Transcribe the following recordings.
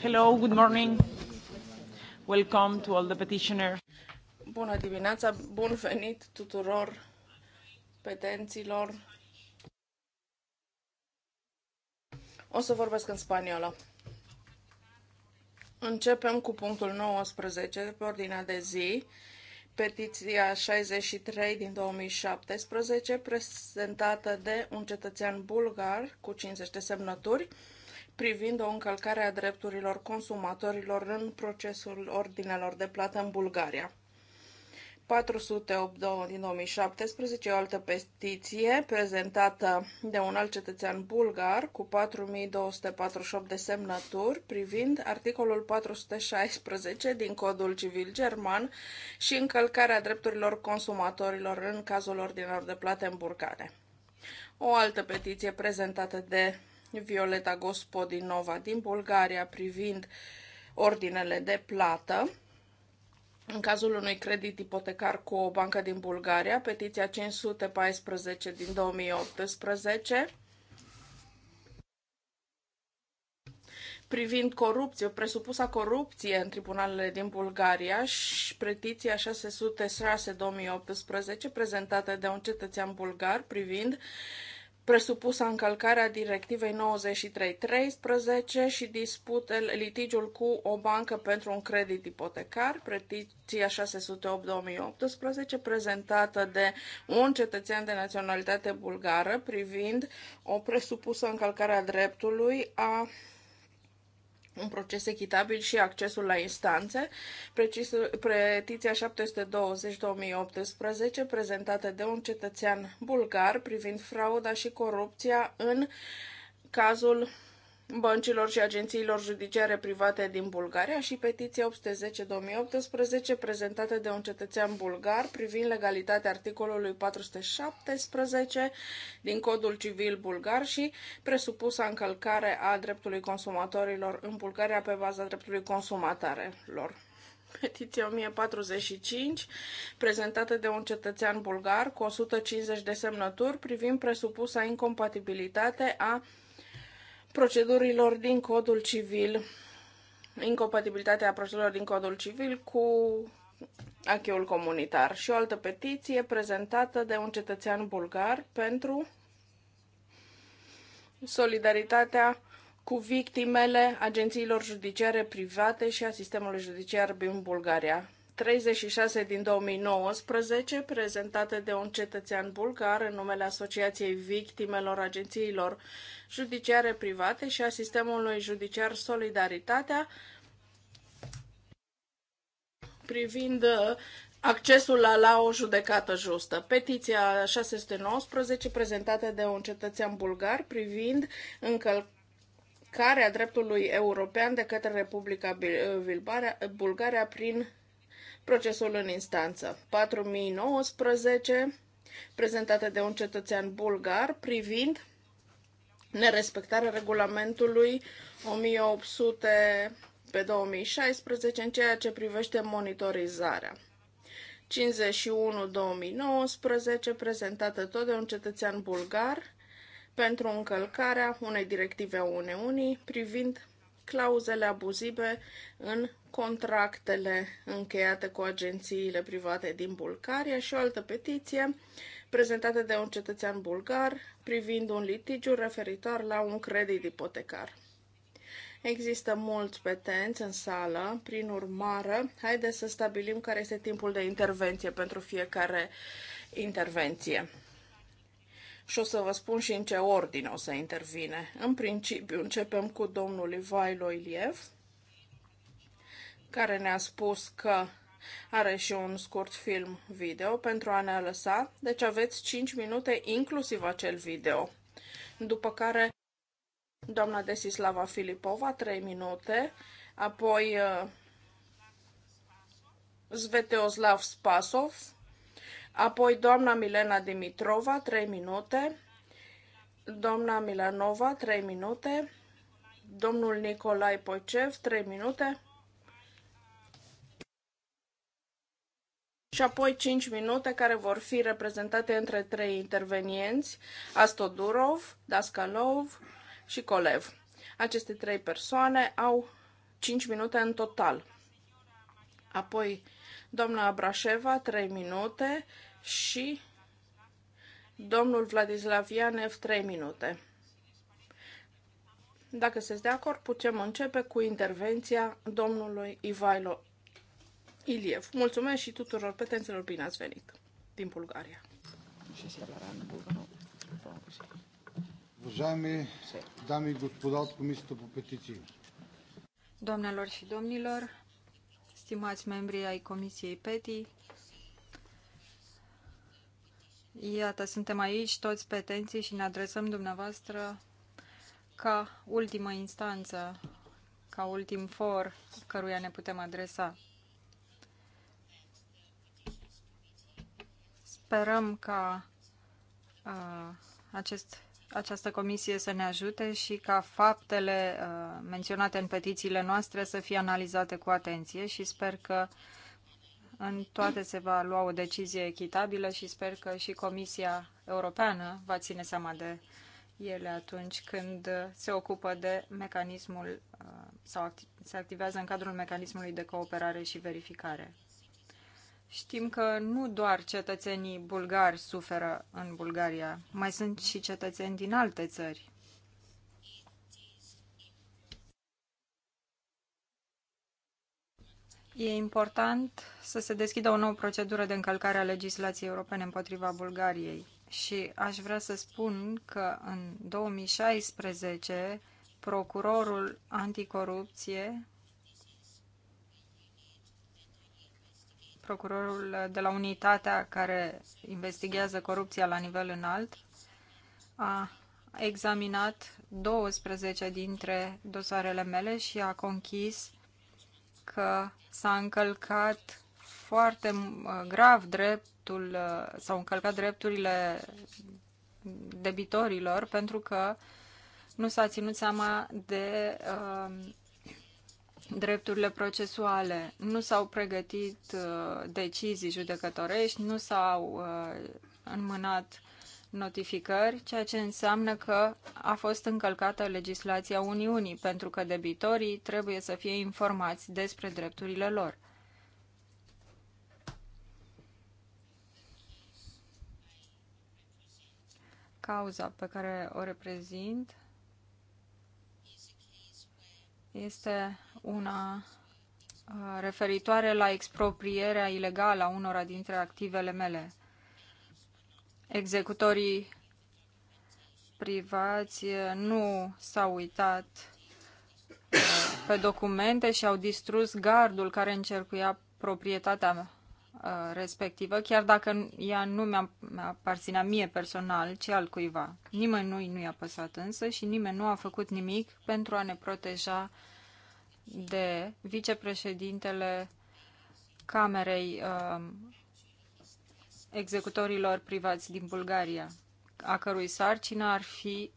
Hello, good morning. Welcome to all the petitioners. Bună dimineața, bun venit tuturor petenților. O să vorbesc în spaniolă. Începem cu punctul 19 pe ordinea de zi, petiția 63 din 2017, prezentată de un cetățean bulgar cu 50 de semnături, privind o încălcare a drepturilor consumatorilor în procesul ordinelor de plată în Bulgaria. 482 din 2017, o altă petiție prezentată de un alt cetățean bulgar cu 4248 de semnături privind articolul 416 din Codul Civil German și încălcarea drepturilor consumatorilor în cazul ordinelor de plată în Bulgaria. O altă petiție prezentată de Violeta Gospodinova din Bulgaria privind ordinele de plată. În cazul unui credit ipotecar cu o bancă din Bulgaria, petiția 514 din 2018, privind corupție, presupusa corupție în tribunalele din Bulgaria și petiția 606-2018 prezentată de un cetățean bulgar privind presupusă încălcarea directivei 93/13 și dispute litigiul cu o bancă pentru un credit ipotecar, pretiția 608-2018, prezentată de un cetățean de naționalitate bulgară privind o presupusă încălcare a dreptului a un proces echitabil și accesul la instanțe. Precis, petiția 720-2018, prezentată de un cetățean bulgar privind frauda și corupția în cazul băncilor și agențiilor judiciare private din Bulgaria și petiția 810-2018 prezentată de un cetățean bulgar privind legalitatea articolului 417 din Codul Civil Bulgar și presupusa încălcare a dreptului consumatorilor în Bulgaria pe baza dreptului consumatorilor. Petiția 1045, prezentată de un cetățean bulgar cu 150 de semnături privind presupusa incompatibilitate a procedurilor din codul civil, incompatibilitatea procedurilor din codul civil cu acheul comunitar și o altă petiție prezentată de un cetățean bulgar pentru solidaritatea cu victimele agențiilor judiciare private și a sistemului judiciar din Bulgaria. 36 din 2019, prezentată de un cetățean bulgar în numele Asociației Victimelor Agențiilor Judiciare Private și a Sistemului Judiciar Solidaritatea, privind uh, accesul la, la o judecată justă. Petiția 619, prezentată de un cetățean bulgar, privind încălcarea care a dreptului european de către Republica Bulgaria prin procesul în instanță. 4019, prezentată de un cetățean bulgar, privind nerespectarea regulamentului 1800 pe 2016 în ceea ce privește monitorizarea. 51-2019, prezentată tot de un cetățean bulgar, pentru încălcarea unei directive a Uniunii privind clauzele abuzive în contractele încheiate cu agențiile private din Bulgaria și o altă petiție prezentată de un cetățean bulgar privind un litigiu referitor la un credit ipotecar. Există mulți petenți în sală, prin urmare, haideți să stabilim care este timpul de intervenție pentru fiecare intervenție. Și o să vă spun și în ce ordine o să intervine. În principiu, începem cu domnul Ivailo Iliev care ne-a spus că are și un scurt film video pentru a ne lăsa, deci aveți 5 minute inclusiv acel video. După care doamna Desislava Filipova 3 minute, apoi uh, Zveteoslav Spasov, apoi doamna Milena Dimitrova 3 minute, doamna Milanova 3 minute, domnul Nicolai Poicev 3 minute, și apoi 5 minute care vor fi reprezentate între trei intervenienți, Astodurov, Daskalov și Colev. Aceste trei persoane au 5 minute în total. Apoi doamna Abrașeva 3 minute și domnul Vladislav Ianev 3 minute. Dacă sunteți de acord, putem începe cu intervenția domnului Ivailo Iliev. Mulțumesc și tuturor petenților bine ați venit din Bulgaria. Уважаеми дами и господа от Комисията по петиции. Doamnelor și domnilor, stimați membri ai Comisiei PETI, iată, suntem aici toți petenții și ne adresăm dumneavoastră ca ultimă instanță, ca ultim for căruia ne putem adresa. Sperăm ca uh, acest, această comisie să ne ajute și ca faptele uh, menționate în petițiile noastre să fie analizate cu atenție și sper că în toate se va lua o decizie echitabilă și sper că și Comisia Europeană va ține seama de ele atunci când se ocupă de mecanismul uh, sau se activează în cadrul mecanismului de cooperare și verificare. Știm că nu doar cetățenii bulgari suferă în Bulgaria, mai sunt și cetățeni din alte țări. E important să se deschidă o nouă procedură de încălcare a legislației europene împotriva Bulgariei. Și aș vrea să spun că în 2016 procurorul anticorupție procurorul de la unitatea care investigează corupția la nivel înalt a examinat 12 dintre dosarele mele și a conchis că s-a încălcat foarte uh, grav dreptul, uh, s-au încălcat drepturile debitorilor pentru că nu s-a ținut seama de uh, drepturile procesuale, nu s-au pregătit uh, decizii judecătorești, nu s-au uh, înmânat notificări, ceea ce înseamnă că a fost încălcată legislația Uniunii, pentru că debitorii trebuie să fie informați despre drepturile lor. Cauza pe care o reprezint este una referitoare la exproprierea ilegală a unora dintre activele mele. Executorii privați nu s-au uitat pe documente și au distrus gardul care încercuia proprietatea mea respectivă, chiar dacă ea nu mi-a aparținea mie personal, ci al cuiva. Nimănui nu i-a păsat însă și nimeni nu a făcut nimic pentru a ne proteja uh, de vicepreședintele Camerei uh, Executorilor Privați din Bulgaria, a cărui sarcină ar fi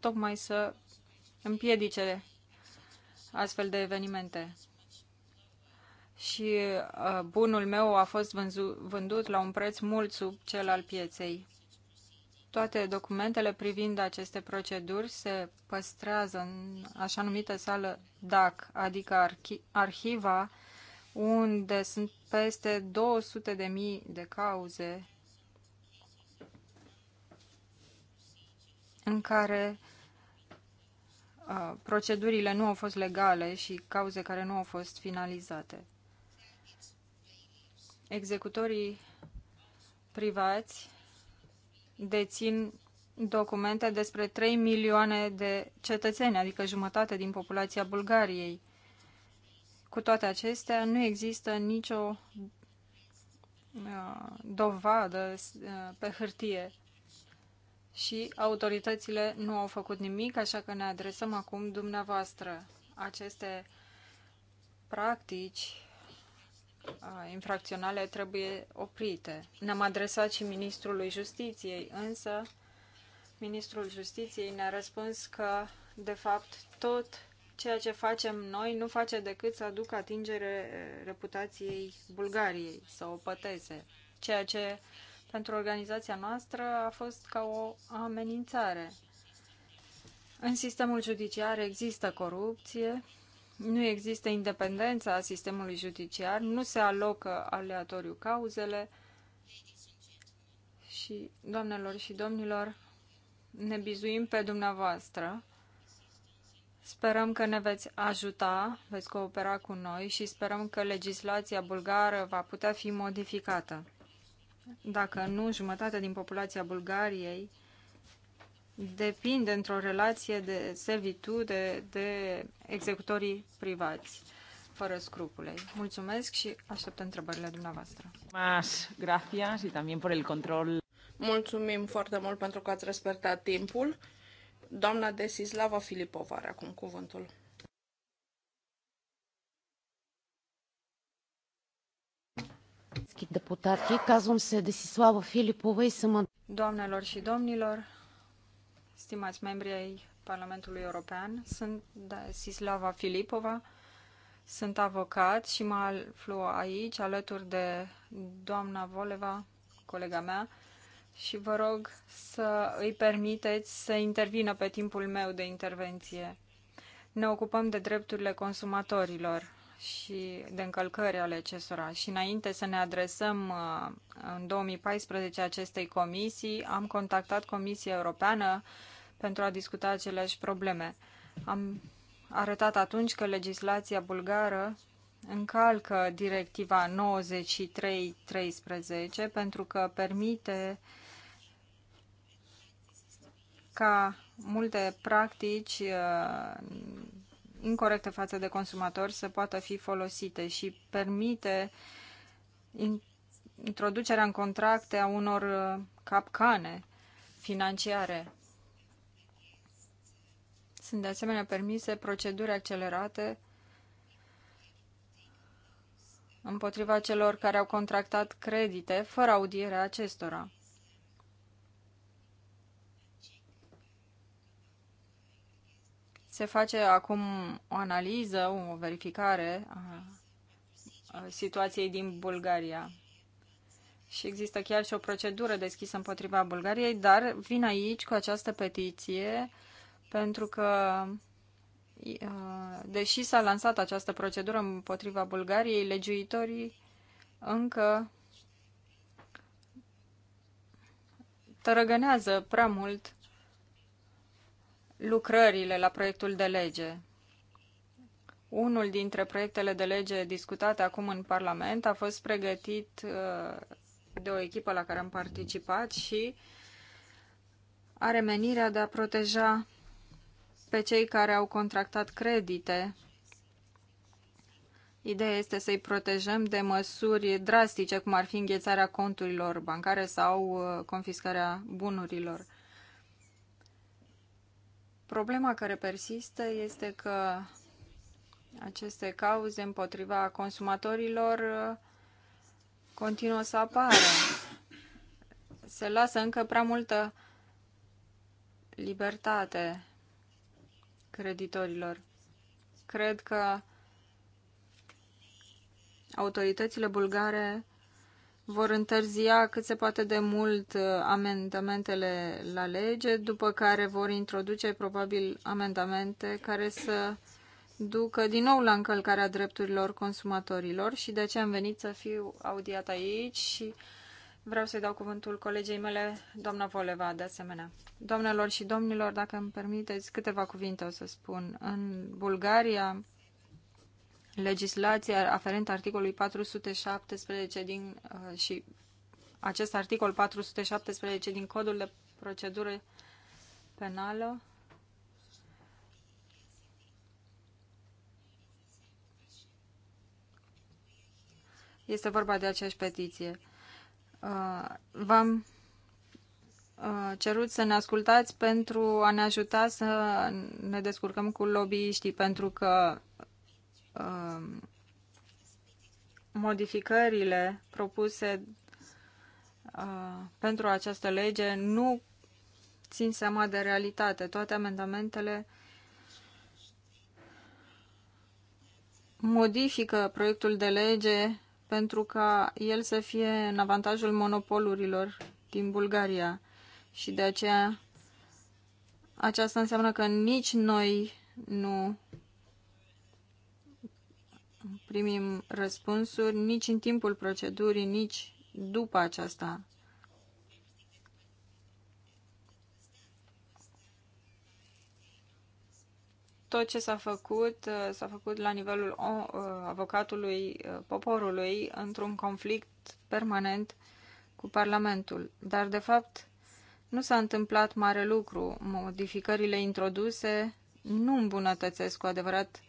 tocmai să împiedice astfel de evenimente. Și uh, bunul meu a fost vândut la un preț mult sub cel al pieței toate documentele privind aceste proceduri se păstrează în așa numită sală DAC, adică archi arhiva, unde sunt peste 200 de mii de cauze în care uh, procedurile nu au fost legale și cauze care nu au fost finalizate. Executorii privați dețin documente despre 3 milioane de cetățeni, adică jumătate din populația Bulgariei. Cu toate acestea, nu există nicio uh, dovadă uh, pe hârtie și autoritățile nu au făcut nimic, așa că ne adresăm acum dumneavoastră. Aceste practici infracționale trebuie oprite. Ne-am adresat și Ministrului Justiției, însă Ministrul Justiției ne-a răspuns că, de fapt, tot ceea ce facem noi nu face decât să aducă atingere reputației Bulgariei, să o păteze. Ceea ce pentru organizația noastră a fost ca o amenințare. În sistemul judiciar există corupție, nu există independența a sistemului judiciar, nu se alocă aleatoriu cauzele și, doamnelor și domnilor, ne bizuim pe dumneavoastră. Sperăm că ne veți ajuta, veți coopera cu noi și sperăm că legislația bulgară va putea fi modificată. Dacă nu, jumătate din populația Bulgariei depinde într-o relație de servitude de executorii privați, fără scrupule. Mulțumesc și aștept întrebările dumneavoastră. Mas, gracias y también por el control. Mulțumim foarte mult pentru că ați respectat timpul. Doamna Desislava Filipova are acum cuvântul. Deputati, cazul se Desislava Filipova și să mă... Doamnelor și domnilor, stimați membri ai Parlamentului European, sunt Sislava Filipova, sunt avocat și mă aflu aici alături de doamna Voleva, colega mea, și vă rog să îi permiteți să intervină pe timpul meu de intervenție. Ne ocupăm de drepturile consumatorilor și de încălcări ale acestora. Și înainte să ne adresăm uh, în 2014 acestei comisii, am contactat Comisia Europeană pentru a discuta aceleași probleme. Am arătat atunci că legislația bulgară încalcă directiva 93-13 pentru că permite ca multe practici uh, incorrecte față de consumatori să poată fi folosite și permite introducerea în contracte a unor uh, capcane financiare. Sunt de asemenea permise proceduri accelerate împotriva celor care au contractat credite fără audierea acestora. Se face acum o analiză, o verificare a situației din Bulgaria. Și există chiar și o procedură deschisă împotriva Bulgariei, dar vin aici cu această petiție pentru că uh, deși s-a lansat această procedură împotriva Bulgariei, legiuitorii încă tărăgânează prea mult lucrările la proiectul de lege. Unul dintre proiectele de lege discutate acum în Parlament a fost pregătit uh, de o echipă la care am participat și are menirea de a proteja pe cei care au contractat credite. Ideea este să-i protejăm de măsuri drastice, cum ar fi înghețarea conturilor bancare sau uh, confiscarea bunurilor. Problema care persistă este că aceste cauze împotriva consumatorilor uh, continuă să apară. Se lasă încă prea multă libertate creditorilor. Cred că autoritățile bulgare vor întârzia cât se poate de mult uh, amendamentele la lege, după care vor introduce probabil amendamente care să ducă din nou la încălcarea drepturilor consumatorilor și de aceea am venit să fiu audiat aici și Vreau să-i dau cuvântul colegei mele, doamna Voleva, de asemenea. Doamnelor și domnilor, dacă îmi permiteți, câteva cuvinte o să spun. În Bulgaria, legislația aferentă articolului 417 din, uh, și acest articol 417 din codul de procedură penală este vorba de aceeași petiție. Uh, v-am uh, cerut să ne ascultați pentru a ne ajuta să ne descurcăm cu lobbyiștii, pentru că uh, modificările propuse pentru această lege nu țin seama de realitate. Toate amendamentele modifică proiectul de lege pentru ca el să fie în avantajul monopolurilor din Bulgaria. Și de aceea aceasta înseamnă că nici noi nu primim răspunsuri nici în timpul procedurii, nici după aceasta. tot ce s-a făcut, uh, s-a făcut la nivelul uh, avocatului uh, poporului într-un conflict permanent cu Parlamentul. Dar, de fapt, nu s-a întâmplat mare lucru. Modificările introduse nu îmbunătățesc cu adevărat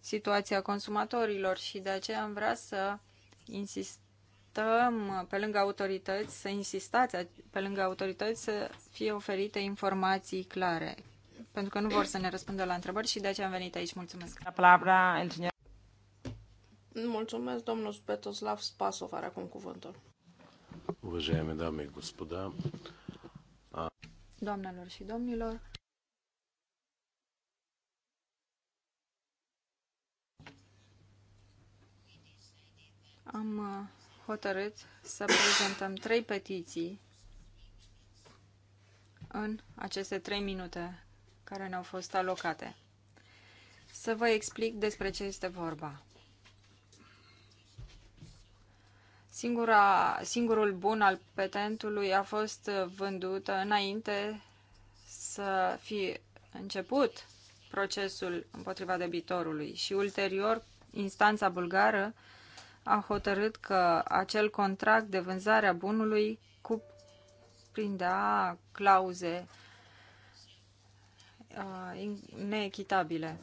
situația consumatorilor și de aceea am vrea să insistăm pe lângă autorități, să insistați pe lângă autorități să fie oferite informații clare pentru că nu vor să ne răspundă la întrebări și de aceea am venit aici. Mulțumesc. La palabra, inginer. Mulțumesc, domnul spetoslav Spasov are acum cuvântul. Уважаеми дами и господа, Doamnelor și domnilor, am uh, hotărât să prezentăm trei petiții în aceste trei minute care ne-au fost alocate. Să vă explic despre ce este vorba. Singura, singurul bun al petentului a fost vândut înainte să fi început procesul împotriva debitorului și ulterior instanța bulgară a hotărât că acel contract de vânzare a bunului cuprindea clauze Uh, neechitabile.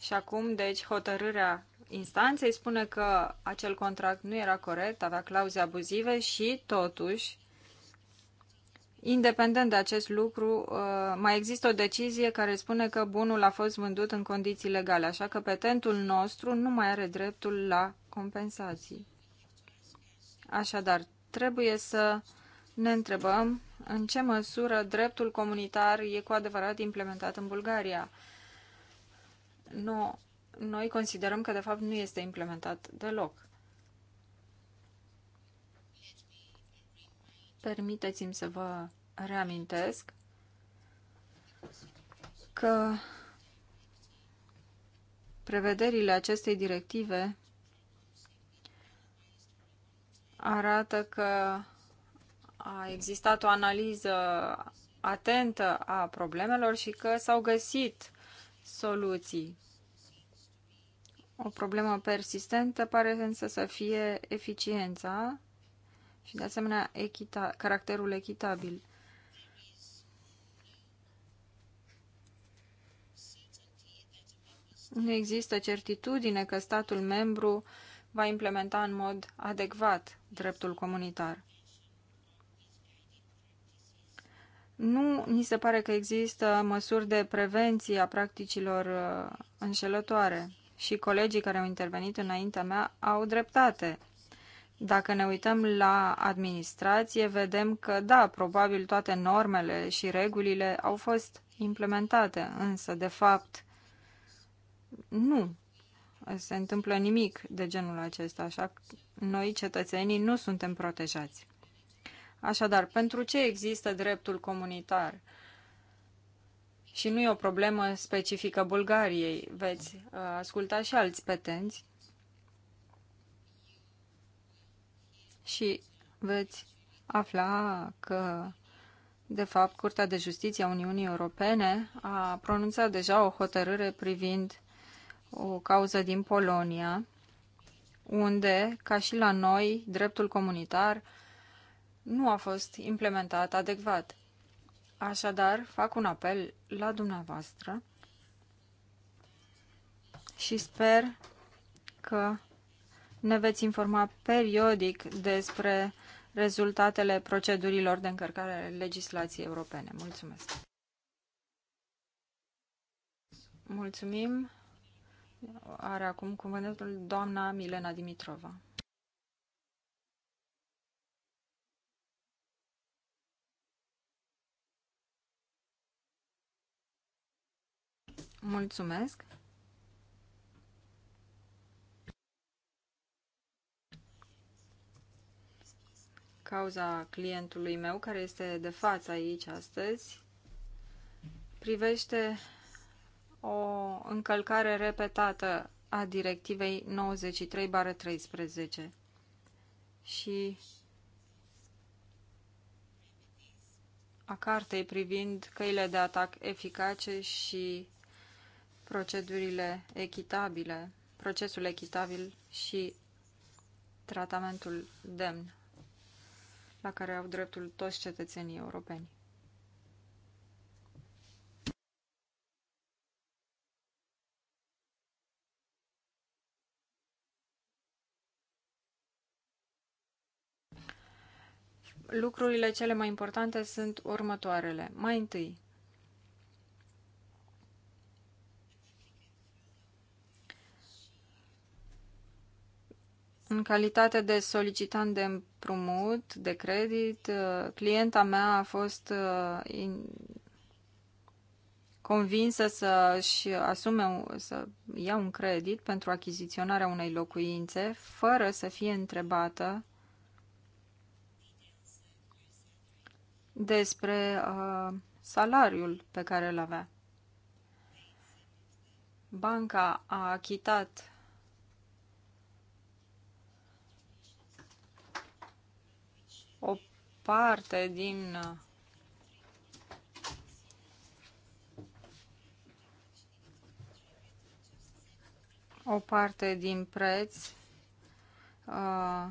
Și acum, deci, hotărârea instanței spune că acel contract nu era corect, avea clauze abuzive și, totuși, independent de acest lucru, uh, mai există o decizie care spune că bunul a fost vândut în condiții legale, așa că petentul nostru nu mai are dreptul la compensații. Așadar, trebuie să ne întrebăm în ce măsură dreptul comunitar e cu adevărat implementat în Bulgaria. Nu, noi considerăm că de fapt nu este implementat deloc. Permiteți-mi să vă reamintesc că prevederile acestei directive arată că a existat o analiză atentă a problemelor și că s-au găsit soluții. O problemă persistentă pare însă să fie eficiența și, de asemenea, echita caracterul echitabil. Nu există certitudine că statul membru va implementa în mod adecvat dreptul comunitar. Nu ni se pare că există măsuri de prevenție a practicilor uh, înșelătoare și colegii care au intervenit înaintea mea au dreptate. Dacă ne uităm la administrație, vedem că, da, probabil toate normele și regulile au fost implementate, însă, de fapt, nu se întâmplă nimic de genul acesta, așa că noi, cetățenii, nu suntem protejați. Așadar, pentru ce există dreptul comunitar? Și nu e o problemă specifică Bulgariei. Veți uh, asculta și alți petenți și veți afla că, de fapt, Curtea de Justiție a Uniunii Europene a pronunțat deja o hotărâre privind o cauză din Polonia, unde, ca și la noi, dreptul comunitar nu a fost implementat adecvat. Așadar, fac un apel la dumneavoastră și sper că ne veți informa periodic despre rezultatele procedurilor de încărcare a legislației europene. Mulțumesc! Mulțumim! Are acum cuvântul doamna Milena Dimitrova. Mulțumesc. Cauza clientului meu, care este de față aici astăzi, privește o încălcare repetată a directivei 93-13 și a cartei privind căile de atac eficace și procedurile echitabile, procesul echitabil și tratamentul demn la care au dreptul toți cetățenii europeni. Lucrurile cele mai importante sunt următoarele. Mai întâi, În calitate de solicitant de împrumut, de credit, uh, clienta mea a fost uh, convinsă să-și asume, să ia un credit pentru achiziționarea unei locuințe, fără să fie întrebată despre uh, salariul pe care îl avea. Banca a achitat parte din uh, o parte din preț, uh,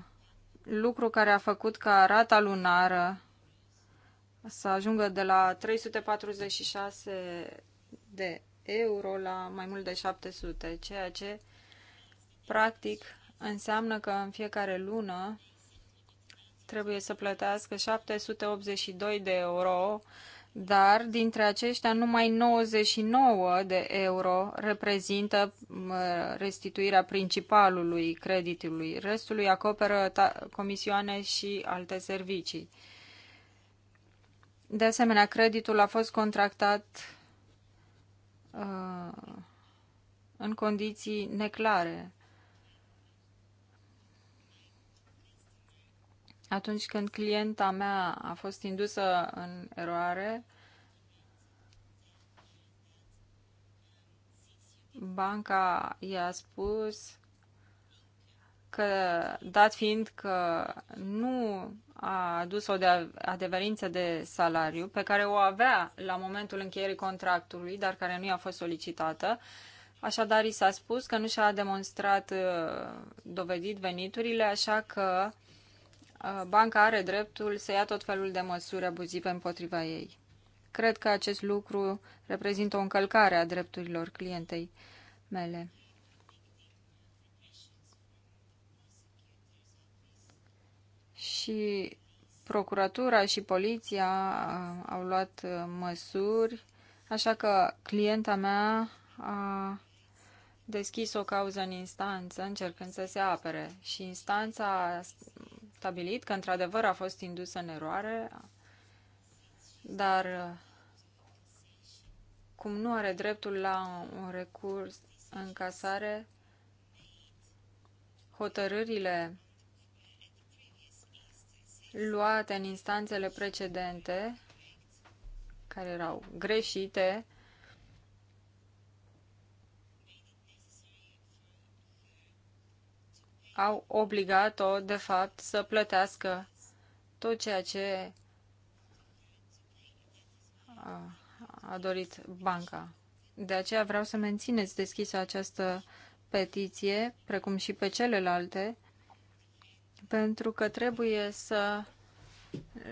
lucru care a făcut ca rata lunară să ajungă de la 346 de euro la mai mult de 700, ceea ce practic înseamnă că în fiecare lună trebuie să plătească 782 de euro, dar dintre aceștia numai 99 de euro reprezintă restituirea principalului creditului. Restul îi acoperă comisioane și alte servicii. De asemenea, creditul a fost contractat uh, în condiții neclare atunci când clienta mea a fost indusă în eroare, banca i-a spus că, dat fiind că nu a adus o de adeverință de salariu pe care o avea la momentul încheierii contractului, dar care nu i-a fost solicitată, așadar i s-a spus că nu și-a demonstrat uh, dovedit veniturile, așa că Uh, banca are dreptul să ia tot felul de măsuri abuzive împotriva ei. Cred că acest lucru reprezintă o încălcare a drepturilor clientei mele. Și procuratura și poliția uh, au luat uh, măsuri, așa că clienta mea a deschis o cauză în instanță încercând să se apere și instanța stabilit că într-adevăr a fost indusă în eroare, dar cum nu are dreptul la un recurs în casare, hotărârile luate în instanțele precedente, care erau greșite, au obligat-o, de fapt, să plătească tot ceea ce a dorit banca. De aceea vreau să mențineți deschisă această petiție, precum și pe celelalte, pentru că trebuie să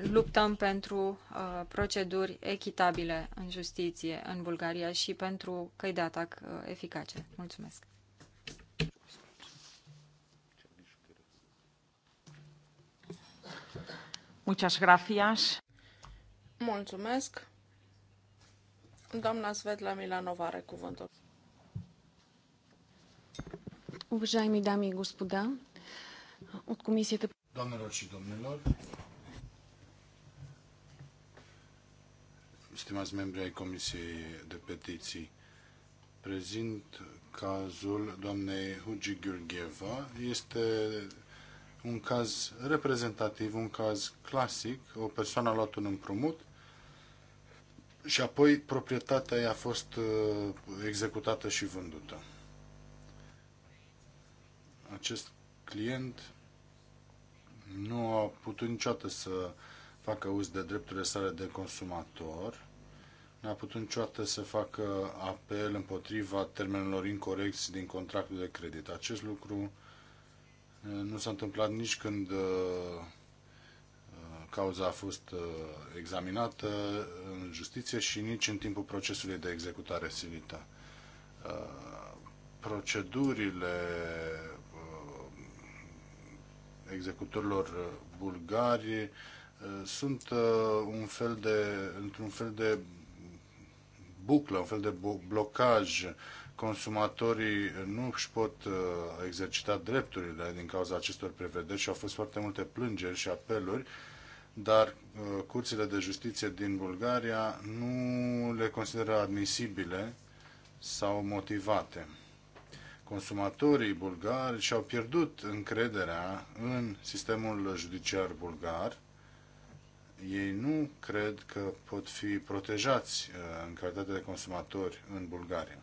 luptăm pentru uh, proceduri echitabile în justiție în Bulgaria și pentru căi de atac uh, eficace. Mulțumesc! Muchas gracias. Mulțumesc. Doamna Svetla Milanova are cuvântul. Уважаеми дами и господа, от комисията... Doamnelor și domnilor, stimați membri ai Comisiei de Petiții, prezint cazul doamnei Hugi Gheorgheva. Este un caz reprezentativ, un caz clasic, o persoană a luat un împrumut și apoi proprietatea i-a fost uh, executată și vândută. Acest client nu a putut niciodată să facă uz de drepturile sale de consumator, n-a putut niciodată să facă apel împotriva termenelor incorecți din contractul de credit. Acest lucru nu s-a întâmplat nici când uh, cauza a fost uh, examinată în justiție și nici în timpul procesului de executare silită. Uh, procedurile executorilor bulgari sunt un fel de, într-un fel de buclă, un fel de blocaj consumatorii nu își pot uh, exercita drepturile din cauza acestor prevederi și au fost foarte multe plângeri și apeluri, dar uh, curțile de justiție din Bulgaria nu le consideră admisibile sau motivate. Consumatorii bulgari și-au pierdut încrederea în sistemul judiciar bulgar. Ei nu cred că pot fi protejați uh, în calitate de consumatori în Bulgaria.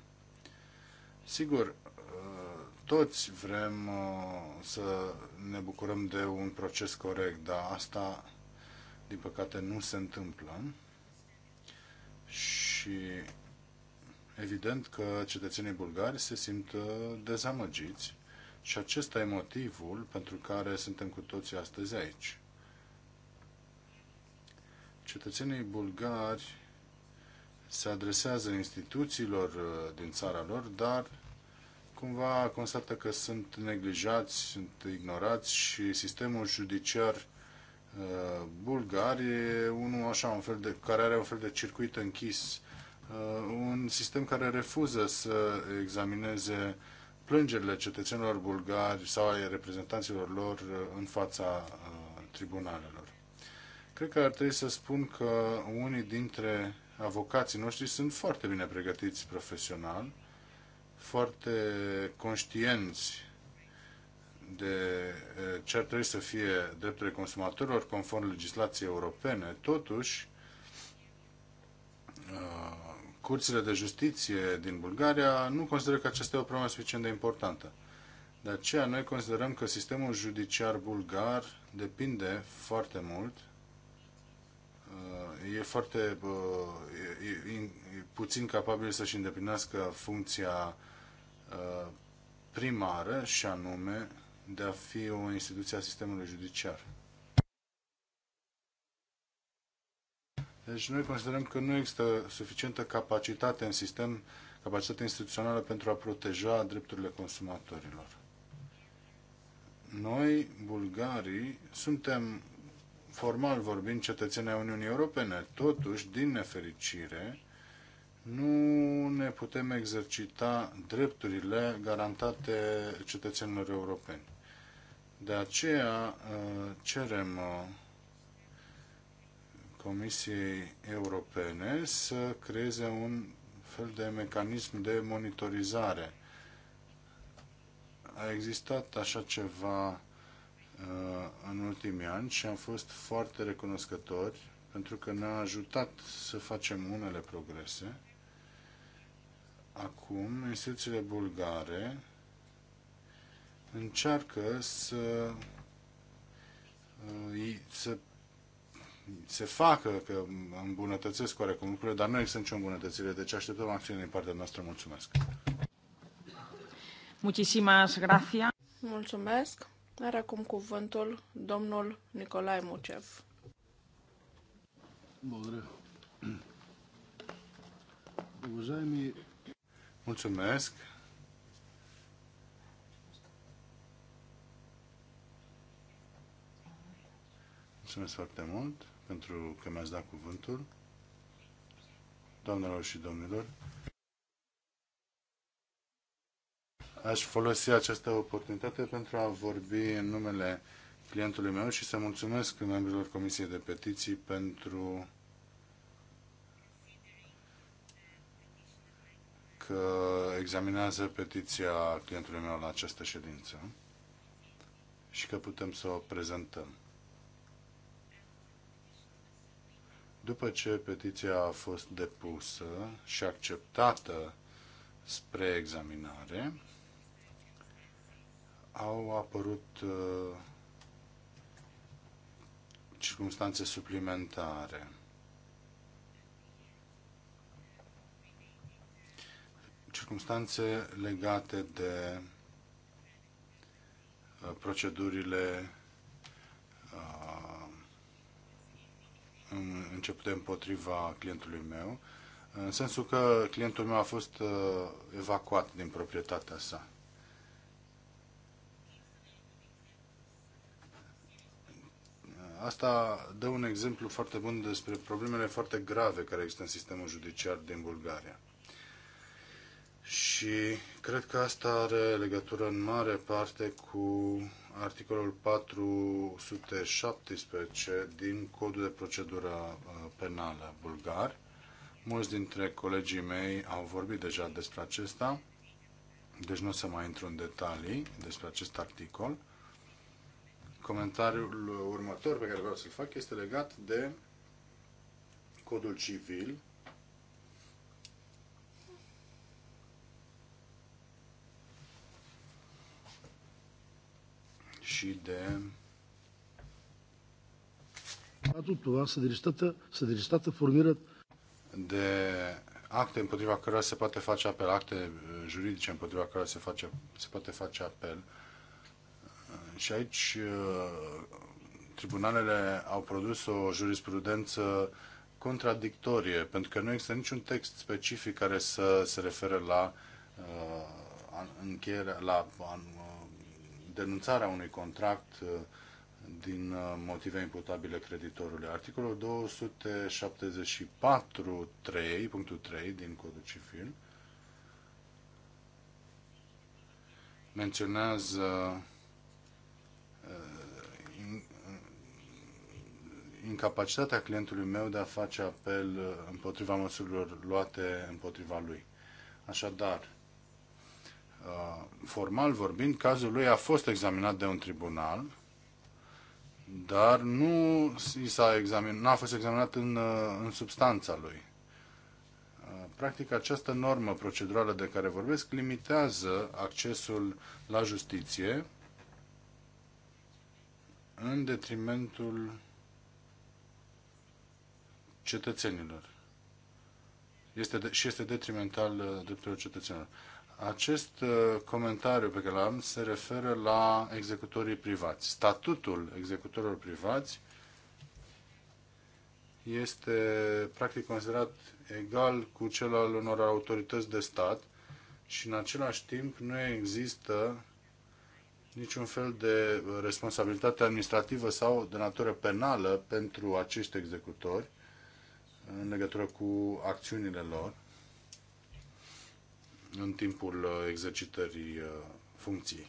Sigur, uh, toți vrem uh, să ne bucurăm de un proces corect, dar asta, din păcate, nu se întâmplă. Și evident că cetățenii bulgari se simt uh, dezamăgiți și acesta e motivul pentru care suntem cu toții astăzi aici. Cetățenii bulgari se adresează instituțiilor uh, din țara lor, dar cumva constată că sunt neglijați, sunt ignorați și sistemul judiciar uh, bulgar e unul așa, un fel de, care are un fel de circuit închis, uh, un sistem care refuză să examineze plângerile cetățenilor bulgari sau ai reprezentanților lor în fața tribunalelor. Cred că ar trebui să spun că unii dintre avocații noștri sunt foarte bine pregătiți profesional, foarte conștienți de ce ar trebui să fie drepturile consumatorilor conform legislației europene. Totuși, curțile de justiție din Bulgaria nu consideră că aceasta e o problemă suficient de importantă. De aceea noi considerăm că sistemul judiciar bulgar depinde foarte mult e foarte e, e puțin capabil să-și îndeplinească funcția ă, primară și anume de a fi o instituție a sistemului judiciar. Deci noi considerăm că nu există suficientă capacitate în sistem, capacitate instituțională pentru a proteja drepturile consumatorilor. Noi, bulgarii, suntem formal vorbind, cetățeni ai Uniunii Europene. Totuși, din nefericire, nu ne putem exercita drepturile garantate cetățenilor europeni. De aceea uh, cerem uh, Comisiei Europene să creeze un fel de mecanism de monitorizare. A existat așa ceva Uh, în ultimii ani și am fost foarte recunoscători pentru că ne-a ajutat să facem unele progrese. Acum, instituțiile bulgare încearcă să uh, să se facă, că îmbunătățesc oarecum lucrurile, dar nu există nicio îmbunătățire, deci așteptăm acțiune din partea noastră. Mulțumesc! Muchísimas gracias. Mulțumesc! Are acum cuvântul domnul Nicolae Mucev. Mulțumesc. Mulțumesc foarte mult pentru că mi-ați dat cuvântul. Doamnelor și domnilor, Aș folosi această oportunitate pentru a vorbi în numele clientului meu și să mulțumesc membrilor Comisiei de Petiții pentru că examinează petiția clientului meu la această ședință și că putem să o prezentăm. După ce petiția a fost depusă și acceptată spre examinare, au apărut uh, circunstanțe suplimentare. Circunstanțe legate de uh, procedurile uh, în, începute împotriva clientului meu, în sensul că clientul meu a fost uh, evacuat din proprietatea sa. Asta dă un exemplu foarte bun despre problemele foarte grave care există în sistemul judiciar din Bulgaria. Și cred că asta are legătură în mare parte cu articolul 417 din Codul de Procedură uh, Penală bulgar. Mulți dintre colegii mei au vorbit deja despre acesta, deci nu o să mai intru în detalii despre acest articol. Comentariul următor pe care vreau să-l fac este legat de codul civil și de Atât să съдилищата, съдилищата формират de acte împotriva cărora se poate face apel, acte uh, juridice împotriva cărora se, face, se poate face apel. Și aici uh, tribunalele au produs o jurisprudență contradictorie, pentru că nu există niciun text specific care să se refere la uh, încheierea, la uh, denunțarea unui contract din motive imputabile creditorului. Articolul 274.3.3 din Codul Civil menționează Uh, uh, incapacitatea clientului meu de a face apel uh, împotriva măsurilor luate împotriva lui. Așadar, formal vorbind, cazul lui a fost examinat de un tribunal, dar nu s-a examinat, n-a fost examinat în, în substanța lui. Practic, această normă procedurală de care vorbesc limitează accesul la justiție în detrimentul cetățenilor. Este de, și este detrimental uh, drepturilor cetățenilor. Acest uh, comentariu pe care l-am se referă la executorii privați. Statutul executorilor privați este practic considerat egal cu cel al unor autorități de stat și în același timp nu există niciun fel de responsabilitate administrativă sau de natură penală pentru acești executori în legătură cu acțiunile lor în timpul uh, exercitării uh, funcției.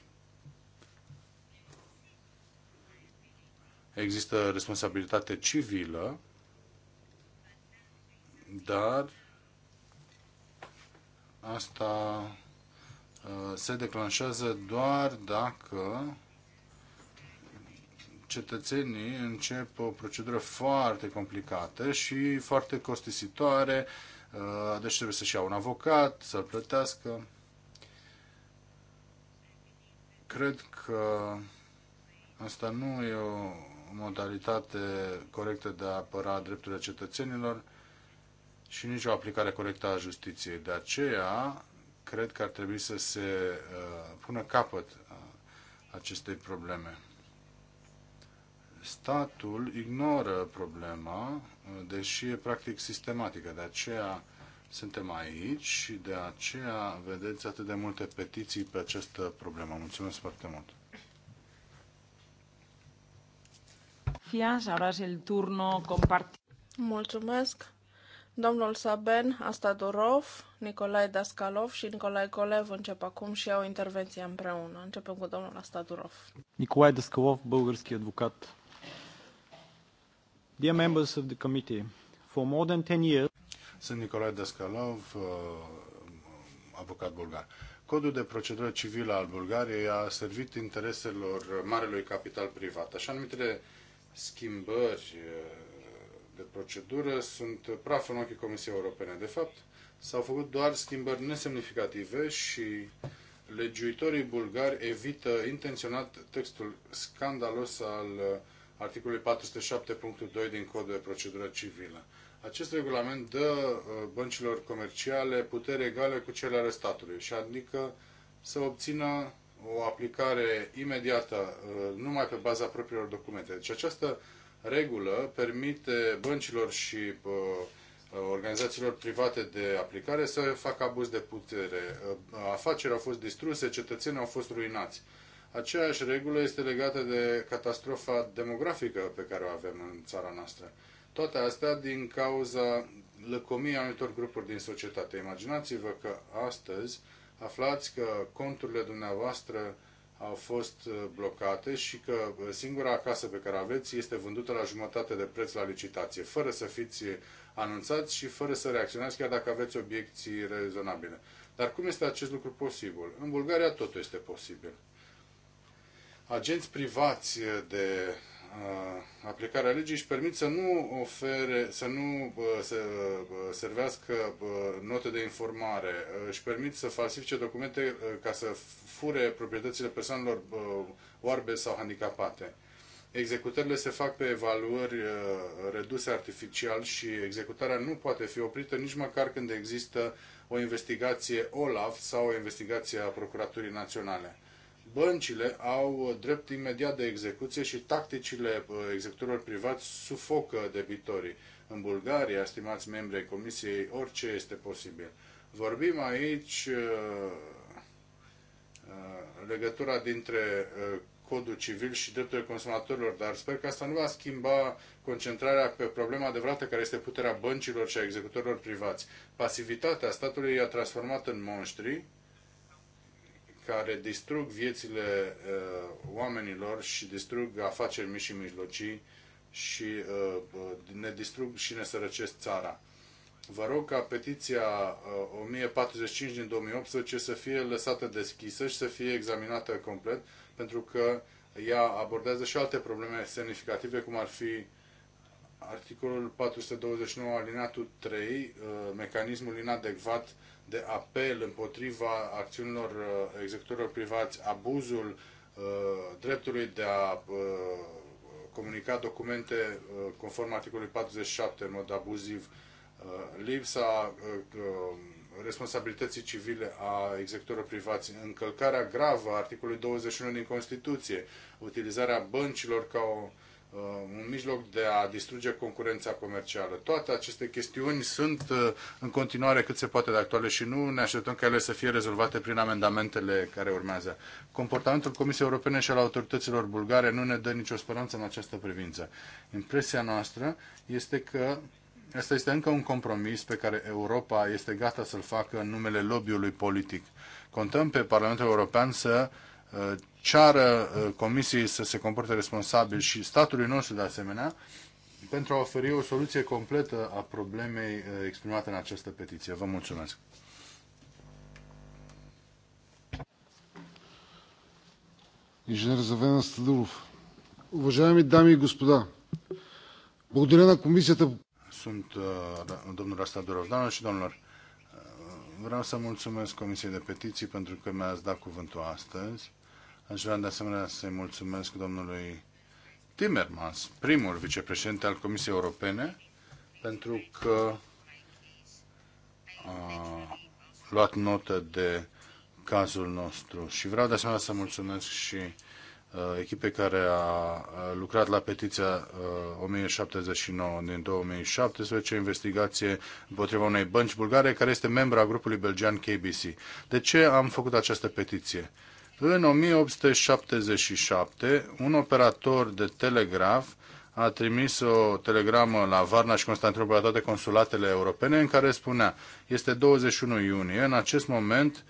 Există responsabilitate civilă, dar asta Uh, se declanșează doar dacă cetățenii încep o procedură foarte complicată și foarte costisitoare, uh, deci trebuie să-și ia un avocat, să-l plătească. Cred că asta nu e o modalitate corectă de a apăra drepturile cetățenilor și nici o aplicare corectă a justiției. De aceea cred că ar trebui să se uh, pună capăt uh, acestei probleme. Statul ignoră problema, uh, deși e practic sistematică. De aceea suntem aici și de aceea vedeți atât de multe petiții pe această problemă. Mulțumesc foarte mult! turno Mulțumesc. Domnul Saben Astadorov, Nicolae Dascalov și Nicolae Colev încep acum și au intervenție împreună. Începem cu domnul Astadurov. Nicolae Dascalov, bulgarski advocat. Dear members of the committee, for more than 10 years... Sunt Nicolae Dascalov, uh, avocat bulgar. Codul de procedură civilă al Bulgariei a servit intereselor marelui capital privat. Așa numitele schimbări uh, de procedură sunt praf în ochii Comisiei Europene. De fapt, s-au făcut doar schimbări nesemnificative și legiuitorii bulgari evită intenționat textul scandalos al uh, articolului 407.2 din Codul de Procedură Civilă. Acest regulament dă uh, băncilor comerciale putere egale cu cele ale statului și adică să obțină o aplicare imediată uh, numai pe baza propriilor documente. Deci această regulă permite băncilor și uh, Uh, organizațiilor private de aplicare să facă abuz de putere. Uh, afaceri au fost distruse, cetățenii au fost ruinați. Aceeași regulă este legată de catastrofa demografică pe care o avem în țara noastră. Toate astea din cauza lăcomiei anumitor grupuri din societate. Imaginați-vă că astăzi aflați că conturile dumneavoastră au fost uh, blocate și că singura casă pe care aveți este vândută la jumătate de preț la licitație, fără să fiți anunțați și fără să reacționați chiar dacă aveți obiecții rezonabile. Dar cum este acest lucru posibil? În Bulgaria totul este posibil. Agenți privați de uh, aplicarea legii își permit să nu ofere, să nu uh, să, uh, servească uh, note de informare, uh, își permit să falsifice documente uh, ca să fure proprietățile persoanelor uh, oarbe sau handicapate. Executările se fac pe evaluări uh, reduse artificial și executarea nu poate fi oprită nici măcar când există o investigație OLAF sau o investigație a Procuraturii Naționale. Băncile au drept imediat de execuție și tacticile uh, executorilor privați sufocă debitorii. În Bulgaria, stimați membri ai Comisiei, orice este posibil. Vorbim aici uh, legătura dintre codul civil și drepturile consumatorilor, dar sper că asta nu va schimba concentrarea pe problema adevărată care este puterea băncilor și a executorilor privați. Pasivitatea statului i-a transformat în monștri care distrug viețile uh, oamenilor și distrug afaceri mici și mijlocii și uh, ne distrug și ne sărăcesc țara. Vă rog ca petiția 1045 uh, din 2018 să fie lăsată deschisă și să fie examinată complet pentru că ea abordează și alte probleme semnificative, cum ar fi articolul 429 alineatul 3, mecanismul inadecvat de apel împotriva acțiunilor uh, executorilor privați, abuzul uh, dreptului de a uh, comunica documente conform articolului 47 în mod abuziv, lipsa responsabilității civile a executorilor privați, încălcarea gravă a articolului 21 din Constituție, utilizarea băncilor ca o, uh, un mijloc de a distruge concurența comercială. Toate aceste chestiuni sunt uh, în continuare cât se poate de actuale și nu ne așteptăm ca ele să fie rezolvate prin amendamentele care urmează. Comportamentul Comisiei Europene și al autorităților bulgare nu ne dă nicio speranță în această privință. Impresia noastră este că Asta este încă un compromis pe care Europa este gata să-l facă în numele lobby-ului politic. Contăm pe Parlamentul European să uh, ceară uh, Comisiei să se comporte responsabil și statului nostru de asemenea pentru a oferi o soluție completă a problemei uh, exprimate în această petiție. Vă mulțumesc! Инженер Завена Стадуров. Уважаеми дами и господа, благодаря на Комисията по sunt uh, da, domnul Astadorov. Doamnelor și domnilor, uh, vreau să mulțumesc Comisiei de Petiții pentru că mi-ați dat cuvântul astăzi. Aș vrea de asemenea să-i mulțumesc domnului Timmermans, primul vicepreședinte al Comisiei Europene, pentru că a uh, luat notă de cazul nostru. Și vreau de asemenea să mulțumesc și Uh, echipei care a lucrat la petiția 1079 uh, din 2017, investigație împotriva unei bănci bulgare care este membra a grupului belgian KBC. De ce am făcut această petiție? În 1877, un operator de telegraf a trimis o telegramă la Varna și Constantinopol la toate consulatele europene în care spunea este 21 iunie, în acest moment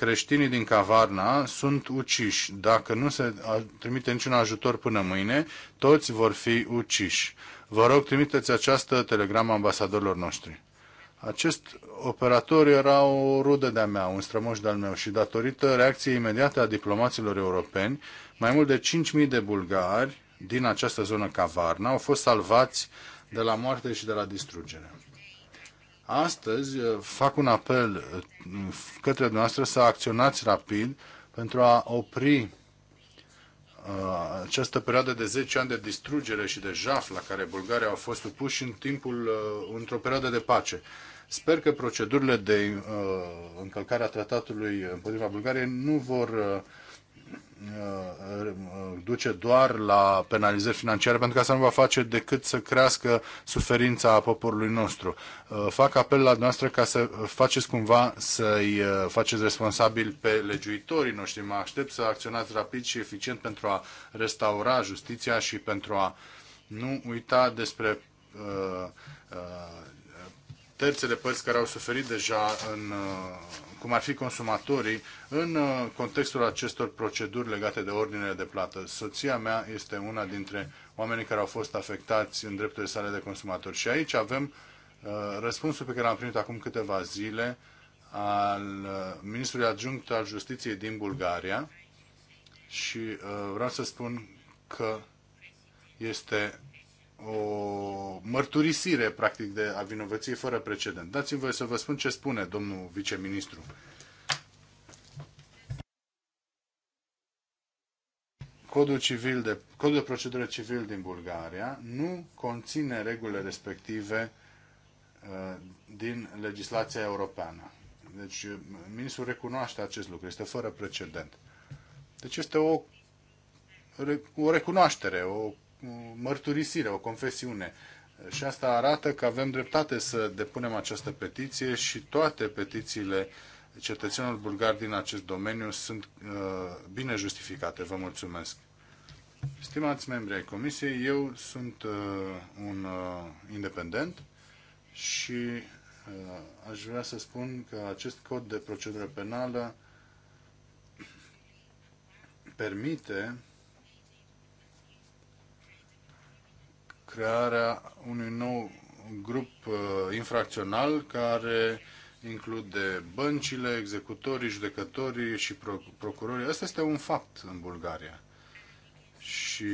creștinii din Cavarna sunt uciși. Dacă nu se trimite niciun ajutor până mâine, toți vor fi uciși. Vă rog, trimiteți această telegramă ambasadorilor noștri. Acest operator era o rudă de-a mea, un strămoș de-al meu și datorită reacției imediate a diplomaților europeni, mai mult de 5.000 de bulgari din această zonă Cavarna au fost salvați de la moarte și de la distrugere. Astăzi uh, fac un apel uh, către dumneavoastră să acționați rapid pentru a opri uh, această perioadă de 10 ani de distrugere și de jaf la care Bulgaria au fost supuși în timpul, într-o perioadă de pace. Sper că procedurile de uh, încălcare a tratatului împotriva Bulgariei nu vor Uh, duce doar la penalizări financiare, pentru că asta nu va face decât să crească suferința poporului nostru. Uh, fac apel la noastră ca să faceți cumva să-i uh, faceți responsabili pe legiuitorii noștri. Mă aștept să acționați rapid și eficient pentru a restaura justiția și pentru a nu uita despre terțele părți care au suferit deja în cum ar fi consumatorii, în uh, contextul acestor proceduri legate de ordinele de plată. Soția mea este una dintre oamenii care au fost afectați în drepturile sale de consumatori. Și aici avem uh, răspunsul pe care l-am primit acum câteva zile al uh, ministrului adjunct al justiției din Bulgaria și vreau să spun că este o mărturisire, practic, de a vinovăției fără precedent. Dați-mi voie să vă spun ce spune domnul viceministru. Codul, civil de, codul de procedură civil din Bulgaria nu conține regulile respective uh, din legislația europeană. Deci, uh, ministrul recunoaște acest lucru, este fără precedent. Deci este o, o recunoaștere, o mărturisire, o confesiune. Și asta arată că avem dreptate să depunem această petiție și toate petițiile cetățenilor bulgari din acest domeniu sunt uh, bine justificate. Vă mulțumesc. Stimați membri ai Comisiei, eu sunt uh, un uh, independent și uh, aș vrea să spun că acest cod de procedură penală permite crearea unui nou grup uh, infracțional care include băncile, executorii, judecătorii și procurorii. Asta este un fapt în Bulgaria. Și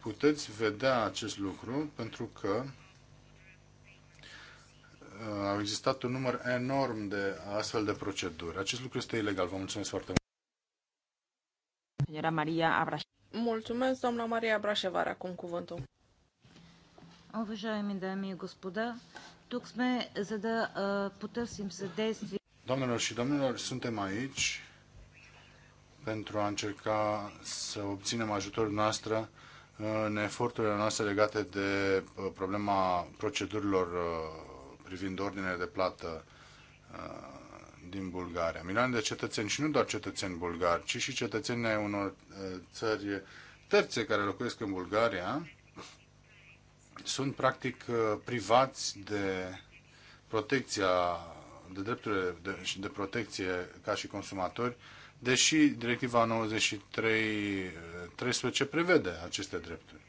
puteți vedea acest lucru pentru că uh, au existat un număr enorm de astfel de proceduri. Acest lucru este ilegal. Vă mulțumesc foarte mult. Era Maria Abraș. Mulțumesc, doamna Maria Abrașevar, acum cuvântul. Уважаеми дами и господа, тук сме за да потърсим съдействие. Doamnelor și domnilor, suntem aici pentru a încerca să obținem ajutorul noastră în eforturile noastre legate de uh, problema procedurilor uh, privind ordinele de plată uh, din Bulgaria. Milioane de cetățeni și nu doar cetățeni bulgari, ci și cetățeni ai unor țări terțe care locuiesc în Bulgaria sunt practic uh, privați de protecția, de drepturile de, de protecție ca și consumatori, deși directiva 93 13 prevede aceste drepturi.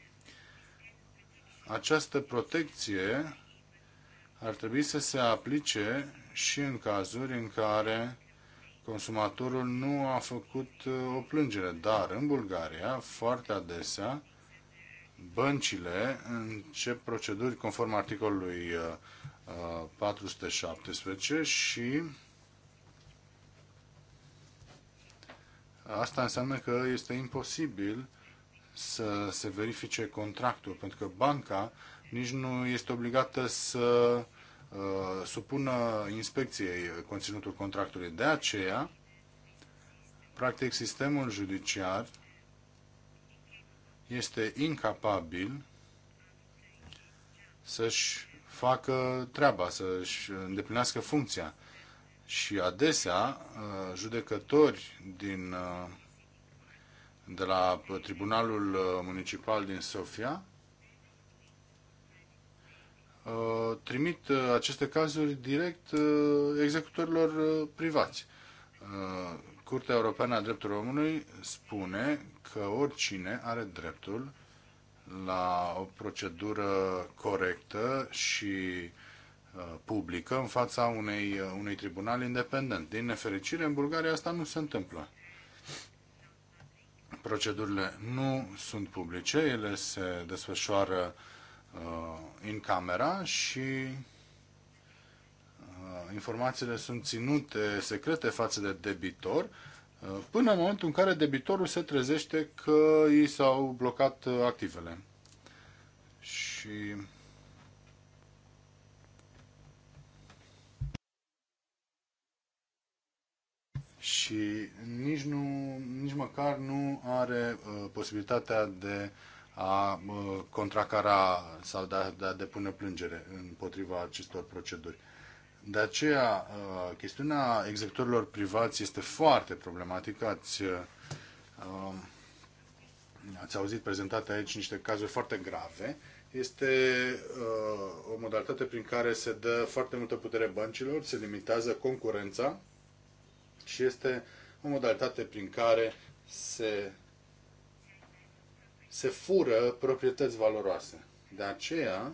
Această protecție ar trebui să se aplice și în cazuri în care consumatorul nu a făcut uh, o plângere, dar în Bulgaria foarte adesea băncile încep proceduri conform articolului 417 uh, uh, și asta înseamnă că este imposibil să se verifice contractul, pentru că banca nici nu este obligată să uh, supună inspecției conținutul contractului. De aceea, practic, sistemul judiciar este incapabil să-și facă treaba, să-și îndeplinească funcția. Și adesea, uh, judecători din, uh, de la Tribunalul uh, Municipal din Sofia trimit aceste cazuri direct executorilor privați. Curtea Europeană a Drepturilor Omului spune că oricine are dreptul la o procedură corectă și uh, publică în fața unei, uh, unui tribunal independent. Din nefericire, în Bulgaria asta nu se întâmplă. Procedurile nu sunt publice, ele se desfășoară uh, în camera și uh, informațiile sunt ținute secrete față de debitor până în momentul în care debitorul se trezește că i s-au blocat uh, activele. Și și nici, nu, nici măcar nu are uh, posibilitatea de a uh, contracara sau de a, de a depune plângere împotriva acestor proceduri. De aceea, uh, chestiunea executorilor privați este foarte problematică. Ați, uh, um, ați auzit prezentate aici niște cazuri foarte grave. Este uh, o modalitate prin care se dă foarte multă putere băncilor, se limitează concurența și este o modalitate prin care se, se fură proprietăți valoroase. De aceea,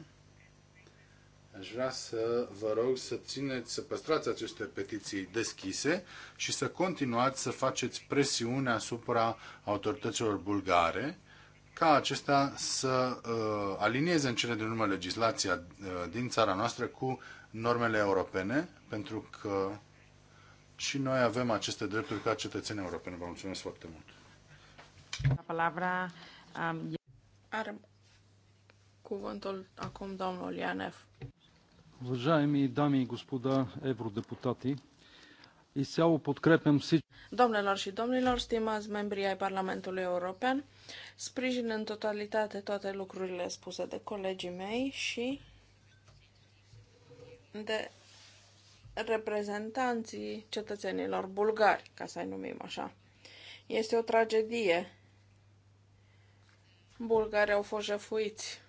Aș vrea să vă rog să țineți, să păstrați aceste petiții deschise și să continuați să faceți presiune asupra autorităților bulgare ca acestea să uh, alinieze în cele din urmă legislația uh, din țara noastră cu normele europene, pentru că și noi avem aceste drepturi ca cetățeni europeni. Vă mulțumesc foarte mult. Palavra um, cuvântul acum domnul Ianef. Уважаеми дами и господа евродепутати, изцяло подкрепям всички. Domnilor și domnilor, stimați membrii ai Parlamentului European, sprijin în totalitate toate lucrurile spuse de colegii mei și de reprezentanții cetățenilor bulgari, ca să-i numim așa. Este o tragedie. Bulgarii au fost jefuiți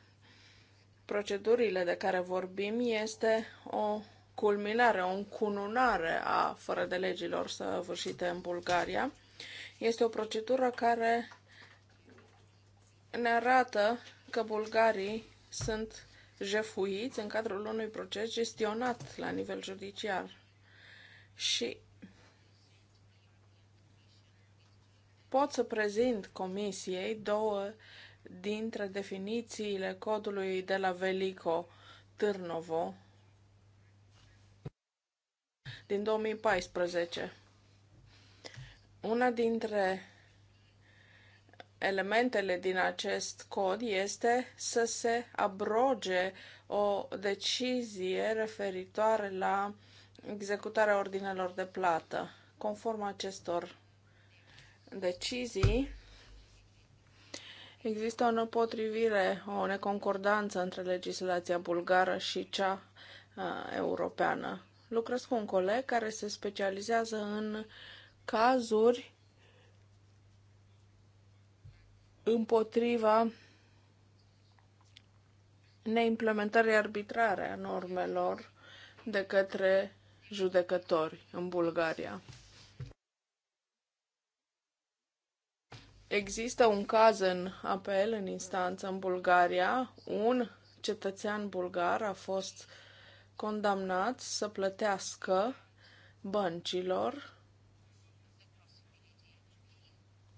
procedurile de care vorbim este o culminare, o încununare a fără de legilor săvârșite în Bulgaria. Este o procedură care ne arată că bulgarii sunt jefuiți în cadrul unui proces gestionat la nivel judiciar. Și pot să prezint comisiei două dintre definițiile codului de la Velico Târnovo din 2014. Una dintre elementele din acest cod este să se abroge o decizie referitoare la executarea ordinelor de plată. Conform acestor decizii, Există o nepotrivire, o neconcordanță între legislația bulgară și cea europeană. Lucrez cu un coleg care se specializează în cazuri împotriva neimplementării arbitrare a normelor de către judecători în Bulgaria. Există un caz în apel, în instanță, în Bulgaria. Un cetățean bulgar a fost condamnat să plătească băncilor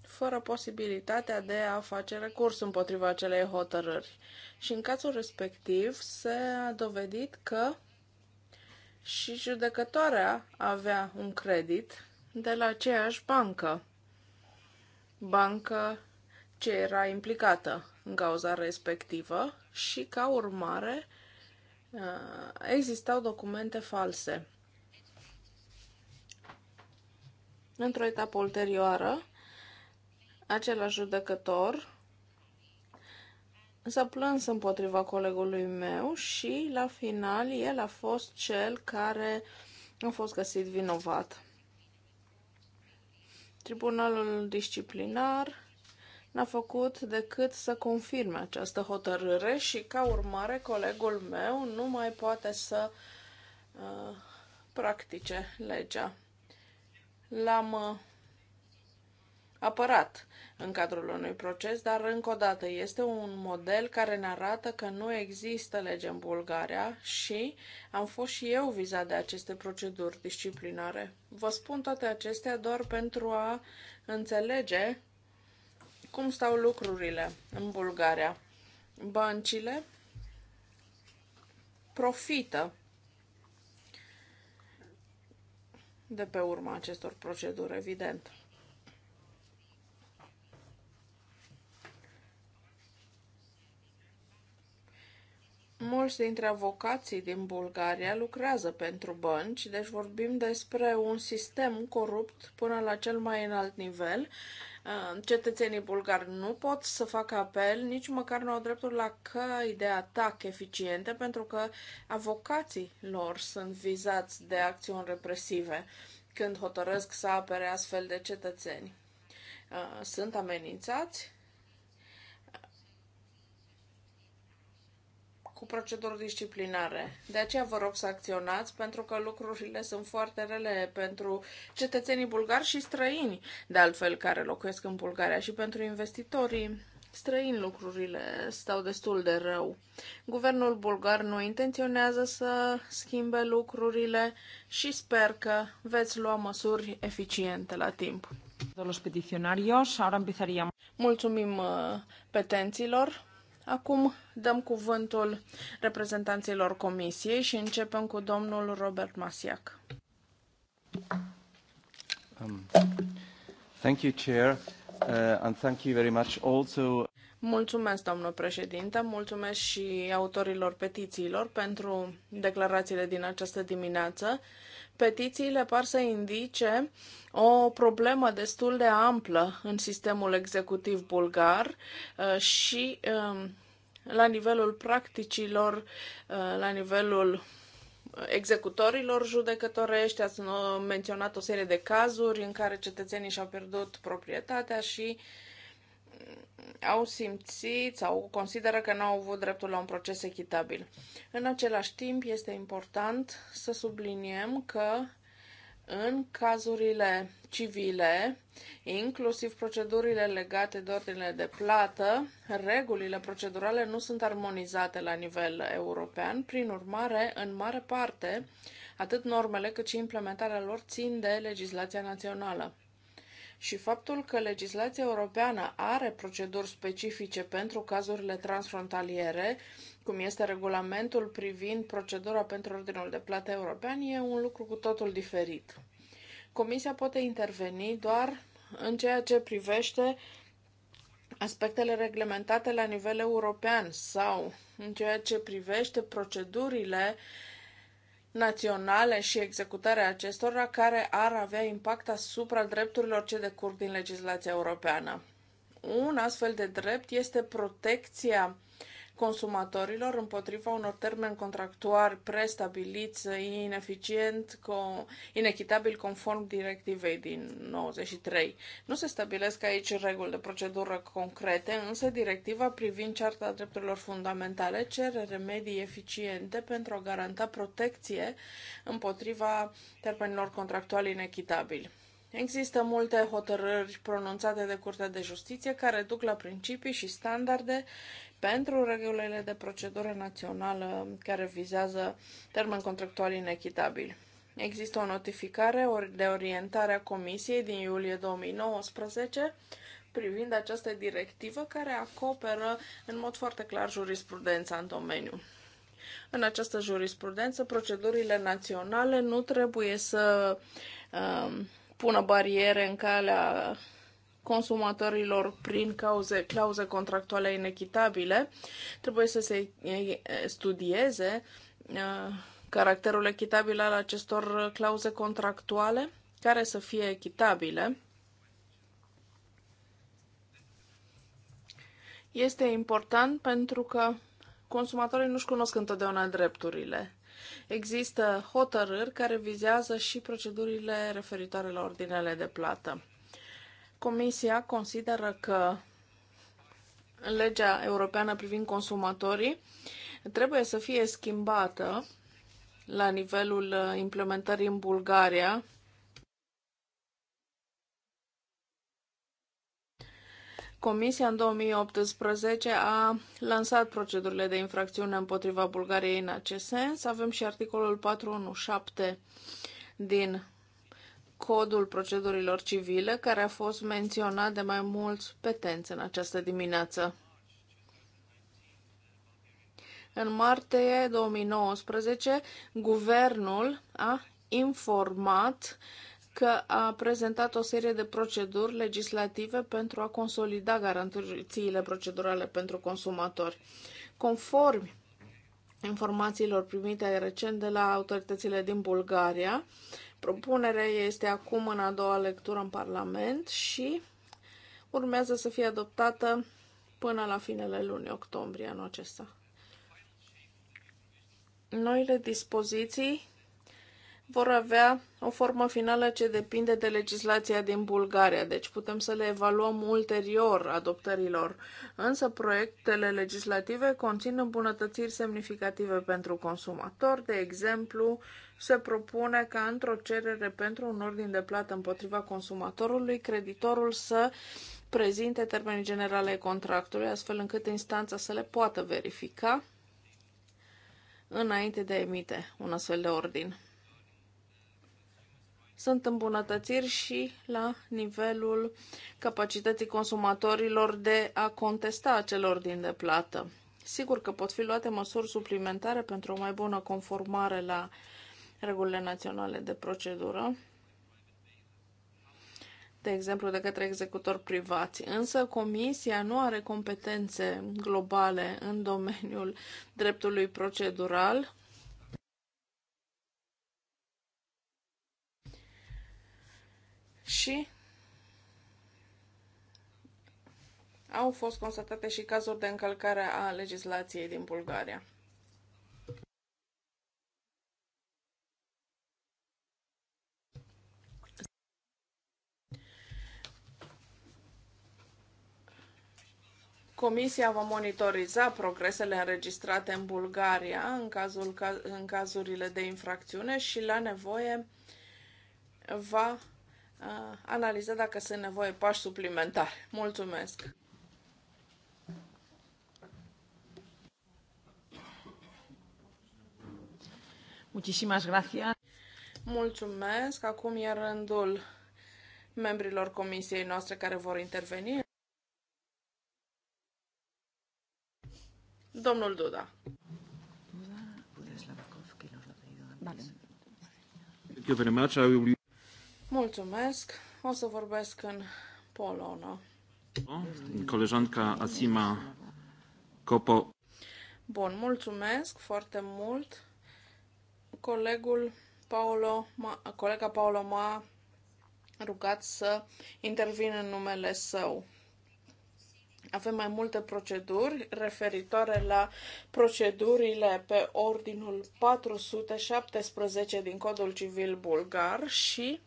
fără posibilitatea de a face recurs împotriva acelei hotărâri. Și în cazul respectiv se a dovedit că și judecătoarea avea un credit de la aceeași bancă banca ce era implicată în cauza respectivă și, ca urmare, uh, existau documente false. Într-o etapă ulterioară, același judecător s-a plâns împotriva colegului meu și, la final, el a fost cel care a fost găsit vinovat. Tribunalul disciplinar n-a făcut decât să confirme această hotărâre și, ca urmare, colegul meu nu mai poate să uh, practice legea. L-am uh, apărat în cadrul unui proces, dar încă o dată este un model care ne arată că nu există lege în Bulgaria și am fost și eu vizat de aceste proceduri disciplinare. Vă spun toate acestea doar pentru a înțelege cum stau lucrurile în Bulgaria. Băncile profită de pe urma acestor proceduri, evident. Mulți dintre avocații din Bulgaria lucrează pentru bănci, deci vorbim despre un sistem corupt până la cel mai înalt nivel. Uh, cetățenii bulgari nu pot să facă apel, nici măcar nu au dreptul la căi de atac eficiente, pentru că avocații lor sunt vizați de acțiuni represive când hotărăsc să apere astfel de cetățeni. Uh, sunt amenințați cu proceduri disciplinare. De aceea vă rog să acționați, pentru că lucrurile sunt foarte rele pentru cetățenii bulgari și străini, de altfel, care locuiesc în Bulgaria și pentru investitorii străini lucrurile stau destul de rău. Guvernul bulgar nu intenționează să schimbe lucrurile și sper că veți lua măsuri eficiente la timp. Mulțumim uh, petenților. Acum dăm cuvântul reprezentanților comisiei și începem cu domnul Robert Masiac. Um, thank you, Chair, uh, and thank you very much also. Mulțumesc, domnul președinte, mulțumesc și autorilor petițiilor pentru declarațiile din această dimineață petițiile par să indice o problemă destul de amplă în sistemul executiv bulgar uh, și um, la nivelul practicilor, uh, la nivelul executorilor judecătorești, ați menționat o serie de cazuri în care cetățenii și-au pierdut proprietatea și uh, au simțit sau consideră că nu au avut dreptul la un proces echitabil. În același timp, este important să subliniem că în cazurile civile, inclusiv procedurile legate de ordinele de plată, regulile procedurale nu sunt armonizate la nivel european, prin urmare, în mare parte, atât normele cât și implementarea lor țin de legislația națională și faptul că legislația europeană are proceduri specifice pentru cazurile transfrontaliere, cum este regulamentul privind procedura pentru ordinul de plată european, e un lucru cu totul diferit. Comisia poate interveni doar în ceea ce privește aspectele reglementate la nivel european sau în ceea ce privește procedurile uh, naționale și executarea acestora care ar avea impact asupra drepturilor ce decurg din legislația europeană. Un astfel de drept este protecția consumatorilor împotriva unor termeni contractuari prestabiliți, ineficient, co- inechitabil conform directivei din 93. Nu se stabilesc aici reguli de procedură concrete, însă directiva privind cearta Drepturilor Fundamentale cere remedii eficiente pentru a garanta protecție împotriva termenilor contractuali inechitabili. Există multe hotărâri pronunțate de Curtea de Justiție care duc la principii și standarde pentru regulile de procedură națională care vizează termen contractual inechitabil. Există o notificare de orientare a Comisiei din iulie 2019 privind această directivă care acoperă în mod foarte clar jurisprudența în domeniu. În această jurisprudență, procedurile naționale nu trebuie să uh, pună bariere în calea consumatorilor prin cauze, clauze contractuale inechitabile, trebuie să se studieze caracterul echitabil al acestor clauze contractuale, care să fie echitabile. Este important pentru că consumatorii nu-și cunosc întotdeauna drepturile. Există hotărâri care vizează și procedurile referitoare la ordinele de plată. Comisia consideră că legea europeană privind consumatorii trebuie să fie schimbată la nivelul uh, implementării în Bulgaria Comisia în 2018 a lansat procedurile de infracțiune împotriva Bulgariei în acest sens. Avem și articolul 417 din codul procedurilor civile, care a fost menționat de mai mulți petenți în această dimineață. În martie 2019, guvernul a informat că a prezentat o serie de proceduri legislative pentru a consolida garanțiile procedurale pentru consumatori. Conform informațiilor primite recent de la autoritățile din Bulgaria, Propunerea este acum în a doua lectură în Parlament și urmează să fie adoptată până la finele lunii octombrie anul acesta. Noile dispoziții vor avea o formă finală ce depinde de legislația din Bulgaria, deci putem să le evaluăm ulterior adoptărilor. Însă proiectele legislative conțin îmbunătățiri semnificative pentru consumator, de exemplu, se propune ca într-o cerere pentru un ordin de plată împotriva consumatorului, creditorul să prezinte termenii generale ai contractului, astfel încât instanța să le poată verifica înainte de a emite un astfel de ordin. Sunt îmbunătățiri și la nivelul capacității consumatorilor de a contesta acel ordin de plată. Sigur că pot fi luate măsuri suplimentare pentru o mai bună conformare la uh, regulile naționale de procedură, de exemplu, de către executori privați. Însă Comisia nu are competențe globale în domeniul dreptului procedural. Și au fost constatate și cazuri de încălcare a legislației din Bulgaria. Comisia va monitoriza progresele înregistrate în Bulgaria în, cazul, în cazurile de infracțiune și, la nevoie, va uh, analiza dacă sunt nevoie pași suplimentari. Mulțumesc! Muchísimas gracias. Mulțumesc. Acum e rândul membrilor comisiei noastre care vor interveni. Domnul Duda. Mulțumesc. O să vorbesc în polonă. Coleżanka Asima Kopo. Bun, mulțumesc foarte mult. Colegul Paolo, colega Paolo m-a rugat să intervin în numele său. Avem mai multe proceduri referitoare la procedurile pe ordinul 417 din Codul Civil Bulgar și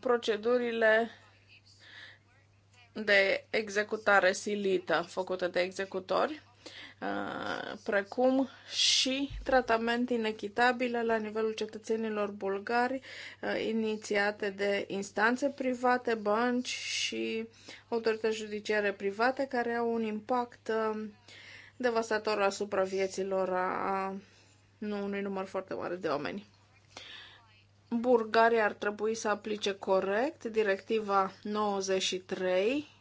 procedurile de executare silită făcute de executori. Uh, precum și tratament inechitabil la nivelul cetățenilor bulgari, uh, inițiate de instanțe private, bănci și autorități judiciare private, care au un impact uh, devastator asupra vieților a nu, unui număr foarte mare de oameni. Bulgaria ar trebui să aplice corect directiva 93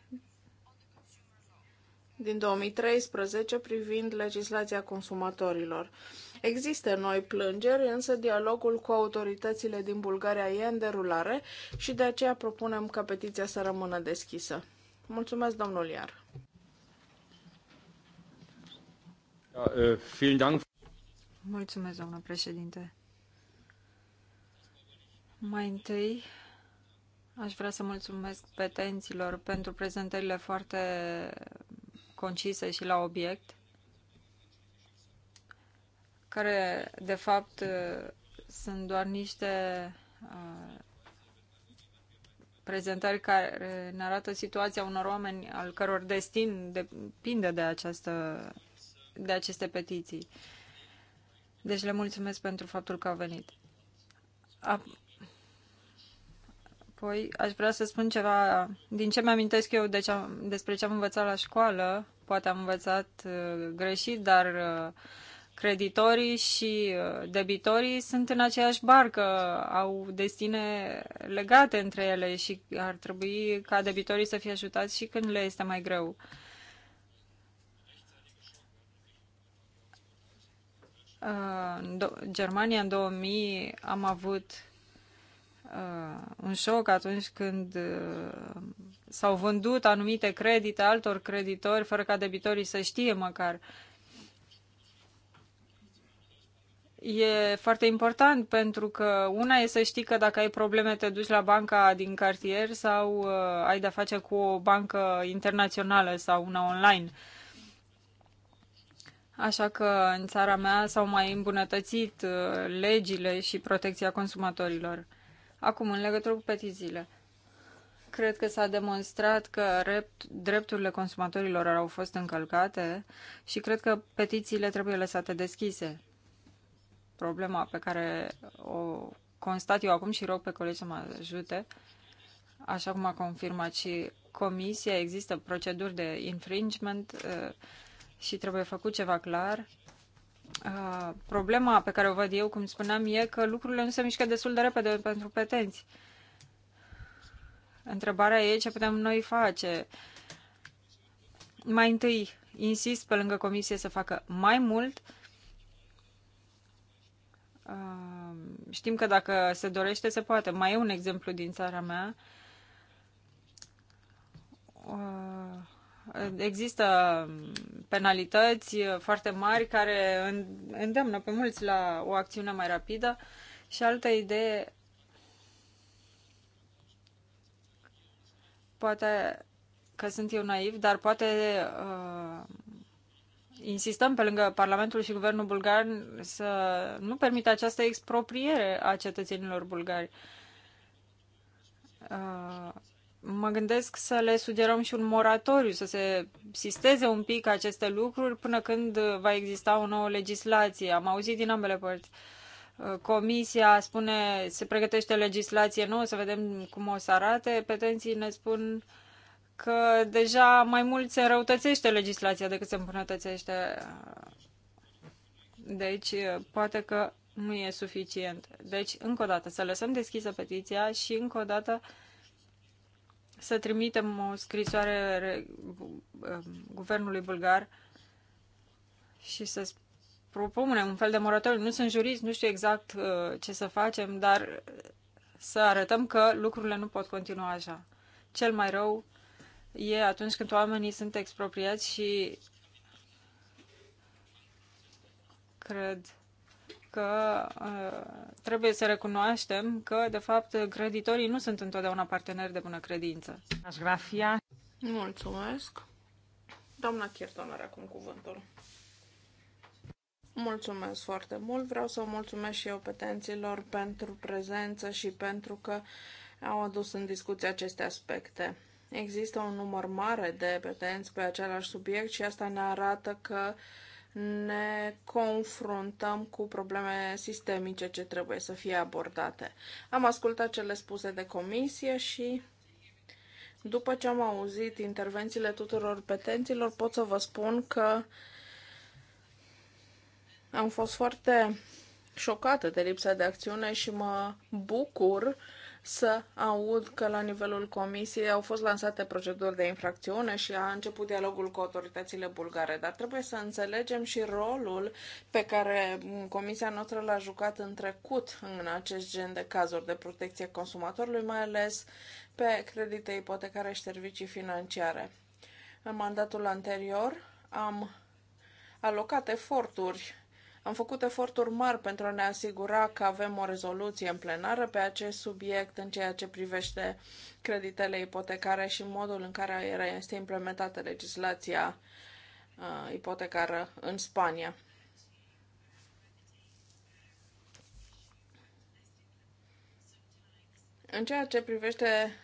din 2013 privind legislația consumatorilor. Există noi plângeri, însă dialogul cu autoritățile din Bulgaria e în derulare și de aceea propunem ca petiția să rămână deschisă. Mulțumesc, domnul Iar. Eh, mulțumesc, domnul președinte. Mai întâi, aș vrea să mulțumesc petenților pentru prezentările foarte concise și la obiect, care de fapt uh, sunt doar niște uh, prezentări care ne arată situația unor oameni al căror destin depinde de, această, de aceste petiții. Deci le mulțumesc pentru faptul că au venit. Apoi aș vrea să spun ceva din ce mi-amintesc eu de ce am, despre ce am învățat la școală. Poate am învățat uh, greșit, dar uh, creditorii și uh, debitorii sunt în aceeași barcă, au destine legate între ele și ar trebui ca debitorii să fie ajutați și când le este mai greu. În Germania, în 2000, am avut un uh, șoc atunci când uh, s-au vândut anumite credite altor creditori fără ca debitorii să știe măcar. E foarte important pentru că una e să știi că dacă ai probleme te duci la banca din cartier sau uh, ai de-a face cu o bancă internațională sau una online. Așa că în țara mea s-au mai îmbunătățit legile și protecția consumatorilor. Acum, în legătură cu petițiile, cred că s-a demonstrat că drepturile consumatorilor au fost încălcate și cred că petițiile trebuie lăsate deschise. Problema pe care o constat eu acum și rog pe colegi să mă ajute, așa cum a confirmat și comisia, există proceduri de infringement uh, și trebuie făcut ceva clar problema pe care o văd eu, cum spuneam, e că lucrurile nu se mișcă destul de repede pentru petenți. Întrebarea e ce putem noi face. Mai întâi, insist pe lângă comisie să facă mai mult. știm că dacă se dorește, se poate. Mai e un exemplu din țara mea. Uh, există penalități foarte mari care îndemnă pe mulți la o acțiune mai rapidă și altă idee poate că sunt eu naiv, dar poate uh, insistăm pe lângă Parlamentul și Guvernul bulgar să nu permită această expropriere a cetățenilor bulgari. Uh, mă gândesc să le sugerăm și un moratoriu, să se sisteze un pic aceste lucruri până când va exista o nouă legislație. Am auzit din ambele părți. Uh, comisia spune, se pregătește legislație nouă, să vedem cum o să arate. Petenții ne spun că deja mai mult se răutățește legislația decât se îmbunătățește. Deci, uh, poate că nu e suficient. Deci, încă o dată, să lăsăm deschisă petiția și încă o dată uh, să trimitem o scrisoare um, guvernului bulgar și să propunem un fel de moratoriu. Nu sunt jurist, nu știu exact uh, ce să facem, dar să arătăm că lucrurile nu pot continua așa. Cel mai rău e atunci când oamenii sunt expropriați și cred că uh, trebuie să recunoaștem că, de fapt, creditorii nu sunt întotdeauna parteneri de bună credință. Grafia. Mulțumesc. Doamna Chirton are acum cuvântul. Mulțumesc foarte mult. Vreau să mulțumesc și eu petenților pentru prezență și pentru că au adus în discuție aceste aspecte. Există un număr mare de petenți pe același subiect și asta ne arată că uh, ne confruntăm cu probleme sistemice ce trebuie să fie abordate. Am ascultat cele spuse de comisie și după ce am auzit intervențiile tuturor petenților, pot să vă spun că am fost foarte șocată de lipsa de acțiune și mă bucur să aud că la nivelul comisiei au fost lansate proceduri de infracțiune și a început dialogul cu autoritățile bulgare, dar trebuie să înțelegem și rolul pe care comisia noastră l-a jucat în trecut în acest gen de cazuri de protecție consumatorului, mai ales pe credite ipotecare și servicii financiare. În mandatul anterior am alocat eforturi am făcut eforturi mari pentru a ne asigura că avem o rezoluție în plenară pe acest subiect în ceea ce privește creditele ipotecare și modul în care este implementată legislația uh, ipotecară în Spania. În ceea ce privește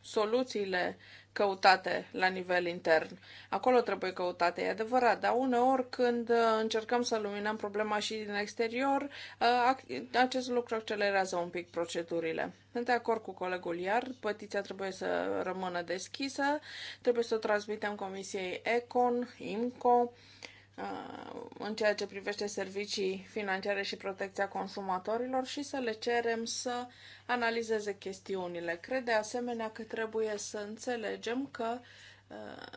soluțiile căutate la nivel intern. Acolo trebuie căutate, e adevărat, dar uneori când uh, încercăm să luminăm problema și din exterior, uh, acest lucru accelerează un pic procedurile. Sunt de acord cu colegul Iar, petiția trebuie să rămână deschisă, trebuie să o transmitem Comisiei Econ, IMCO, Uh, în ceea ce privește servicii financiare și protecția consumatorilor și să le cerem să analizeze chestiunile. Cred de asemenea că trebuie să înțelegem că uh,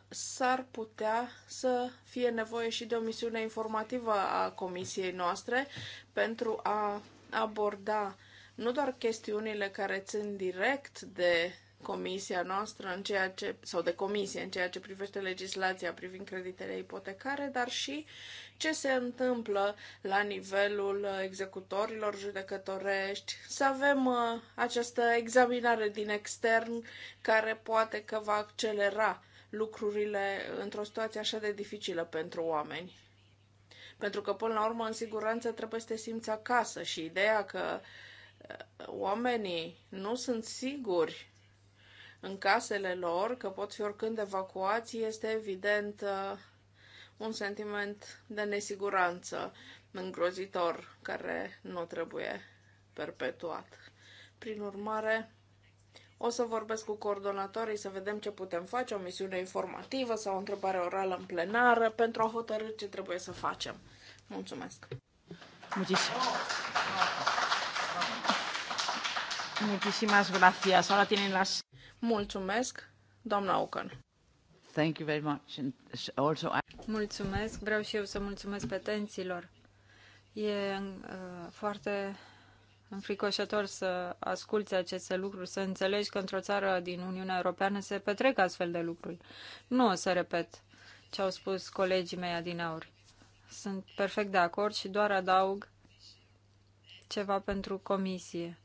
s-ar putea să fie nevoie și de o misiune informativă a comisiei noastre pentru a aborda nu doar chestiunile care țin direct de comisia noastră în ceea ce, sau de comisie în ceea ce privește legislația privind creditele ipotecare, dar și ce se întâmplă la nivelul executorilor judecătorești, să avem uh, această examinare din extern care poate că va accelera lucrurile într-o situație așa de dificilă pentru oameni. Pentru că, până la urmă, în siguranță trebuie să te simți acasă și ideea că uh, oamenii nu sunt siguri în casele lor, că pot fi oricând evacuați, este evident uh, un sentiment de nesiguranță îngrozitor care nu trebuie perpetuat. Prin urmare, o să vorbesc cu coordonatorii să vedem ce putem face, o misiune informativă sau o întrebare orală în plenară pentru a hotărâ ce trebuie să facem. Mulțumesc! Muchísimas gracias. Ahora tienen las Mulțumesc, doamna Aucan. Thank you very much. And also I... Mulțumesc. Vreau și eu să mulțumesc petenților. E uh, foarte înfricoșător să asculți aceste lucruri, să înțelegi că într-o țară din Uniunea Europeană se petrec astfel de lucruri. Nu o să repet ce au spus colegii mei adinauri. Sunt perfect de acord și doar adaug ceva pentru comisie.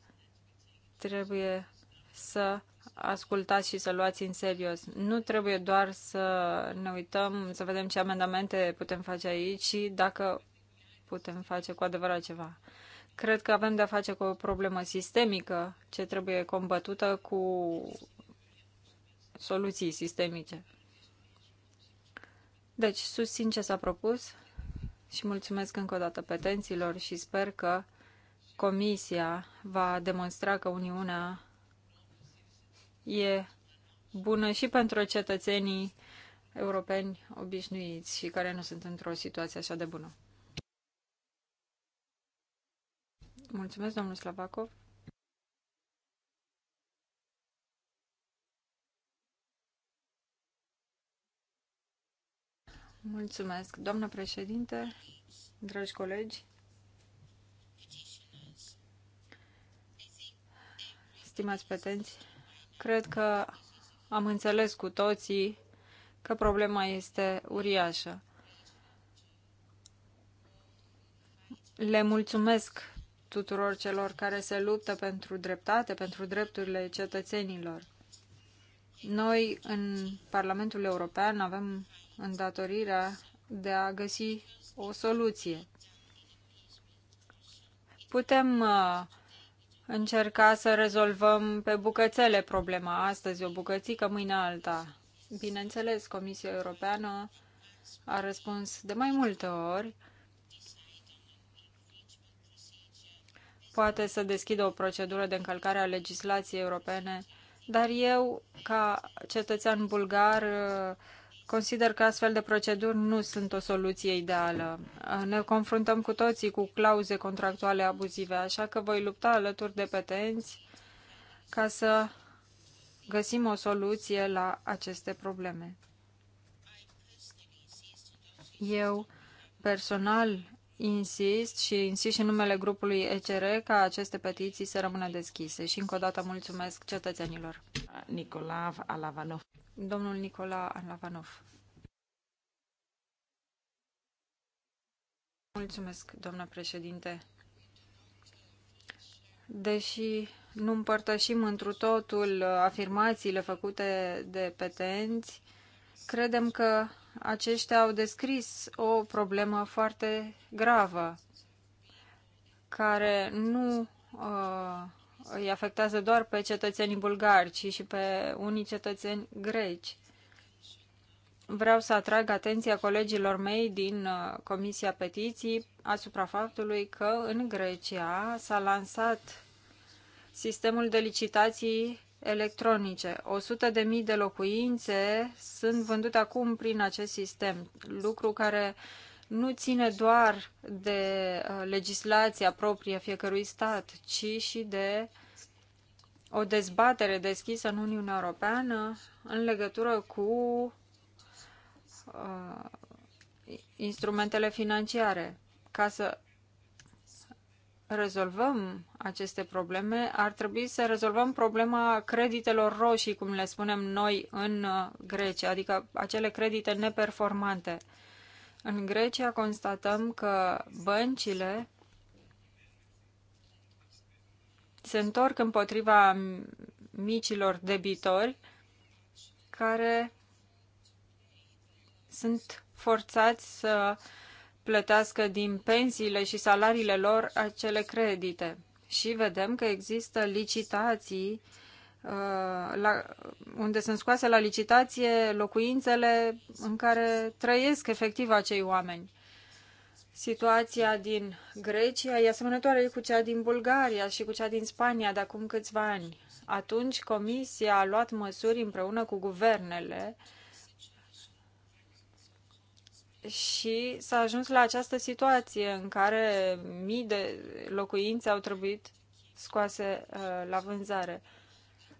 Trebuie să ascultați și să luați în serios. Nu trebuie doar să ne uităm, să vedem ce amendamente putem face aici și dacă putem face cu adevărat ceva. Cred că avem de-a face cu o problemă sistemică ce trebuie combătută cu soluții sistemice. Deci, susțin ce s-a propus și mulțumesc încă o dată petenților și sper că Comisia va demonstra că Uniunea e bună și pentru cetățenii europeni obișnuiți și care nu sunt într-o situație așa de bună. Mulțumesc, domnul Slavakov. Mulțumesc, doamnă președinte, dragi colegi, stimați petenți. Cred că am înțeles cu toții că problema este uriașă. Le mulțumesc tuturor celor care se luptă pentru dreptate, pentru drepturile cetățenilor. Noi, în Parlamentul European, avem îndatorirea de a găsi o soluție. Putem uh, încerca să rezolvăm pe bucățele problema. Astăzi o bucățică, mâine alta. Bineînțeles, Comisia Europeană a răspuns de mai multe ori. Poate să deschidă o procedură de încălcare a legislației europene, dar eu, ca cetățean bulgar, Consider că astfel de proceduri nu sunt o soluție ideală. Ne confruntăm cu toții cu clauze contractuale abuzive, așa că voi lupta alături de petenți ca să găsim o soluție la aceste probleme. Eu personal insist și insist și în numele grupului ECR ca aceste petiții să rămână deschise. Și încă o dată mulțumesc cetățenilor. Nicolav Alavanov. Domnul Nicola Alavanov. Mulțumesc, doamnă președinte. Deși nu împărtășim întru totul afirmațiile făcute de petenți, credem că aceștia au descris o problemă foarte gravă care nu uh, îi afectează doar pe cetățenii bulgari, ci și pe unii cetățeni greci. Vreau să atrag atenția colegilor mei din uh, Comisia Petiții asupra faptului că în Grecia s-a lansat sistemul de licitații electronice. 100.000 de mii de locuințe sunt vândute acum prin acest sistem, lucru care nu ține doar de uh, legislația proprie fiecărui stat, ci și de o dezbatere deschisă în Uniunea Europeană în legătură cu uh, instrumentele financiare, ca să rezolvăm aceste probleme, ar trebui să rezolvăm problema creditelor roșii, cum le spunem noi în uh, Grecia, adică acele credite neperformante. În Grecia constatăm că băncile se întorc împotriva micilor debitori care sunt forțați să uh, plătească din pensiile și salariile lor acele credite. Și vedem că există licitații uh, la, unde sunt scoase la licitație locuințele în care trăiesc efectiv acei oameni. Situația din Grecia e asemănătoare cu cea din Bulgaria și cu cea din Spania de acum câțiva ani. Atunci Comisia a luat măsuri împreună cu guvernele uh, și s-a ajuns la această situație în care mii de locuințe au trebuit scoase uh, la vânzare.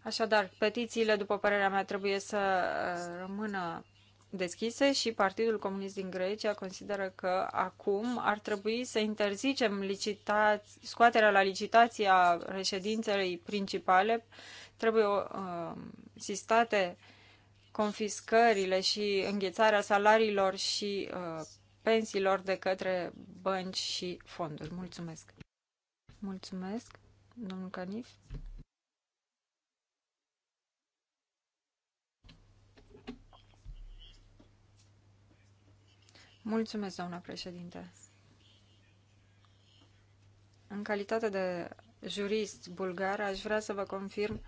Așadar, petițiile, după părerea mea, trebuie să uh, rămână deschise și Partidul Comunist din Grecia consideră că acum ar trebui să interzicem licitați, scoaterea la licitație a reședinței principale. Trebuie uh, sistate uh, confiscările și înghețarea salariilor și uh, pensiilor de către bănci și fonduri. Mulțumesc! Mulțumesc, domnul Canif! Mulțumesc, doamna președinte. În calitate de jurist bulgar, aș vrea să vă confirm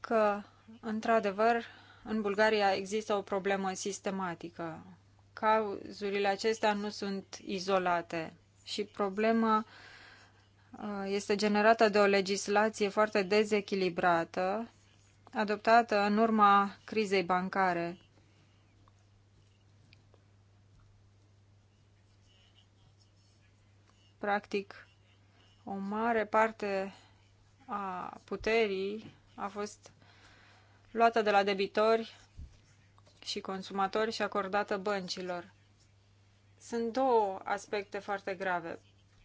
că într-adevăr, în Bulgaria există o problemă sistematică. Cazurile acestea nu sunt izolate și problema uh, este generată de o legislație foarte dezechilibrată, adoptată în urma crizei bancare. Practic, o mare parte a puterii a fost luată de la debitori și consumatori și acordată băncilor. Sunt două aspecte foarte grave.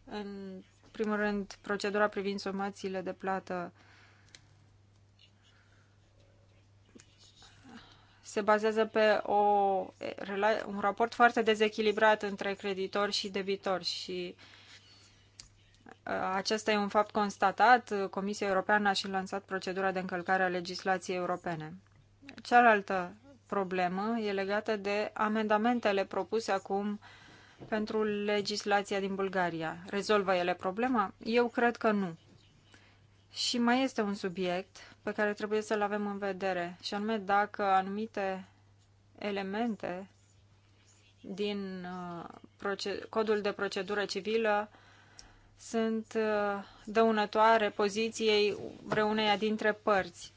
În primul rând, procedura privind somațiile de plată se bazează pe o, un raport foarte dezechilibrat între creditori și debitori și uh, acesta e un fapt constatat. Comisia Europeană a și lansat procedura de încălcare a legislației europene. Cealaltă problemă e legată de amendamentele propuse acum pentru legislația din Bulgaria. Rezolvă ele problema? Eu cred că nu. Și mai este un subiect pe care trebuie să-l avem în vedere, și anume dacă anumite elemente din uh, codul de procedură civilă sunt uh, dăunătoare poziției vreuneia dintre părți.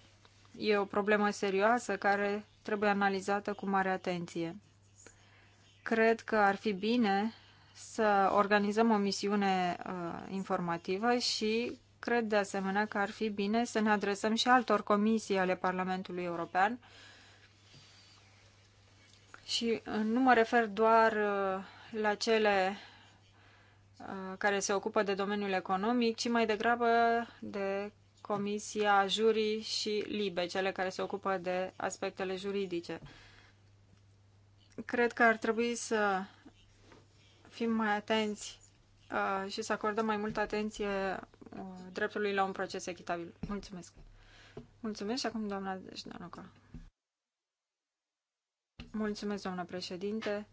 E o problemă serioasă care trebuie analizată cu mare atenție. Cred că ar fi bine să organizăm o misiune uh, informativă și cred de asemenea că ar fi bine să ne adresăm și altor comisii ale Parlamentului European și uh, nu mă refer doar uh, la cele Uh, care se ocupă de domeniul economic, ci mai degrabă de Comisia Jurii și Libe, cele care se ocupă de aspectele juridice. Cred că ar trebui să fim mai atenți uh, și să acordăm mai multă atenție uh, dreptului la un proces echitabil. Mulțumesc! Mulțumesc și acum doamna Jdanuca. Mulțumesc, doamna președinte.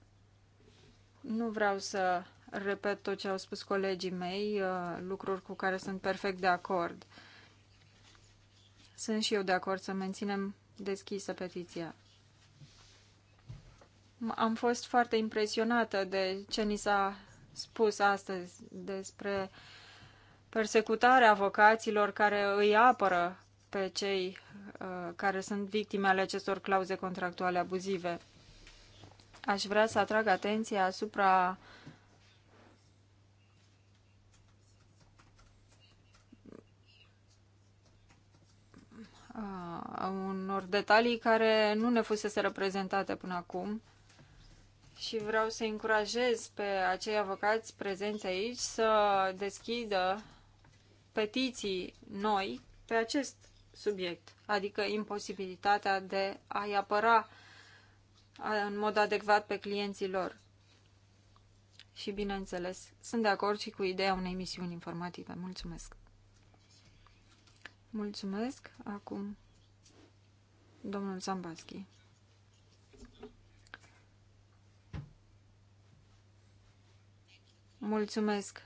Nu vreau să repet tot ce au spus colegii mei, uh, lucruri cu care sunt perfect de acord. Sunt și eu de acord să menținem deschisă petiția. Am fost foarte impresionată de ce ni s-a spus astăzi despre persecutarea avocaților care îi apără pe cei uh, care sunt victime ale acestor clauze contractuale abuzive. Aș vrea să atrag atenția asupra uh, unor detalii care nu ne fusese reprezentate până acum și vreau să încurajez pe acei avocați prezenți aici să deschidă petiții noi pe acest subiect, adică imposibilitatea de a-i apăra în mod adecvat pe clienții lor. Și bineînțeles, sunt de acord și cu ideea unei misiuni informative. Mulțumesc! Mulțumesc. Acum, domnul Zambaschi. Mulțumesc,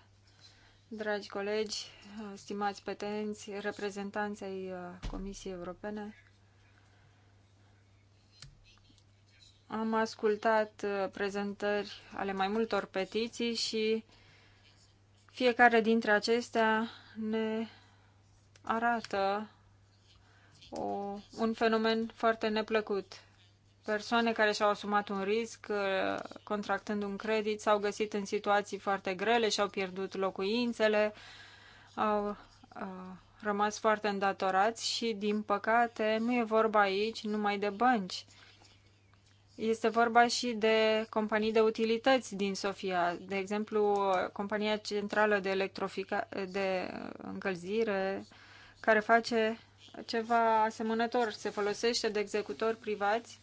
dragi colegi, stimați petenți, reprezentanți ai uh, Comisiei Europene. Am ascultat uh, prezentări ale mai multor petiții și fiecare dintre acestea ne arată o, un fenomen foarte neplăcut. Persoane care și-au asumat un risc uh, contractând un credit s-au găsit în situații foarte grele, și-au pierdut locuințele, au a, uh, rămas foarte îndatorați și, din păcate, nu e vorba aici numai de bănci. Este vorba și de companii de utilități din Sofia, de exemplu, compania centrală de, electrofica- de încălzire, care face ceva asemănător. Se folosește de executori privați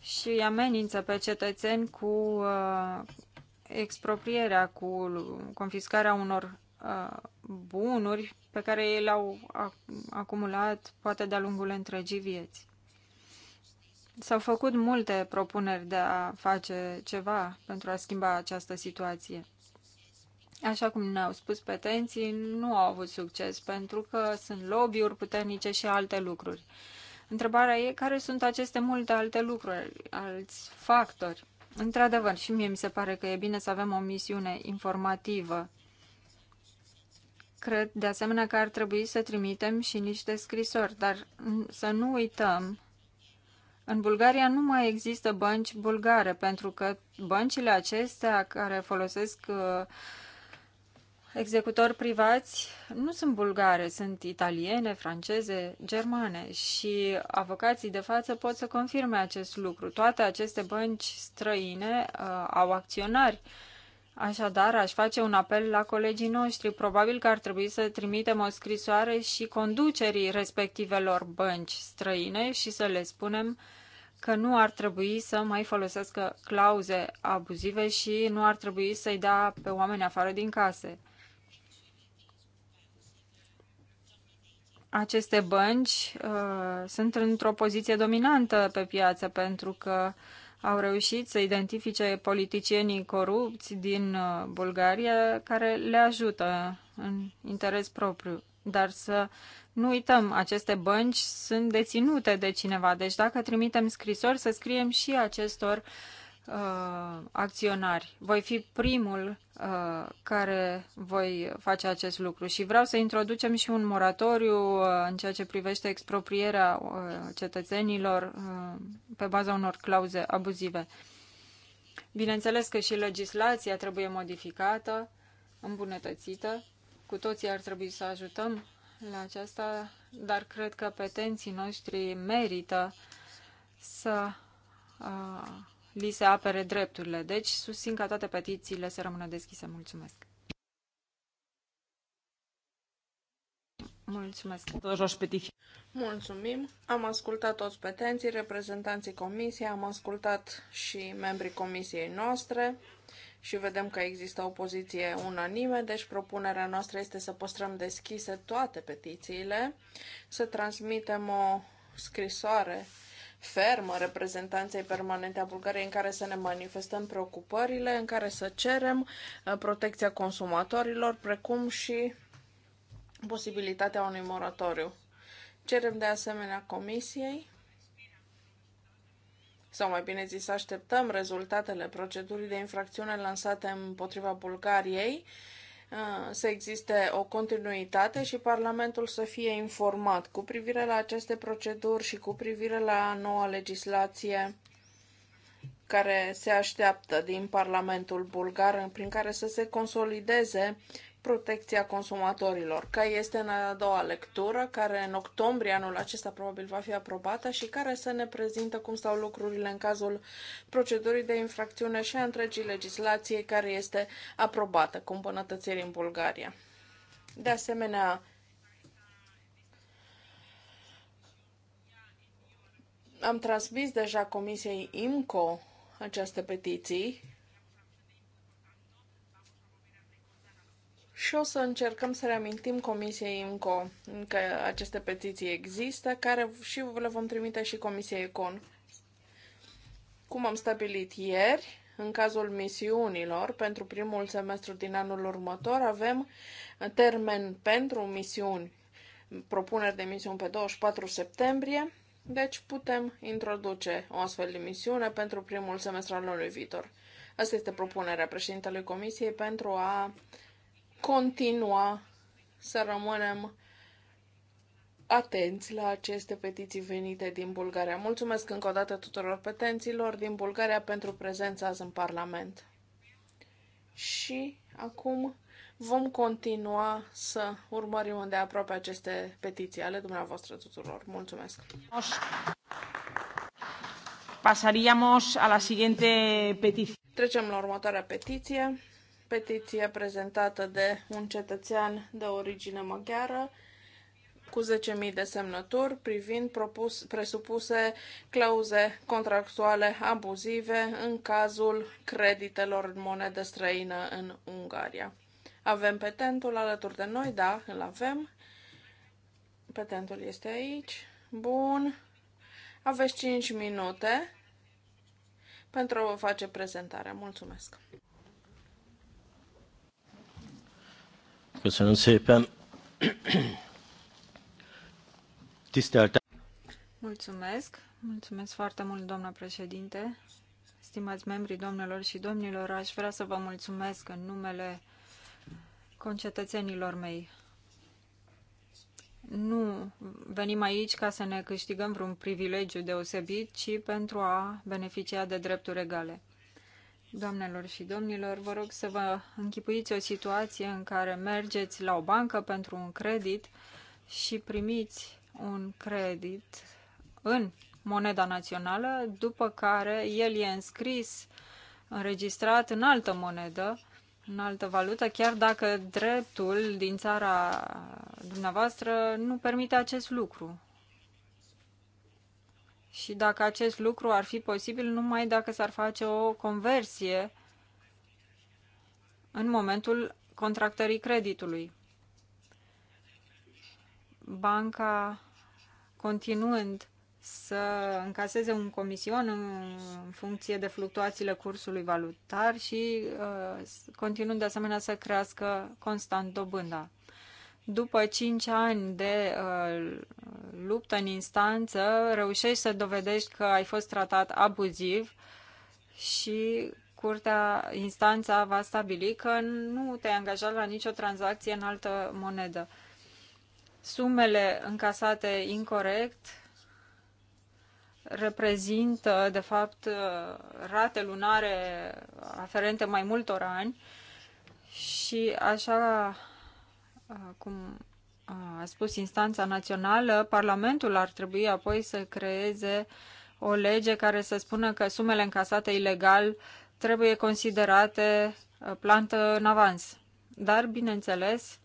și amenință pe cetățeni cu uh, exproprierea, cu confiscarea unor uh, bunuri pe care ei le-au acumulat poate de-a lungul întregii vieți. S-au făcut multe propuneri de a face ceva pentru a schimba această situație așa cum ne-au spus petenții, nu au avut succes pentru că sunt lobby-uri puternice și alte lucruri. Întrebarea e care sunt aceste multe alte lucruri, alți factori. Într-adevăr, și mie mi se pare că e bine să avem o misiune informativă. Cred, de asemenea, că ar trebui să trimitem și niște scrisori, dar să nu uităm în Bulgaria nu mai există bănci bulgare, pentru că băncile acestea care folosesc uh, executori privați nu sunt bulgare, sunt italiene, franceze, germane și avocații de față pot să confirme acest lucru. Toate aceste bănci străine uh, au acționari. Așadar, aș face un apel la colegii noștri. Probabil că ar trebui să trimitem o scrisoare și conducerii respectivelor bănci străine și să le spunem că nu ar trebui să mai folosească clauze abuzive și nu ar trebui să-i dea pe oameni afară din case. aceste bănci uh, sunt într-o poziție dominantă pe piață pentru că au reușit să identifice politicienii corupți din uh, Bulgaria care le ajută în interes propriu. Dar să nu uităm, aceste bănci sunt deținute de cineva, deci dacă trimitem scrisori, să scriem și acestor uh, uh, acționari. Voi fi primul uh, care voi face acest lucru și vreau să introducem și un moratoriu uh, în ceea ce privește exproprierea uh, cetățenilor uh, pe baza unor clauze abuzive. Bineînțeles că și legislația trebuie modificată, îmbunătățită. Cu toții ar trebui să ajutăm la aceasta, dar cred că petenții noștri merită să uh, li se apere drepturile. Deci susțin ca toate petițiile să rămână deschise. Mulțumesc! Mulțumesc! Mulțumim! Am ascultat toți petenții, reprezentanții comisiei, am ascultat și membrii comisiei noastre și vedem că există o poziție unanime, deci propunerea noastră este să păstrăm deschise toate petițiile, să transmitem o scrisoare fermă reprezentanței permanente a Bulgariei în care să ne manifestăm preocupările, în care să cerem uh, protecția consumatorilor, precum și posibilitatea unui moratoriu. Cerem de asemenea Comisiei sau mai bine zis, așteptăm rezultatele procedurii de infracțiune lansate împotriva Bulgariei Uh, să existe o continuitate și Parlamentul să fie informat cu privire la aceste proceduri și cu privire la noua legislație care se așteaptă din Parlamentul bulgar, prin care să se consolideze protecția consumatorilor, care este în a doua lectură, care în octombrie anul acesta probabil va fi aprobată și care să ne prezintă cum stau lucrurile în cazul procedurii de infracțiune și a întregii legislației care este aprobată cu îmbunătățiri în Bulgaria. De asemenea, am transmis deja Comisiei IMCO aceste petiții și o să încercăm să reamintim Comisiei IMCO că aceste petiții există, care și le vom trimite și Comisiei ECON. Cum am stabilit ieri, în cazul misiunilor, pentru primul semestru din anul următor avem termen pentru misiuni, propuneri de misiuni pe 24 septembrie, deci putem introduce o astfel de misiune pentru primul semestru al anului viitor. Asta este propunerea președintelui Comisiei pentru a continua să rămânem atenți la aceste petiții venite din Bulgaria. Mulțumesc încă o dată tuturor petenților din Bulgaria pentru prezența azi în Parlament. Și acum vom continua să urmărim îndeaproape aceste petiții ale dumneavoastră tuturor. Mulțumesc! Pasaríamos a la siguiente petiție. Trecem la următoarea petiție petiție prezentată de un cetățean de origine maghiară cu 10.000 de semnături privind propus, presupuse clauze contractuale abuzive în cazul creditelor în monedă străină în Ungaria. Avem petentul alături de noi, da, îl avem. Petentul este aici. Bun. Aveți 5 minute pentru a vă face prezentarea. Mulțumesc! Köszönöm szépen. Mulțumesc. Mulțumesc foarte mult, doamna președinte. Stimați membri, domnilor și domnilor, aș vrea să vă mulțumesc în numele concetățenilor mei. Nu venim aici ca să ne câștigăm vreun privilegiu deosebit, ci pentru a beneficia de drepturi egale. Doamnelor și domnilor, vă rog să vă închipuiți o situație în care mergeți la o bancă pentru un credit și primiți un credit în moneda națională, după care el e înscris, înregistrat în altă monedă, în altă valută, chiar dacă dreptul din țara dumneavoastră nu permite acest lucru și dacă acest lucru ar fi posibil numai dacă s-ar face o conversie în momentul contractării creditului. Banca continuând să încaseze un comision în funcție de fluctuațiile cursului valutar și uh, continuând de asemenea să crească constant dobânda după 5 ani de uh, luptă în instanță, reușești să dovedești că ai fost tratat abuziv și curtea, instanța va stabili că nu te-ai angajat la nicio tranzacție în altă monedă. Sumele încasate incorrect reprezintă, de fapt, uh, rate lunare aferente mai multor ani și așa cum a spus instanța națională, Parlamentul ar trebui apoi să creeze o lege care să spună că sumele încasate ilegal trebuie considerate plantă în avans. Dar, bineînțeles,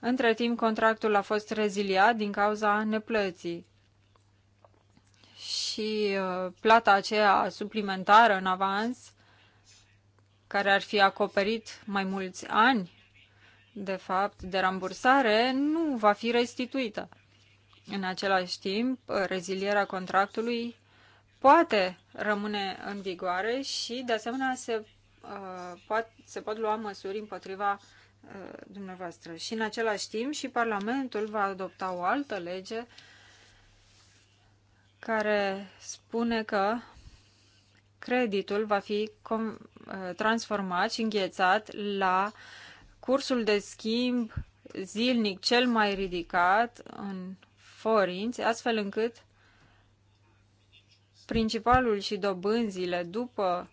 între timp contractul a fost reziliat din cauza neplății și plata aceea suplimentară în avans, care ar fi acoperit mai mulți ani de fapt, de rambursare nu va fi restituită. În același timp, rezilierea contractului poate rămâne în vigoare și, de asemenea, se, uh, pot, se pot lua măsuri împotriva uh, dumneavoastră. Și, în același timp, și Parlamentul va adopta o altă lege care spune că creditul va fi uh, transformat și înghețat la uh, cursul de schimb zilnic cel mai ridicat în forinți, astfel încât principalul și dobânzile după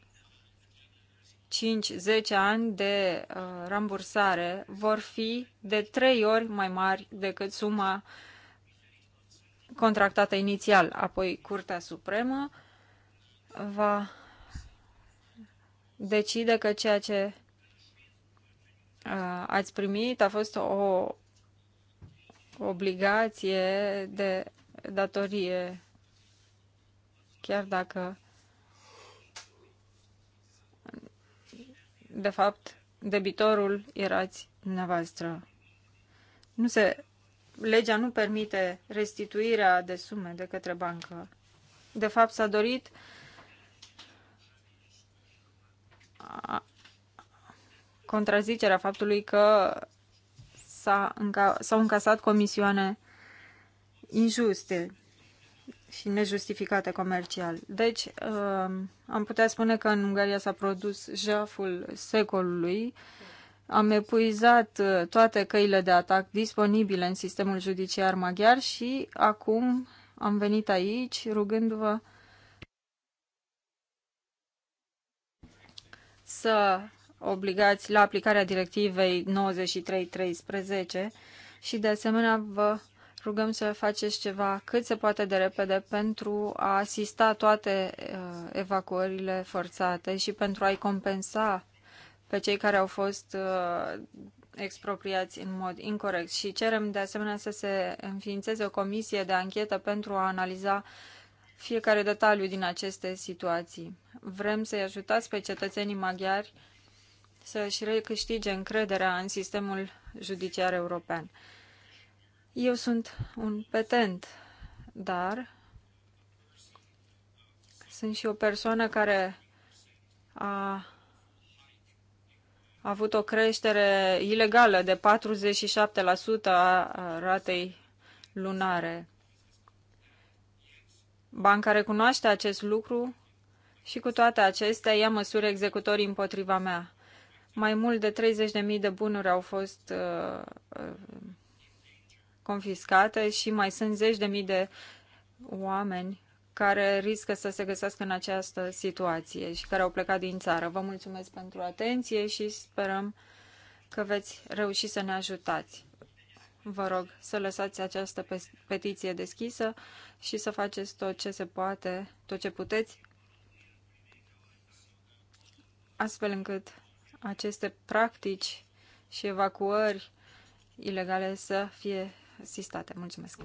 5-10 ani de uh, rambursare vor fi de 3 ori mai mari decât suma contractată inițial. Apoi Curtea Supremă va decide că ceea ce ați primit a fost o obligație de datorie, chiar dacă de fapt debitorul erați dumneavoastră. Nu se, legea nu permite restituirea de sume de către bancă. De fapt, s-a dorit contrazicerea faptului că s-au înca încasat comisioane injuste și nejustificate comercial. Deci, um, am putea spune că în Ungaria s-a produs jaful secolului. Am epuizat uh, toate căile de atac disponibile în sistemul judiciar maghiar și acum am venit aici rugându-vă să obligați la aplicarea directivei 9313 și de asemenea vă rugăm să faceți ceva cât se poate de repede pentru a asista toate uh, evacuările forțate și pentru a-i compensa pe cei care au fost uh, expropriați în mod incorrect și cerem de asemenea să se înființeze o comisie de anchetă pentru a analiza fiecare detaliu din aceste situații. Vrem să-i ajutați pe cetățenii maghiari să își recâștige încrederea în sistemul judiciar european. Eu sunt un petent, dar sunt și o persoană care a a avut o creștere ilegală de 47% a ratei lunare. Banca recunoaște acest lucru și cu toate acestea ia măsuri executorii împotriva mea. Mai mult de 30.000 de bunuri au fost uh, uh, confiscate și mai sunt zeci de mii de oameni care riscă să se găsească în această situație și care au plecat din țară. Vă mulțumesc pentru atenție și sperăm că veți reuși să ne ajutați. Vă rog să lăsați această petiție deschisă și să faceți tot ce se poate, tot ce puteți, astfel încât aceste practici și evacuări ilegale să fie asistate. Mulțumesc!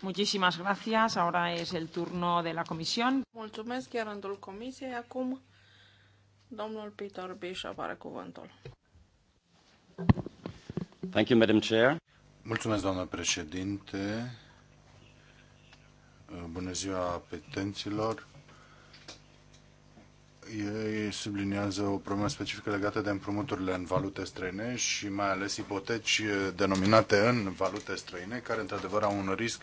Muchísimas gracias. Ahora es el turno de la comisión. Mulțumesc, iar rândul comisiei. Acum, domnul Peter Bishop are cuvântul. Thank you, Madam Chair. Mulțumesc, doamnă președinte. Bună ziua petenților ei subliniază o problemă specifică legată de împrumuturile în valute străine și mai ales ipoteci denominate în valute străine, care într-adevăr au un risc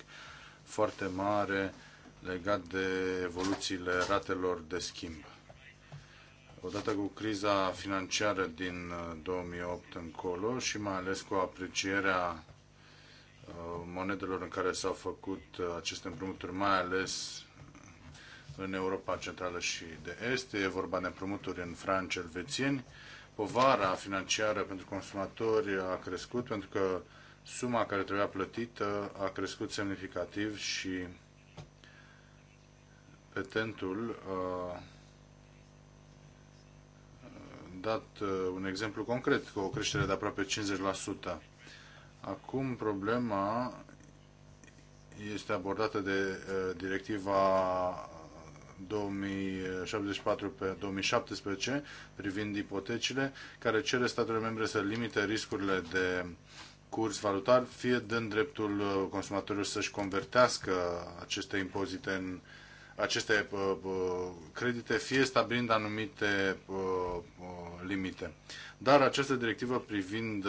foarte mare legat de evoluțiile ratelor de schimb. Odată cu criza financiară din 2008 uh, încolo și mai ales cu aprecierea uh, monedelor în care s-au făcut uh, aceste împrumuturi, mai ales în Europa Centrală și de Est. E vorba de împrumuturi în franci elvețieni. Povara financiară pentru consumatori a crescut pentru că suma care trebuia plătită a crescut semnificativ și petentul a dat un exemplu concret cu o creștere de aproape 50%. Acum problema este abordată de directiva 2074 pe 2017 privind ipotecile, care cere statele membre să limite riscurile de curs valutar, fie dând dreptul uh, consumatorilor să-și convertească aceste impozite în aceste uh, uh, credite, fie stabilind anumite limite. Dar această directivă privind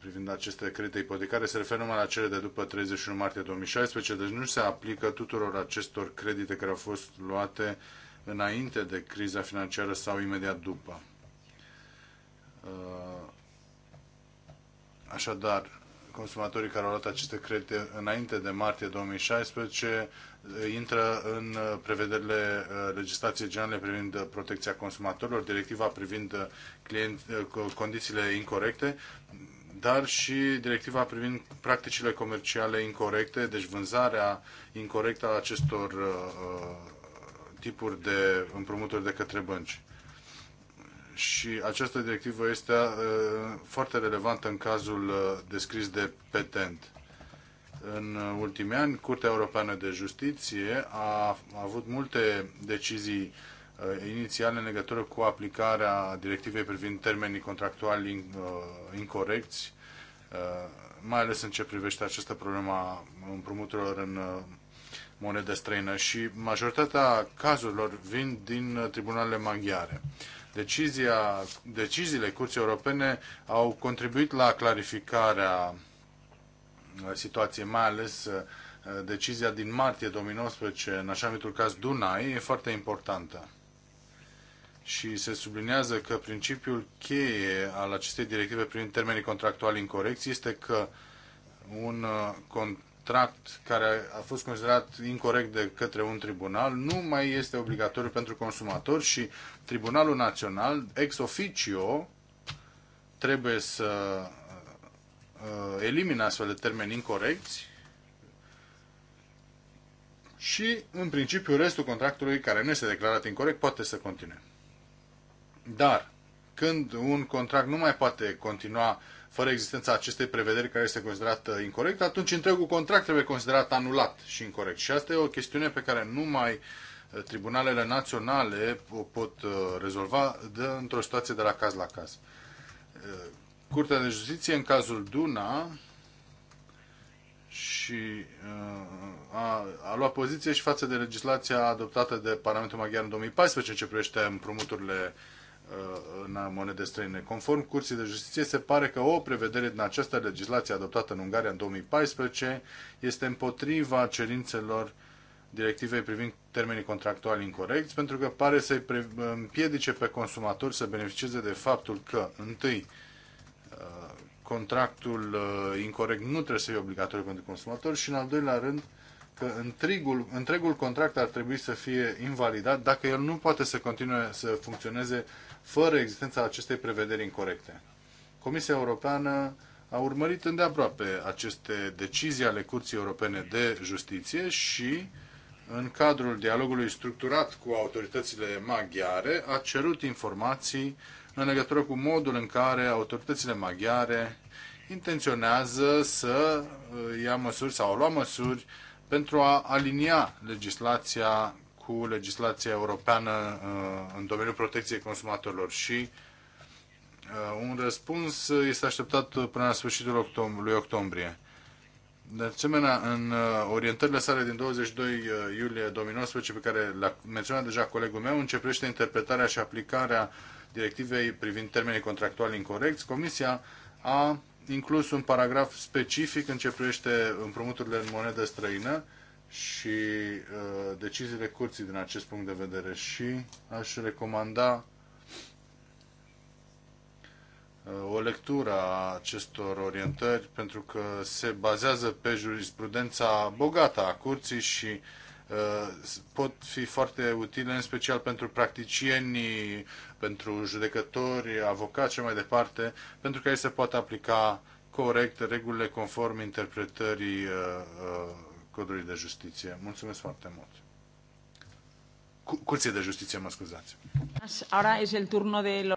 privind aceste credite ipotecare se referă numai la cele de după 31 martie 2016, deci nu se aplică tuturor acestor credite care au fost luate înainte de criza financiară sau imediat după. Uh, așadar, consumatorii care au luat aceste credite înainte de martie 2016 uh, intră în uh, prevederile legislației generale privind protecția consumatorilor, directiva privind client, condițiile incorrecte, dar și directiva privind practicile comerciale incorrecte, deci vânzarea incorrectă a acestor uh, uh, tipuri de împrumuturi de către bănci. Și această directivă este uh, foarte relevantă în cazul uh, descris de petent. În ultimii ani, Curtea Europeană de Justiție a, a avut multe decizii uh, Uh, inițial în legătură cu aplicarea directivei privind termenii contractuali uh, incorrecți, uh, mai ales în ce privește această problemă a împrumuturilor în monedă străină și majoritatea cazurilor vin din tribunalele maghiare. Decizia, deciziile Curții Europene au contribuit la clarificarea situației, mai ales decizia din martie 2019 în așa numitul caz Dunai e foarte importantă și se sublinează că principiul cheie al acestei directive prin termenii contractuali incorrecți este că un uh, contract care a fost considerat incorrect de către un tribunal nu mai este obligatoriu pentru consumator și Tribunalul Național, ex officio, trebuie să uh, elimine astfel de termeni incorrecți și, în principiu, restul contractului care nu este declarat incorrect poate să continue. Dar când un contract nu mai poate continua fără existența acestei prevederi care este considerată uh, incorrect, atunci întregul contract trebuie considerat anulat și incorrect. Și asta e o chestiune pe care numai uh, tribunalele naționale o pot uh, rezolva într-o situație de la caz la caz. Curtea de Justiție, în cazul Duna, și a, a luat poziție și față de legislația adoptată de Parlamentul Maghiar în 2014 ce privește împrumuturile uh, Uh, în monede străine. Conform Curții de Justiție, se pare că o prevedere din această legislație adoptată în Ungaria în 2014 este împotriva cerințelor directivei privind termenii contractuali incorrecți, pentru că pare să-i împiedice pe consumatori să beneficieze de faptul că, întâi, uh, contractul uh, incorrect nu trebuie să fie obligatoriu pentru consumator și, în al doilea rând, că întregul, întregul contract ar trebui să fie invalidat dacă el nu poate să continue să funcționeze fără existența acestei prevederi incorrecte. Comisia Europeană a urmărit îndeaproape aceste decizii ale Curții Europene de Justiție și, în cadrul dialogului structurat cu autoritățile maghiare, a cerut informații în legătură cu modul în care autoritățile maghiare intenționează să uh, ia măsuri sau lua măsuri pentru a alinia legislația cu legislația europeană uh, în domeniul protecției consumatorilor și uh, un răspuns este așteptat până la sfârșitul lui octombrie. De asemenea, în uh, orientările sale din 22 iulie 2019, pe care le-a menționat deja colegul meu, începește interpretarea și aplicarea directivei privind termenii contractuali incorrecți, Comisia a inclus un paragraf specific în ce privește împrumuturile în monedă străină, și uh, deciziile curții din acest punct de vedere și aș recomanda uh, o lectură a acestor orientări pentru că se bazează pe jurisprudența bogată a curții și uh, pot fi foarte utile în special pentru practicienii, pentru judecători, avocați și mai departe, pentru că ei se poate aplica corect regulile conform interpretării uh, uh codului de justiție. Mulțumesc foarte mult. Curții de justiție, mă scuzați. el turno de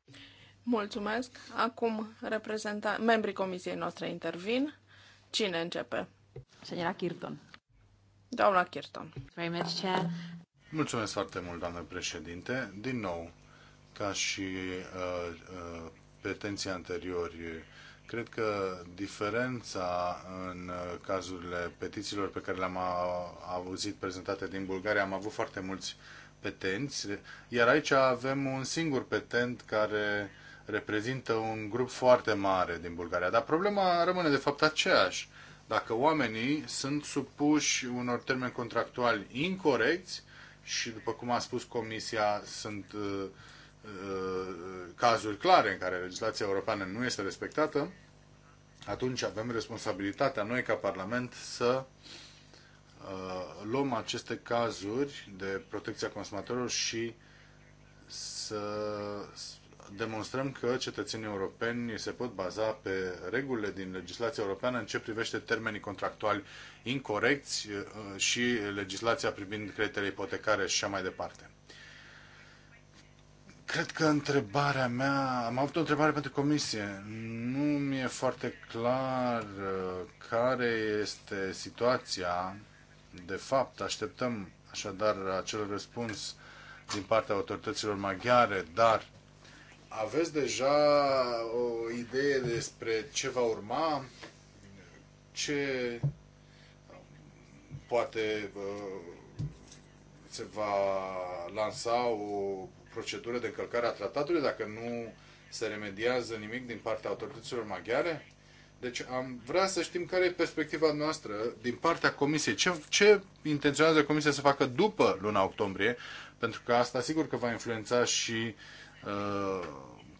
Mulțumesc. Acum reprezenta... membrii comisiei noastre intervin. Cine începe? Senora Kirton. Doamna Kirton. Mulțumesc foarte mult, doamnă președinte. Din nou, ca și uh, uh, pretenții anteriori, cred că diferența în uh, cazurile petițiilor pe care le-am uh, auzit prezentate din Bulgaria, am avut foarte mulți petenți, iar aici avem un singur petent care reprezintă un grup foarte mare din Bulgaria. Dar problema rămâne de fapt aceeași. Dacă oamenii sunt supuși unor termeni contractuali incorrecti și, după cum a spus Comisia, sunt uh, uh, cazuri clare în care legislația europeană nu este respectată, atunci avem responsabilitatea noi ca Parlament să uh, luăm aceste cazuri de protecția consumatorilor și să demonstrăm că cetățenii europeni se pot baza pe regulile din legislația europeană în ce privește termenii contractuali incorecți uh, și legislația privind creditele ipotecare și așa mai departe. Cred că întrebarea mea, am avut o întrebare pentru comisie. Nu mi-e foarte clar uh, care este situația. De fapt, așteptăm așadar acel răspuns din partea autorităților maghiare, dar aveți deja o idee despre ce va urma? Ce poate uh, se va lansa o procedură de încălcare a tratatului dacă nu se remediază nimic din partea autorităților maghiare? Deci am vrea să știm care e perspectiva noastră din partea Comisiei. Ce, ce intenționează Comisia să facă după luna octombrie? Pentru că asta sigur că va influența și uh,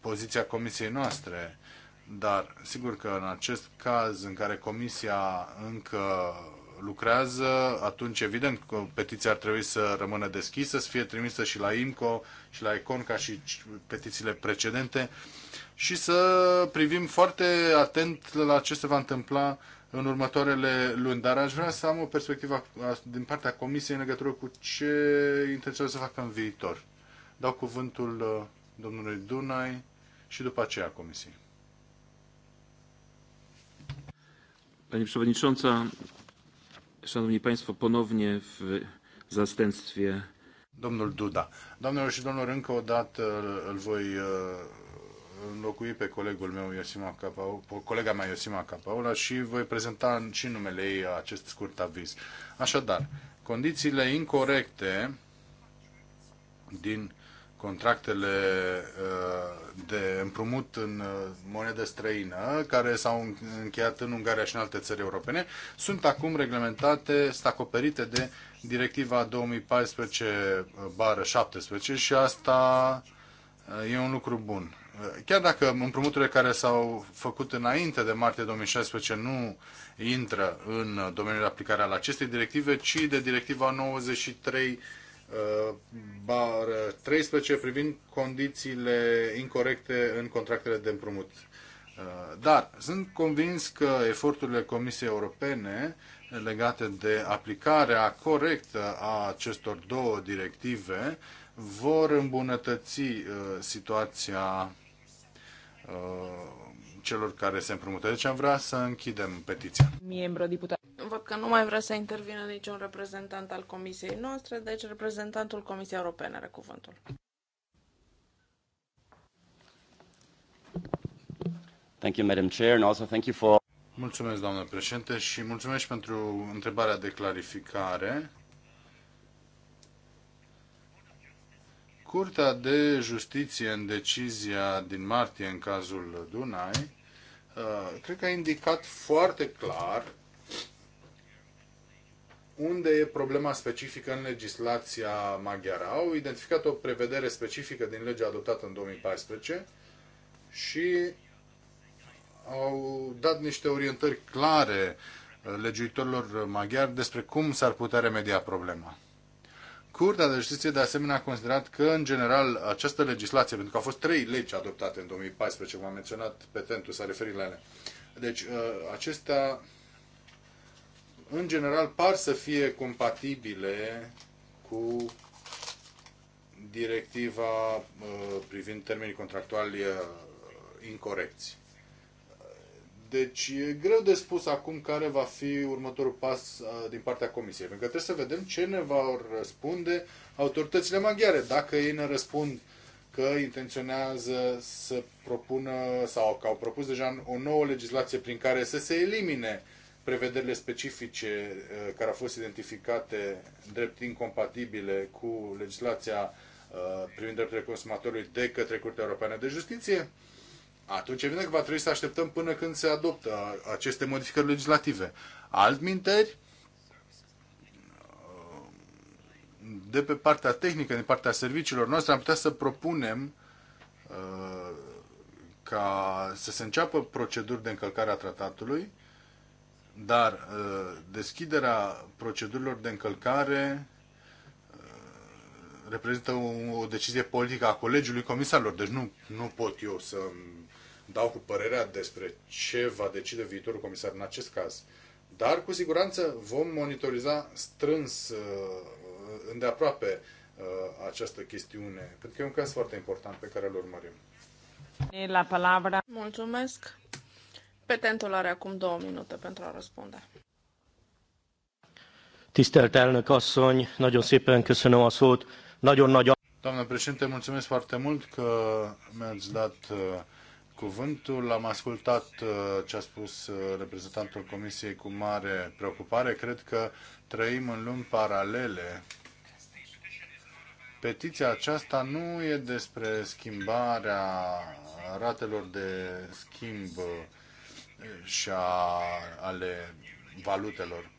poziția Comisiei noastre. Dar sigur că în acest caz în care Comisia încă lucrează, atunci evident că petiția ar trebui să rămână deschisă, să fie trimisă și la IMCO și la ECON ca și petițiile precedente și să privim foarte atent la ce se va întâmpla în următoarele luni. Dar aș vrea să am o perspectivă din partea Comisiei în legătură cu ce intenționează să facă în viitor. Dau cuvântul uh, domnului Dunai și după aceea Comisiei. Pani Przewodnicząca, Szanowni Państwo, ponownie w zastępstwie... Domnul Duda. Doamnelor și domnilor, încă o dată îl voi înlocui pe colegul meu, Iosima Capaula, colega mea Iosima Capaula și voi prezenta și numele ei acest scurt aviz. Așadar, condițiile incorrecte din contractele uh, de împrumut în uh, monedă străină, care s-au încheiat în Ungaria și în alte țări europene, sunt acum reglementate, sunt acoperite de Directiva 2014-17 uh, și asta e un lucru bun. Chiar dacă împrumuturile care s-au făcut înainte de martie 2016 nu intră în domeniul de aplicare al acestei directive, ci de Directiva 93 bar 13 privind condițiile incorrecte în contractele de împrumut. Uh, dar sunt convins că eforturile Comisiei Europene legate de aplicarea corectă a acestor două directive vor îmbunătăți uh, situația uh, celor care se împrumută. Deci am vrea să închidem petiția. Văd că nu mai vrea să intervină niciun reprezentant al comisiei noastre, deci reprezentantul Comisiei Europene are cuvântul. Thank you, Madam Chair, and also thank you for... Mulțumesc, doamnă președinte, și mulțumesc pentru întrebarea de clarificare. Curtea de Justiție, în decizia din martie, în cazul Dunai, uh, cred că a indicat foarte clar unde e problema specifică în legislația maghiară. Au identificat o prevedere specifică din legea adoptată în 2014 și au dat niște orientări clare uh, legiuitorilor maghiari despre cum s-ar putea remedia problema. Curtea de Justiție de asemenea a considerat că, în general, această legislație, pentru că au fost trei legi adoptate în 2014, cum am menționat, petentul s-a referit la ele. Deci, uh, acestea în general, par să fie compatibile cu directiva uh, privind termenii contractuali uh, incorecți. Deci e greu de spus acum care va fi următorul pas uh, din partea Comisiei, pentru că trebuie să vedem ce ne va răspunde autoritățile maghiare. Dacă ei ne răspund că intenționează să propună sau că au propus deja o nouă legislație prin care să se elimine prevederile specifice uh, care au fost identificate drept incompatibile cu legislația uh, privind drepturile consumatorului de către Curtea Europeană de Justiție, atunci evident că va trebui să așteptăm până când se adoptă aceste modificări legislative. Altminteri, uh, de pe partea tehnică, din partea serviciilor noastre, am putea să propunem ca să se înceapă proceduri de încălcare a tratatului dar uh, deschiderea procedurilor de încălcare uh, reprezintă o, decizie politică a Colegiului Comisarilor. Deci nu, nu pot eu să dau cu părerea despre ce va decide viitorul comisar în acest caz. Dar, cu siguranță, vom monitoriza strâns, uh, îndeaproape, această chestiune, pentru că e un caz foarte important pe care îl urmărim. La palabra. Mulțumesc. Petentul are acum două minute pentru a răspunde. Tisztelt elnök asszony, nagyon szépen köszönöm a szót. Nagyon nagy... Doamna președinte, mulțumesc foarte mult că mi-ați dat uh, cuvântul. L-am ascultat uh, ce a spus uh, reprezentantul Comisiei cu mare preocupare. Cred că trăim în lumi paralele. Petiția aceasta nu e despre schimbarea ratelor de schimb și a, ale valutelor.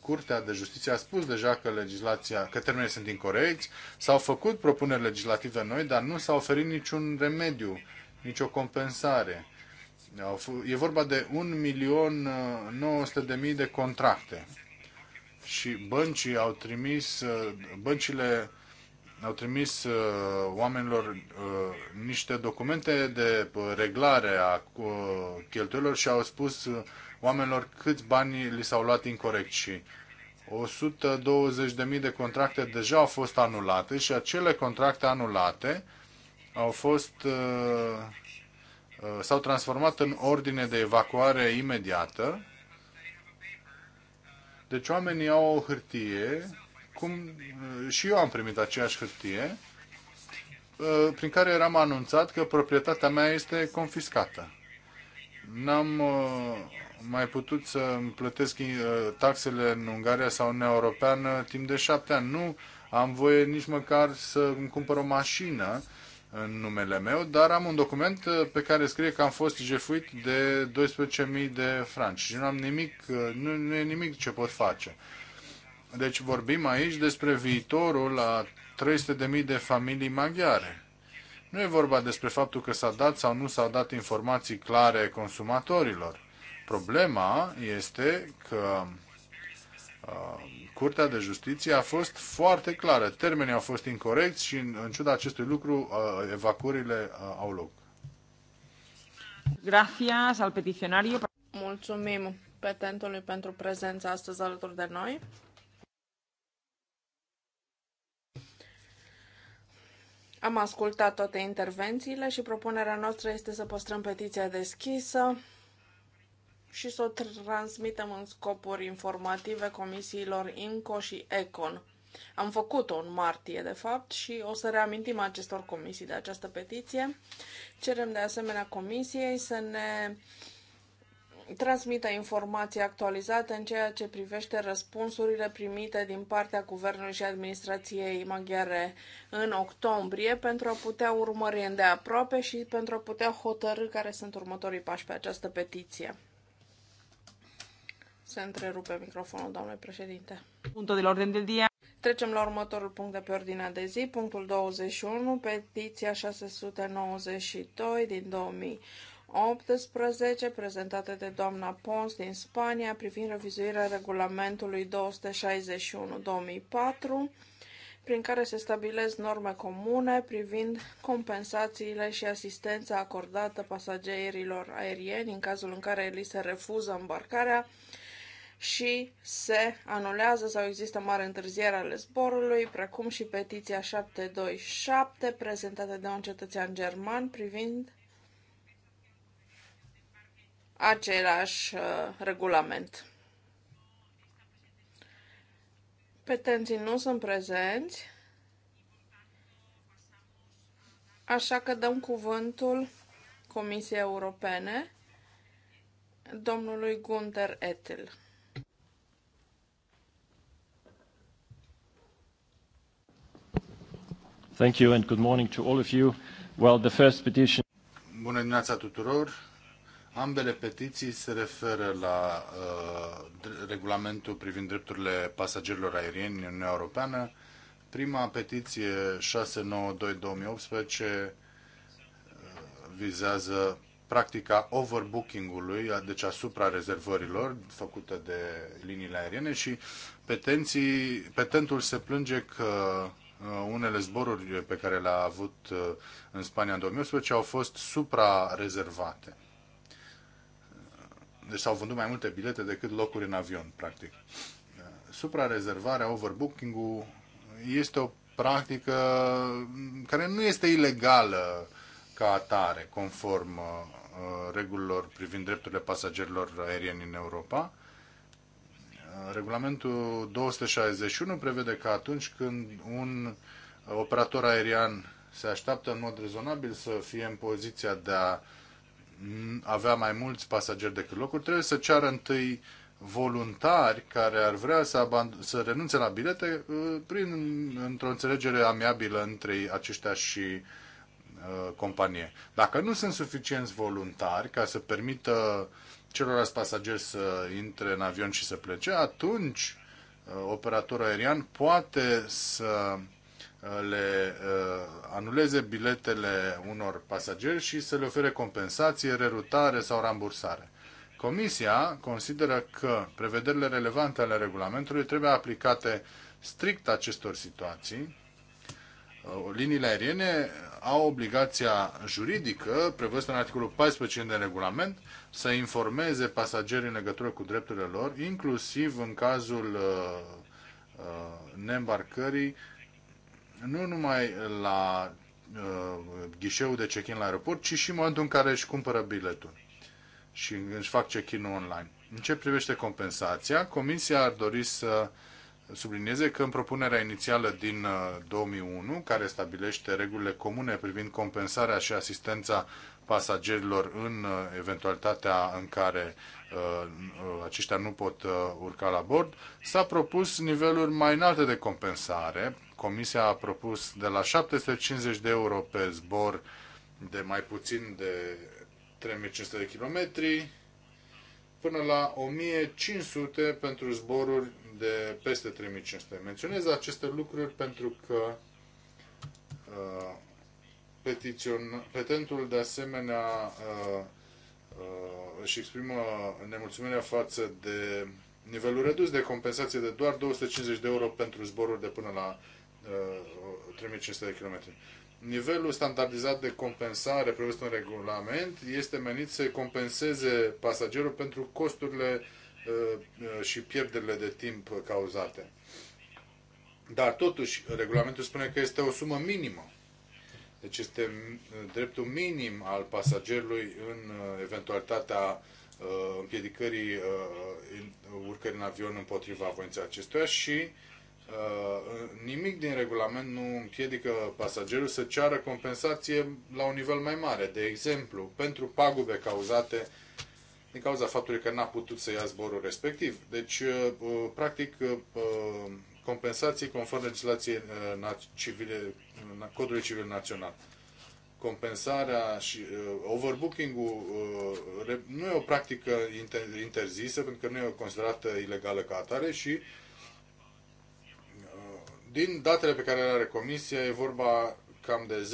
Curtea de Justiție a spus deja că legislația, că termenii sunt incorrecți, s-au făcut propuneri legislative noi, dar nu s-a oferit niciun remediu, nicio compensare. E vorba de 1.900.000 uh, de contracte și băncii au trimis, uh, băncile au trimis uh, oamenilor uh, niște documente de uh, reglare a uh, cheltuielor și au spus uh, oamenilor câți bani li s-au luat incorrect și 120.000 de contracte deja au fost anulate și acele contracte anulate au fost uh, uh, s-au transformat în ordine de evacuare imediată. Deci oamenii au o hârtie acum uh, și eu am primit aceeași hârtie uh, prin care eram anunțat că proprietatea mea este confiscată. N-am uh, mai putut să îmi plătesc taxele în Ungaria sau în Europeană timp de șapte ani. Nu am voie nici măcar să îmi cumpăr o mașină în numele meu, dar am un document pe care scrie că am fost jefuit de 12.000 de franci și nu am nimic, nu, nu e nimic ce pot face. Deci vorbim aici despre viitorul a 300.000 de familii maghiare. Nu e vorba despre faptul că s-a dat sau nu s-au dat informații clare consumatorilor. Problema este că uh, Curtea de Justiție a fost foarte clară. Termenii au fost incorrecti și, în ciuda acestui lucru, uh, evacuările uh, au loc. Gracias al peticionario. Mulțumim petentului pentru prezența astăzi alături de noi. Am ascultat toate intervențiile și propunerea noastră este să păstrăm petiția deschisă și să o transmitem în scopuri informative comisiilor INCO și ECON. Am făcut-o în martie, de fapt, și o să reamintim acestor comisii de această petiție. Cerem de asemenea comisiei să ne transmită informații actualizate în ceea ce privește răspunsurile primite din partea guvernului și administrației maghiare în octombrie pentru a putea urmări îndeaproape și pentru a putea hotărâ care sunt următorii pași pe această petiție. Se întrerupe microfonul, doamne președinte. Punctul de ordine del dia. Trecem la următorul punct de pe ordinea de zi, punctul 21, petiția 692 din 2000. 18, prezentată de doamna Pons din Spania, privind revizuirea regulamentului 261-2004, prin care se stabilesc norme comune privind compensațiile și asistența acordată pasagerilor aerieni în cazul în care li se refuză îmbarcarea și se anulează sau există mare întârziere ale zborului, precum și petiția 727 prezentată de un cetățean german privind același uh, regulament. Petenții nu sunt prezenți, așa că dăm cuvântul Comisiei Europene domnului Gunther Ettel. Thank you and good morning to all of you. Well, the first petition... Bună dimineața tuturor! Ambele petiții se referă la uh, regulamentul privind drepturile pasagerilor aerieni în Uniunea Europeană. Prima petiție 692-2018 uh, vizează practica overbooking-ului, deci asupra rezervărilor făcute de liniile aeriene și petenții, petentul se plânge că uh, unele zboruri pe care le-a avut uh, în Spania în 2018 au fost supra-rezervate. Deci s-au vândut mai multe bilete decât locuri în avion, practic. Suprarezervarea, overbooking-ul este o practică care nu este ilegală ca atare, conform uh, regulilor privind drepturile pasagerilor aerieni în Europa. Uh, regulamentul 261 prevede că atunci când un operator aerian se așteaptă în mod rezonabil să fie în poziția de a avea mai mulți pasageri decât locuri, trebuie să ceară întâi voluntari care ar vrea să, să renunțe la bilete uh, prin, într-o înțelegere amiabilă între aceștia și uh, companie. Dacă nu sunt suficienți voluntari ca să permită celorlalți pasageri să intre în avion și să plece, atunci uh, operatorul aerian poate să le uh, anuleze biletele unor pasageri și să le ofere compensație, rerutare sau rambursare. Comisia consideră că prevederile relevante ale regulamentului trebuie aplicate strict acestor situații. Uh, liniile aeriene au obligația juridică, prevăzută în articolul 14 din regulament, să informeze pasagerii în legătură cu drepturile lor, inclusiv în cazul uh, uh, neîmbarcării nu numai la uh, ghișeul de check-in la aeroport, ci și în momentul în care își cumpără biletul și își fac check in online. În ce privește compensația, Comisia ar dori să sublinieze că în propunerea inițială din 2001, uh, care stabilește regulile comune privind compensarea și asistența pasagerilor în uh, eventualitatea în care uh, uh aceștia nu pot urca la bord, s-a propus niveluri mai înalte de compensare Comisia a propus de la 750 de euro pe zbor de mai puțin de 3500 de kilometri până la 1500 pentru zboruri de peste 3500. Menționez aceste lucruri pentru că uh, petițion, petentul de asemenea uh, uh, își exprimă nemulțumirea față de nivelul redus de compensație de doar 250 de euro pentru zboruri de până la 3500 de km. Nivelul standardizat de compensare prevăzut în regulament este menit să compenseze pasagerul pentru costurile uh, uh, și pierderile de timp cauzate. Dar totuși, regulamentul spune că este o sumă minimă. Deci este uh, dreptul minim al pasagerului în eventualitatea împiedicării urcării în avion împotriva voinței acestuia și uh, Uh, nimic din regulament nu împiedică pasagerul să ceară compensație la un nivel mai mare, de exemplu, pentru pagube cauzate din cauza faptului că n-a putut să ia zborul respectiv. Deci, uh, uh, practic, compensații conform legislației civile, codului civil național. Compensarea și overbooking-ul nu e o practică interzisă, pentru că nu e considerată ilegală ca atare și din datele pe care le are Comisia, e vorba cam de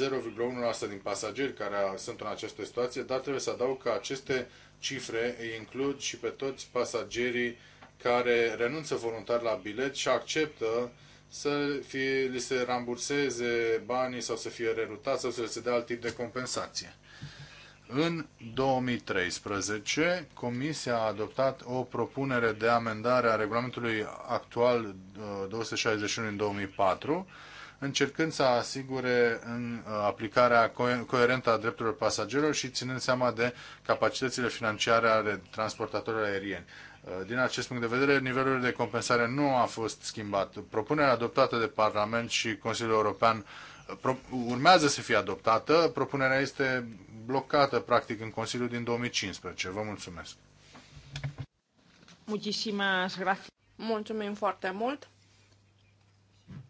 0,1% din pasageri care sunt în această situație, dar trebuie să adaug că aceste cifre îi includ și pe toți pasagerii care renunță voluntar la bilet și acceptă să fie, li se ramburseze banii sau să fie renutați sau să le se dea alt tip de compensație. În 2013, Comisia a adoptat o propunere de amendare a regulamentului actual 261 în 2004, încercând să asigure în uh, aplicarea coerentă a drepturilor pasagerilor și ținând seama de capacitățile financiare ale transportatorilor aerieni. Uh, din acest punct de vedere, nivelul de compensare nu a fost schimbat. Propunerea adoptată de Parlament și Consiliul European uh, urmează să fie adoptată. Propunerea este blocată, practic, în Consiliul din 2015. Vă mulțumesc! Mulțumim foarte mult!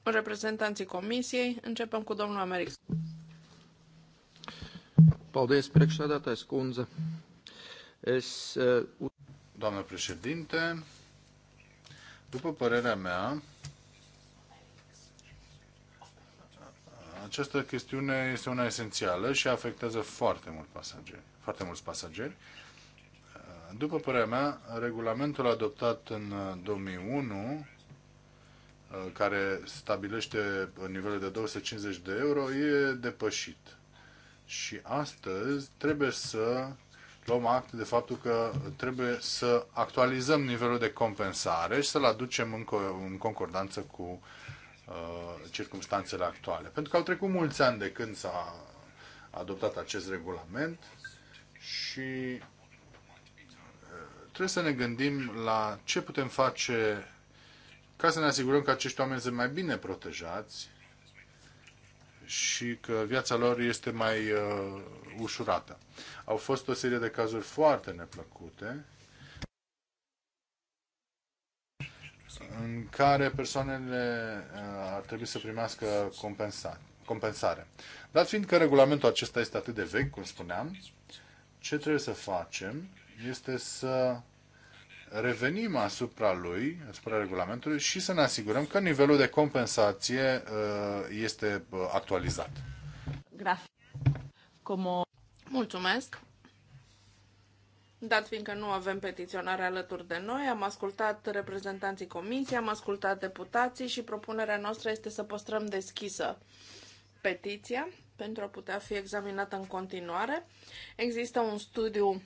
Reprezentanții Comisiei, începem cu domnul Americ. Paldies, priekšsēdētājs kundze. Es, eh, Doamnă președinte, după părerea mea, Această chestiune este una esențială și afectează foarte, mult pasageri, foarte mulți pasageri. După părerea mea, regulamentul adoptat în 2001 uh, uh, care stabilește nivelul de 250 de euro e depășit. Și astăzi trebuie să luăm act de faptul că trebuie să actualizăm nivelul de compensare și să-l aducem în, concordanță cu uh, circumstanțele actuale. Pentru că au trecut mulți ani de când s-a adoptat acest regulament și uh, trebuie să ne gândim la ce putem face ca să ne asigurăm că acești oameni sunt mai bine protejați și că viața lor este mai uh, ușurată. Au fost o serie de cazuri foarte neplăcute în care persoanele uh, ar trebui să primească compensare. Dar fiindcă regulamentul acesta este atât de vechi, cum spuneam, ce trebuie să facem este să revenim asupra lui, asupra regulamentului și să ne asigurăm că nivelul de compensație uh, este uh, actualizat. Grafic. Mulțumesc. Dat fiindcă nu avem petiționare alături de noi, am ascultat reprezentanții comisiei, am ascultat deputații și propunerea noastră este să păstrăm deschisă petiția pentru a putea fi examinată în continuare. Există un studiu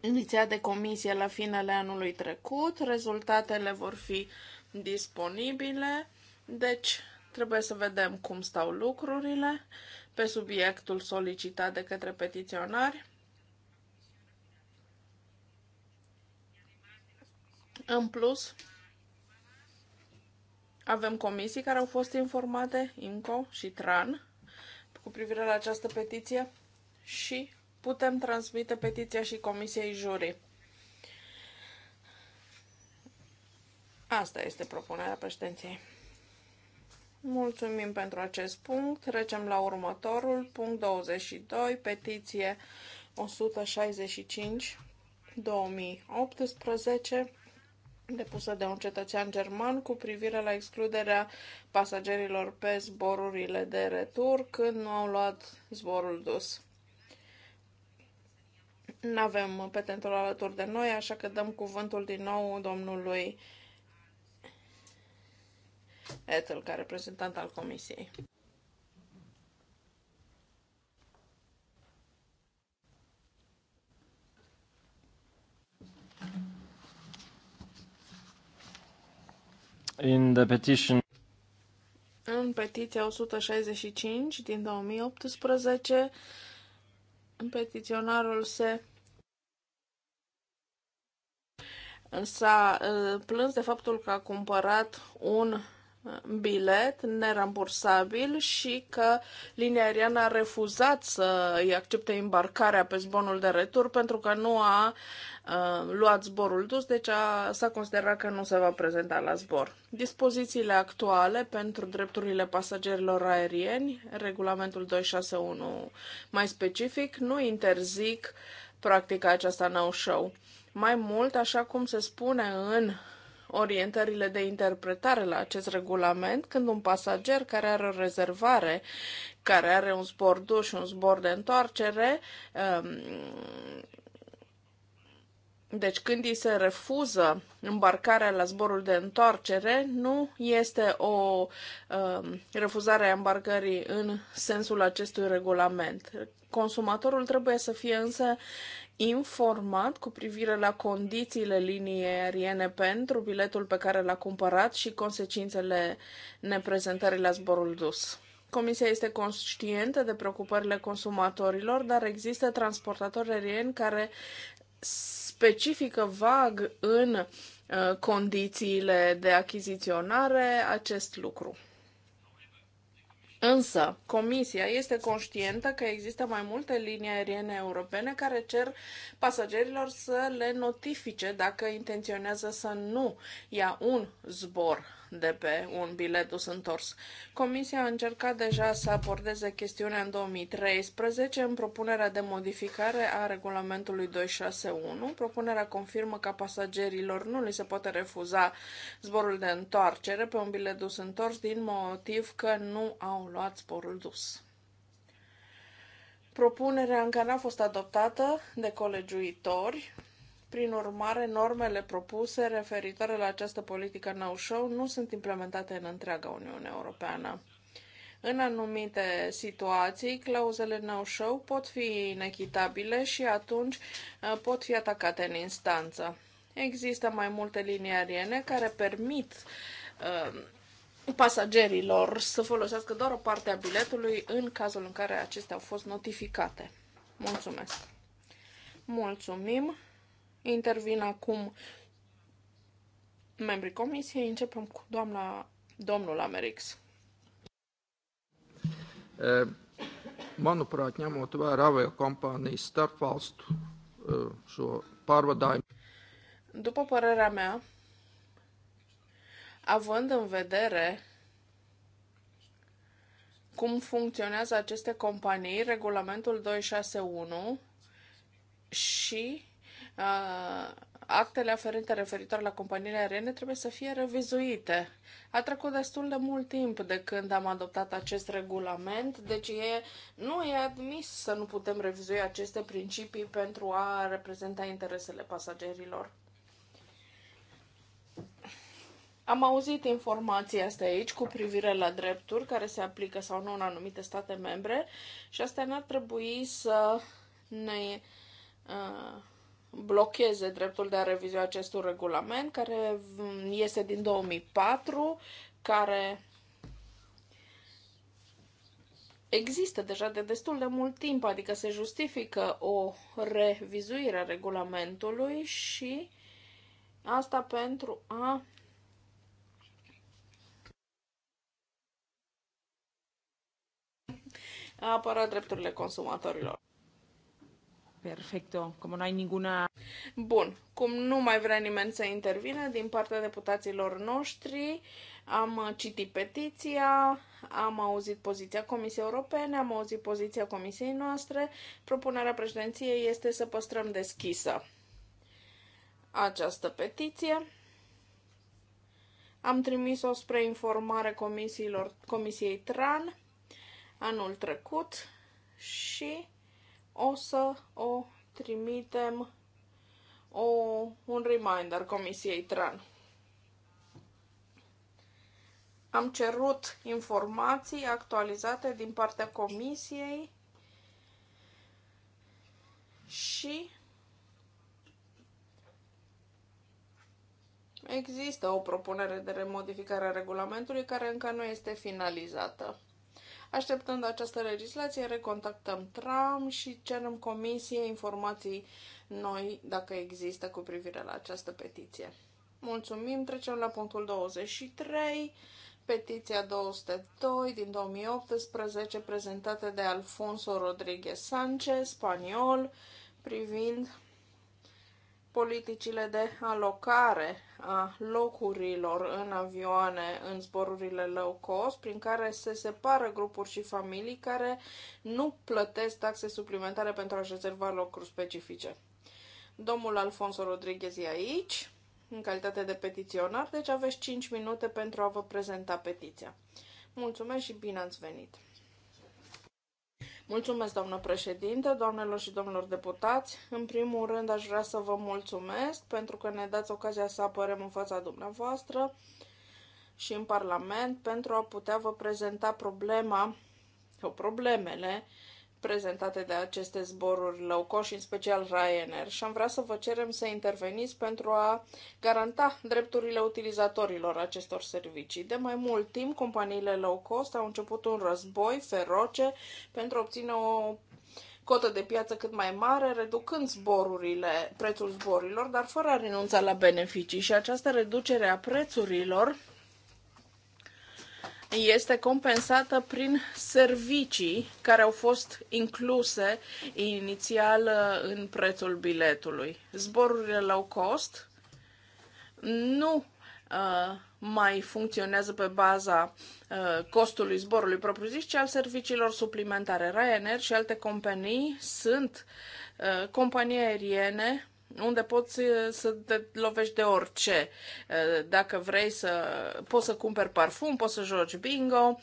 inițiat de comisie la finele anului trecut, rezultatele vor fi disponibile, deci trebuie să vedem cum stau lucrurile pe subiectul solicitat de către petiționari În plus, avem comisii care au fost informate, INCO și TRAN, cu privire la această petiție și putem transmite petiția și comisiei jurii. Asta este propunerea președinției. Mulțumim pentru acest punct. Trecem la următorul, punct 22, petiție 165 2018 depusă de un cetățean german cu privire la excluderea pasagerilor pe zborurile de retur când nu au luat zborul dus. Nu avem petentul alături de noi, așa că dăm cuvântul din nou domnului Ethel, ca reprezentant al Comisiei. In the petition în petiția 165 din 2018, petiționarul se s-a uh, plâns de faptul că a cumpărat un bilet nerambursabil și că linia aeriană a refuzat să îi accepte embarcarea pe zbonul de retur pentru că nu a uh, luat zborul dus, deci a, s-a considerat că nu se va prezenta la zbor. Dispozițiile actuale pentru drepturile pasagerilor aerieni, regulamentul 261 mai specific, nu interzic practica aceasta no-show. Mai mult, așa cum se spune în orientările de interpretare la acest regulament când un pasager care are o rezervare, care are un zbor dus și un zbor de întoarcere, um, deci când îi se refuză îmbarcarea la zborul de întoarcere, nu este o um, refuzare a îmbarcării în sensul acestui regulament. Consumatorul trebuie să fie însă informat cu privire la condițiile liniei aeriene pentru biletul pe care l-a cumpărat și consecințele neprezentării la zborul dus. Comisia este conștientă de preocupările consumatorilor, dar există transportatori aerieni care specifică vag în uh, condițiile de achiziționare acest lucru. Însă, Comisia este conștientă că există mai multe linii aeriene europene care cer pasagerilor să le notifice dacă intenționează să nu ia un zbor de pe un bilet dus întors. Comisia a încercat deja să abordeze chestiunea în 2013 în propunerea de modificare a regulamentului 261. Propunerea confirmă că pasagerilor nu li se poate refuza zborul de întoarcere pe un bilet dus întors din motiv că nu au luat zborul dus. Propunerea încă n-a fost adoptată de colegiuitori, prin urmare, normele propuse referitoare la această politică no-show nu sunt implementate în întreaga Uniune Europeană. În anumite situații, clauzele no-show pot fi inechitabile și atunci uh, pot fi atacate în instanță. Există mai multe linii aeriene care permit uh, pasagerilor să folosească doar o parte a biletului în cazul în care acestea au fost notificate. Mulțumesc! Mulțumim! Intervin acum membrii comisiei. Începem cu doamna, domnul Amerix. Eh, manuprāt, ņemot vērā avio kompānijas starpvalstu eh, šo pārvadājumu. După părerea mea, având în vedere cum funcționează aceste companii, regulamentul 261 și Uh, actele aferente referitoare la companiile aeriene trebuie să fie revizuite. A trecut destul de mult timp de când am adoptat acest regulament, deci e, nu e admis să nu putem revizui aceste principii pentru a reprezenta interesele pasagerilor. Am auzit informații astea aici cu privire la drepturi care se aplică sau nu în anumite state membre și astea n-ar trebui să ne uh, blocheze dreptul de a revizui acestui regulament, care este din 2004, care există deja de destul de mult timp, adică se justifică o revizuire a regulamentului și asta pentru a a apăra drepturile consumatorilor. Perfecto, cum nu ai ninguna... Bun, cum nu mai vrea nimeni să intervină din partea deputaților noștri, am citit petiția, am auzit poziția Comisiei Europene, am auzit poziția Comisiei noastre. Propunerea președinției este să păstrăm deschisă această petiție. Am trimis-o spre informare comisiilor, Comisiei TRAN anul trecut și o să o trimitem o, un reminder Comisiei TRAN. Am cerut informații actualizate din partea Comisiei și există o propunere de remodificare a regulamentului care încă nu este finalizată. Așteptând această legislație, recontactăm Tram și cerem comisiei informații noi, dacă există, cu privire la această petiție. Mulțumim, trecem la punctul 23, petiția 202 din 2018, prezentată de Alfonso Rodriguez Sanchez, spaniol, privind politicile de alocare a locurilor în avioane, în zborurile low cost, prin care se separă grupuri și familii care nu plătesc taxe suplimentare pentru a-și rezerva locuri specifice. Domnul Alfonso Rodriguez e aici, în calitate de petiționar, deci aveți 5 minute pentru a vă prezenta petiția. Mulțumesc și bine ați venit! Mulțumesc, doamnă președinte, doamnelor și domnilor deputați. În primul rând, aș vrea să vă mulțumesc pentru că ne dați ocazia să apărăm în fața dumneavoastră și în Parlament pentru a putea vă prezenta problema sau problemele prezentate de aceste zboruri low cost și în special Ryanair și am vrea să vă cerem să interveniți pentru a garanta drepturile utilizatorilor acestor servicii. De mai mult timp, companiile low cost au început un război feroce pentru a obține o cotă de piață cât mai mare, reducând zborurile, prețul zborurilor, dar fără a renunța la beneficii. Și această reducere a prețurilor este compensată prin servicii care au fost incluse inițial uh, în prețul biletului. Zborurile low cost nu uh, mai funcționează pe baza uh, costului zborului propriu-zis, ci al serviciilor suplimentare. Ryanair și alte companii sunt uh, companii aeriene unde poți să te lovești de orice. Dacă vrei să poți să cumperi parfum, poți să joci bingo,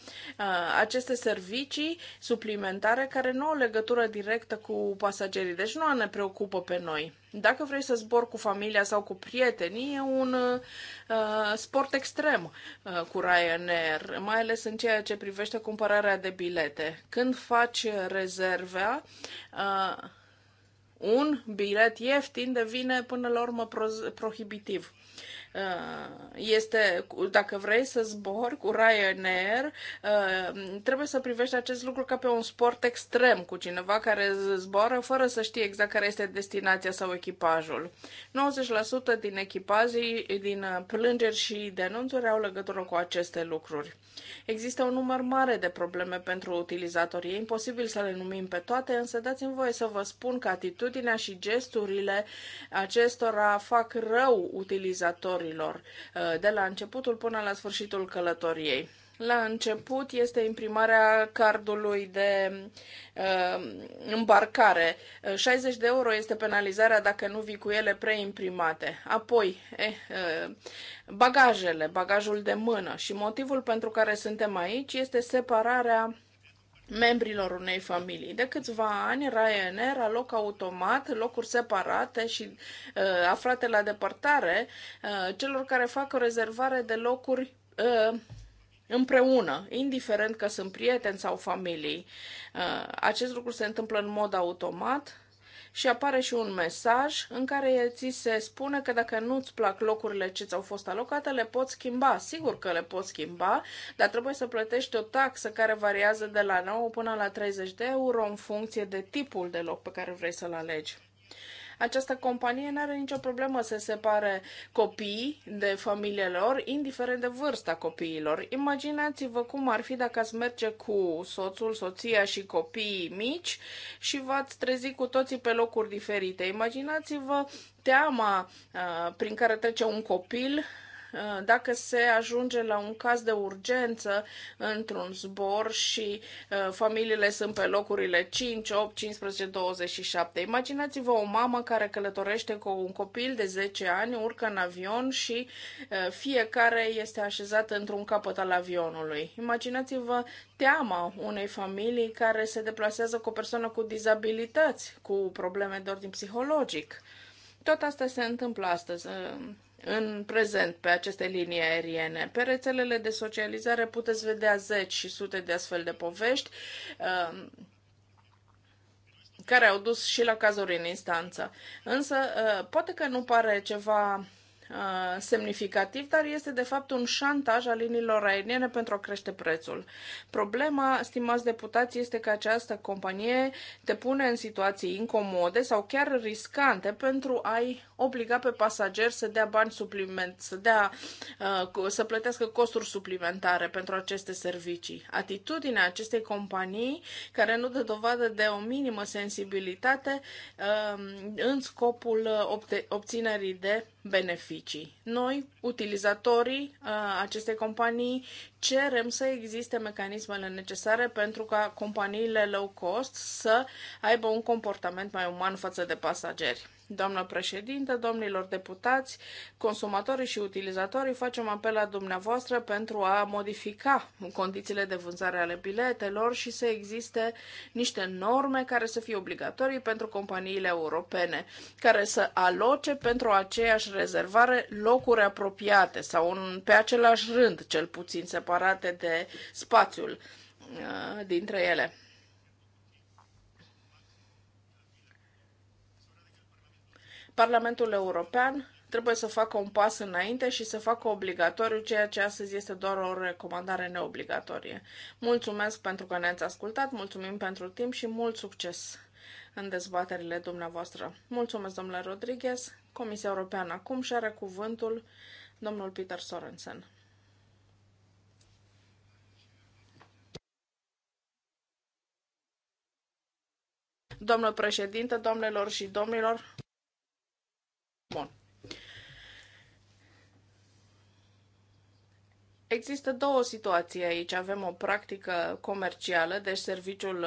aceste servicii suplimentare care nu au legătură directă cu pasagerii, deci nu ne preocupă pe noi. Dacă vrei să zbor cu familia sau cu prietenii, e un uh, sport extrem uh, cu Ryanair, mai ales în ceea ce privește cumpărarea de bilete. Când faci rezervea, uh, un bilet ieftin devine până la urmă prohibitiv. Uh, este, dacă vrei să zbori cu Ryanair, uh, trebuie să privești acest lucru ca pe un sport extrem cu cineva care zboară fără să știe exact care este destinația sau echipajul. 90% din echipazii, din uh, plângeri și denunțuri au legătură cu aceste lucruri. Există un număr mare de probleme pentru utilizatori. E imposibil să le numim pe toate, însă dați-mi voie să vă spun că atitudinea și gesturile acestora fac rău utilizatorilor costurilor uh, de la începutul până la sfârșitul călătoriei. La început este imprimarea cardului de uh, îmbarcare. 60 uh, de euro este penalizarea dacă nu vii cu ele preimprimate. Apoi, eh, uh, bagajele, bagajul de mână. Și motivul pentru care suntem aici este separarea membrilor unei familii. De câțiva ani, Ryanair loc automat locuri separate și uh, aflate la depărtare uh, celor care fac o rezervare de locuri uh, împreună, indiferent că sunt prieteni sau familii. Uh, acest lucru se întâmplă în mod automat și apare și un mesaj în care ți se spune că dacă nu-ți plac locurile ce ți-au fost alocate, le poți schimba. Sigur că le poți schimba, dar trebuie să plătești o taxă care variază de la 9 până la 30 de euro în funcție de tipul de loc pe care vrei să-l alegi. Această companie nu are nicio problemă să separe copii de familiile lor, indiferent de vârsta copiilor. Imaginați-vă cum ar fi dacă ați merge cu soțul, soția și copiii mici și v-ați trezi cu toții pe locuri diferite. Imaginați-vă teama uh, prin care trece un copil Uh, dacă se ajunge la un caz de urgență într-un zbor și uh, familiile sunt pe locurile 5, 8, 15, 27. Imaginați-vă o mamă care călătorește cu un copil de 10 ani, urcă în avion și uh, fiecare este așezat într-un capăt al avionului. Imaginați-vă teama unei familii care se deplasează cu o persoană cu dizabilități, cu probleme de ordin psihologic. Tot asta se întâmplă astăzi în prezent pe aceste linii aeriene. Pe rețelele de socializare puteți vedea zeci și sute de astfel de povești um, care au dus și la cazuri în instanță. Însă, uh, poate că nu pare ceva Uh, semnificativ, dar este de fapt un șantaj al liniilor aeriene pentru a crește prețul. Problema, stimați deputați, este că această companie te pune în situații incomode sau chiar riscante pentru a-i obliga pe pasageri să dea bani supliment, să, dea, uh, să plătească costuri suplimentare pentru aceste servicii. Atitudinea acestei companii, care nu dă dovadă de o minimă sensibilitate uh, în scopul obținerii de beneficii beneficii. Noi, utilizatorii uh, acestei companii, cerem să existe mecanismele necesare pentru ca companiile low cost să aibă un comportament mai uman față de pasageri. Doamnă președintă, domnilor deputați, consumatorii și utilizatorii, facem apel la dumneavoastră pentru a modifica condițiile de vânzare ale biletelor și să existe niște norme care să fie obligatorii pentru companiile europene, care să aloce pentru aceeași rezervare locuri apropiate sau un, pe același rând, cel puțin separate de spațiul uh, dintre ele Parlamentul European trebuie să facă un pas înainte și să facă obligatoriu ceea ce astăzi este doar o recomandare neobligatorie. Mulțumesc pentru că ne-ați ascultat, mulțumim pentru timp și mult succes în dezbaterile dumneavoastră. Mulțumesc, domnule Rodriguez. Comisia Europeană acum și are cuvântul domnul Peter Sorensen. Domnul președinte, domnilor și domnilor, Bun. Există două situații aici. Avem o practică comercială, deci serviciul,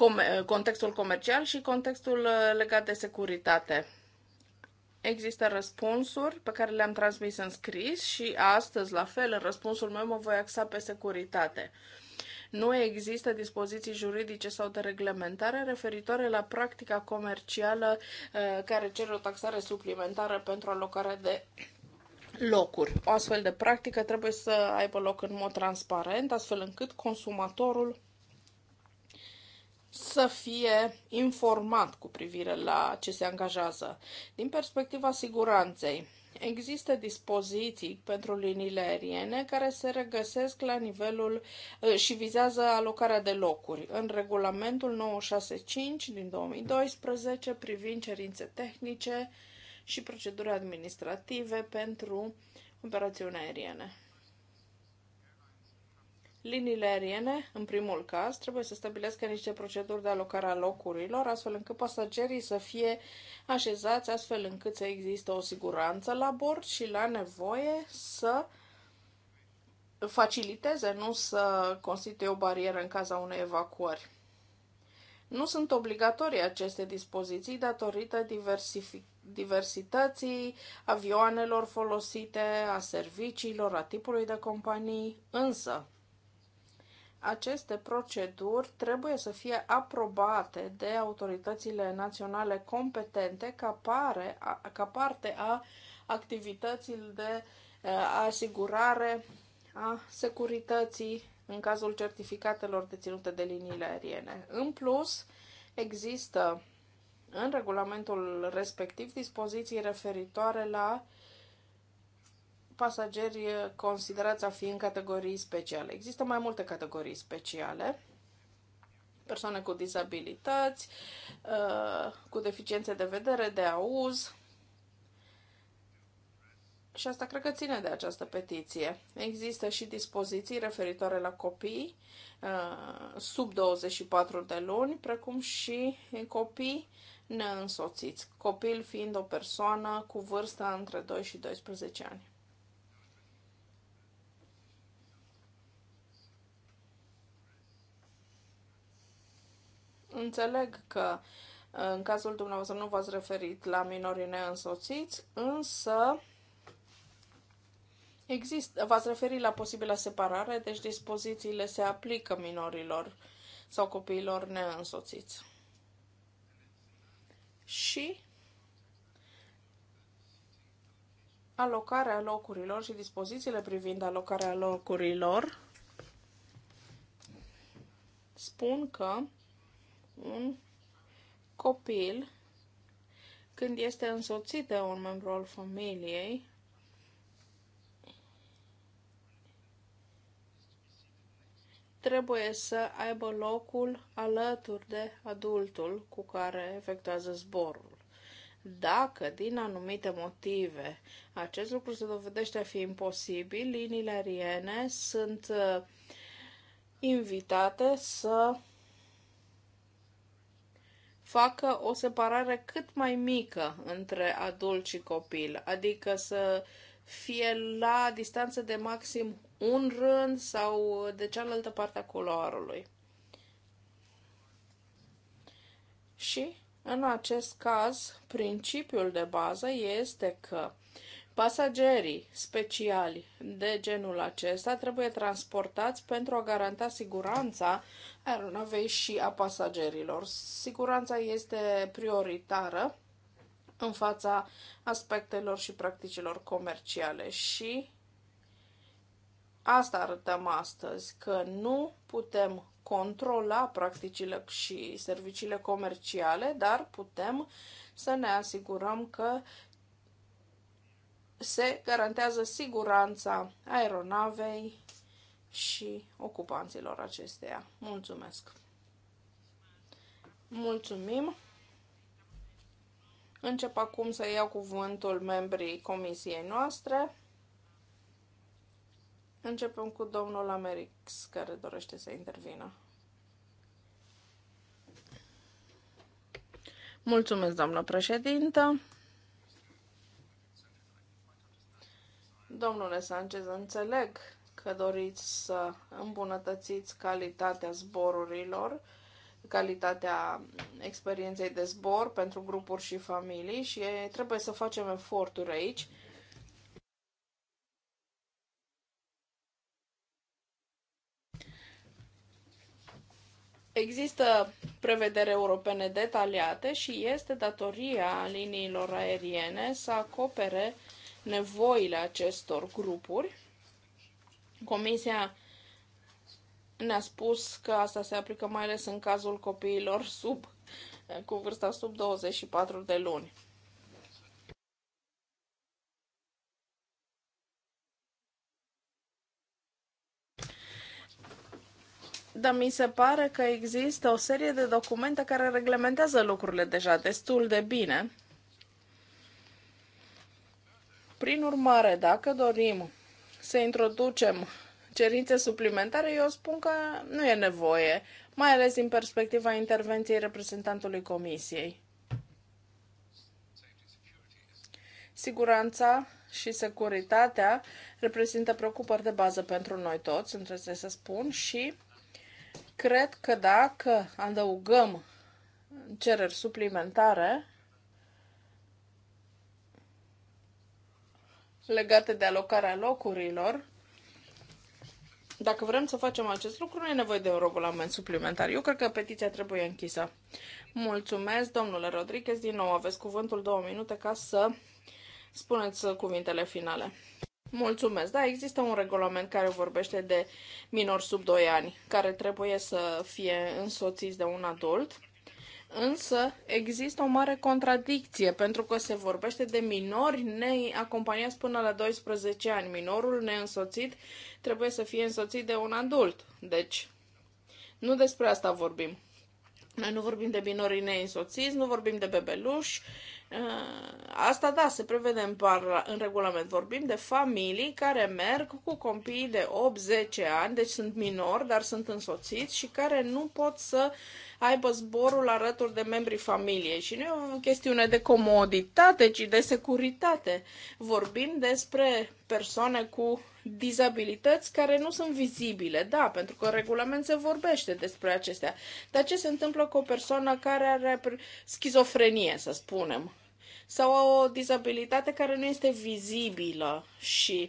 uh, uh, contextul comercial și contextul uh, legat de securitate. Există răspunsuri pe care le-am transmis în scris și astăzi, la fel, în răspunsul meu mă voi axa pe securitate. Uh, nu există dispoziții juridice sau de reglementare referitoare la practica comercială uh, care cere o taxare suplimentară pentru alocarea de locuri. O astfel de practică trebuie să aibă loc în mod transparent, astfel încât consumatorul să fie informat cu privire la ce se angajează. Din perspectiva siguranței, Există dispoziții pentru liniile aeriene care se regăsesc la nivelul uh, și vizează alocarea de locuri în regulamentul 965 din 2012 privind cerințe tehnice și proceduri administrative pentru operațiuni aeriene. Liniile aeriene, în primul caz, trebuie să stabilească niște proceduri de alocare a locurilor, astfel încât pasagerii să fie așezați, astfel încât să există o siguranță la bord și la nevoie să faciliteze, nu să constituie o barieră în caza unei evacuări. Nu sunt obligatorii aceste dispoziții datorită diversității avioanelor folosite, a serviciilor, a tipului de companii, însă aceste proceduri trebuie să fie aprobate de autoritățile naționale competente ca, pare, a, ca parte a activității de a, eh, asigurare a securității în cazul certificatelor deținute de liniile aeriene. În plus, există în regulamentul respectiv dispoziții referitoare la pasageri eh, considerați a fi în categorii speciale. Există mai multe categorii speciale persoane cu dizabilități, eh, cu deficiențe de vedere, de auz. Și asta cred că ține de această petiție. Există și dispoziții referitoare la copii eh, sub 24 de luni, precum și copii neînsoțiți, copil fiind o persoană cu vârsta între 2 și 12 ani. Înțeleg că uh, în cazul dumneavoastră nu v-ați referit la minorii neînsoțiți, însă există, v-ați referit la posibilă separare, deci dispozițiile se aplică minorilor sau copiilor neînsoțiți. Și alocarea locurilor și dispozițiile privind alocarea locurilor spun că un copil, când este însoțit de un membru al familiei, trebuie să aibă locul alături de adultul cu care efectuează zborul. Dacă, din anumite motive, acest lucru se dovedește a fi imposibil, liniile aeriene sunt uh, invitate să facă o separare cât mai mică între adult și copil, adică să fie la distanță de maxim un rând sau de cealaltă parte a culoarului. Și, în acest caz, principiul de bază este că Pasagerii speciali de genul acesta trebuie transportați pentru a garanta siguranța aeronavei și a pasagerilor. Siguranța este prioritară în fața aspectelor și practicilor comerciale și asta arătăm astăzi, că nu putem controla practicile și serviciile comerciale, dar putem să ne asigurăm că se garantează siguranța aeronavei și ocupanților acesteia. Mulțumesc! Mulțumim! Încep acum să iau cuvântul membrii comisiei noastre. Începem cu domnul Americ, care dorește să intervină. Mulțumesc, doamnă președintă. Domnule Sanchez, înțeleg că doriți să îmbunătățiți calitatea zborurilor, calitatea experienței de zbor pentru grupuri și familii și trebuie să facem eforturi aici. Există prevedere europene detaliate și este datoria liniilor aeriene să acopere nevoile acestor grupuri. Comisia ne-a spus că asta se aplică mai ales în cazul copiilor sub, cu vârsta sub 24 de luni. dar mi se pare că există o serie de documente care reglementează lucrurile deja destul de bine prin urmare, dacă dorim să introducem cerințe suplimentare, eu spun că nu e nevoie, mai ales din perspectiva intervenției reprezentantului Comisiei. Siguranța și securitatea reprezintă preocupări de bază pentru noi toți, între trebuie să spun, și cred că dacă adăugăm cereri suplimentare, legate de alocarea locurilor, dacă vrem să facem acest lucru, nu e nevoie de un regulament suplimentar. Eu cred că petiția trebuie închisă. Mulțumesc, domnule Rodriguez. Din nou aveți cuvântul două minute ca să spuneți cuvintele finale. Mulțumesc. Da, există un regulament care vorbește de minori sub 2 ani, care trebuie să fie însoțiți de un adult Însă există o mare contradicție, pentru că se vorbește de minori neacompaniați până la 12 ani. Minorul neînsoțit trebuie să fie însoțit de un adult. Deci, nu despre asta vorbim. Noi nu vorbim de minorii neînsoțiți, nu vorbim de bebeluși, Eh, asta da, se prevede în, parla, în regulament. Vorbim de familii care merg cu copii de 8-10 ani, deci sunt minori, dar sunt însoțiți și care nu pot să aibă zborul alături de membrii familiei. Și nu e o chestiune de comoditate, ci de securitate. Vorbim despre persoane cu dizabilități care nu sunt vizibile, da, pentru că în regulament se vorbește despre acestea. Dar ce se întâmplă cu o persoană care are schizofrenie, să spunem? sau au o dizabilitate care nu este vizibilă și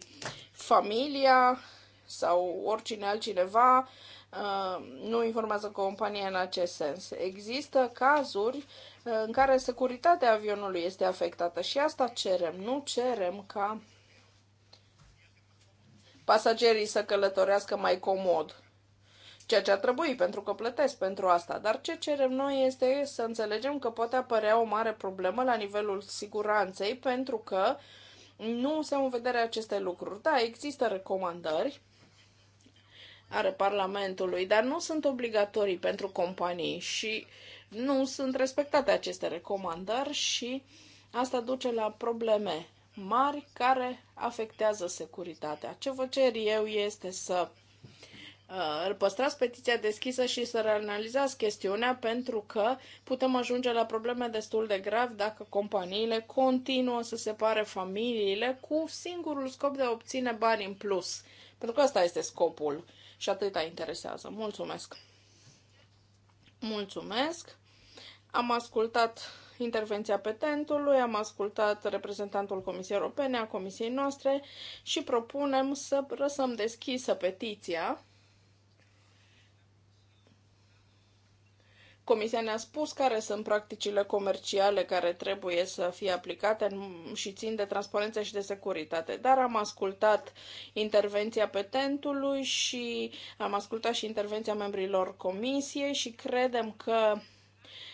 familia sau oricine altcineva uh, nu informează compania în acest sens. Există cazuri uh, în care securitatea avionului este afectată și asta cerem. Nu cerem ca pasagerii să călătorească mai comod ceea ce ar trebui, pentru că plătesc pentru asta. Dar ce cerem noi este să înțelegem că poate apărea o mare problemă la nivelul siguranței, pentru că nu se au în vedere aceste lucruri. Da, există recomandări ale Parlamentului, dar nu sunt obligatorii pentru companii și nu sunt respectate aceste recomandări și asta duce la probleme mari care afectează securitatea. Ce vă cer eu este să Uh, păstrați petiția deschisă și să reanalizați chestiunea pentru că putem ajunge la probleme destul de grav dacă companiile continuă să separe familiile cu singurul scop de a obține bani în plus. Pentru că asta este scopul și atâta interesează. Mulțumesc! Mulțumesc! Am ascultat intervenția petentului, am ascultat reprezentantul Comisiei Europene, a Comisiei noastre și propunem să răsăm deschisă petiția Comisia ne-a spus care sunt practicile comerciale care trebuie să fie aplicate și țin de transparență și de securitate. Dar am ascultat intervenția petentului și am ascultat și intervenția membrilor comisiei și credem că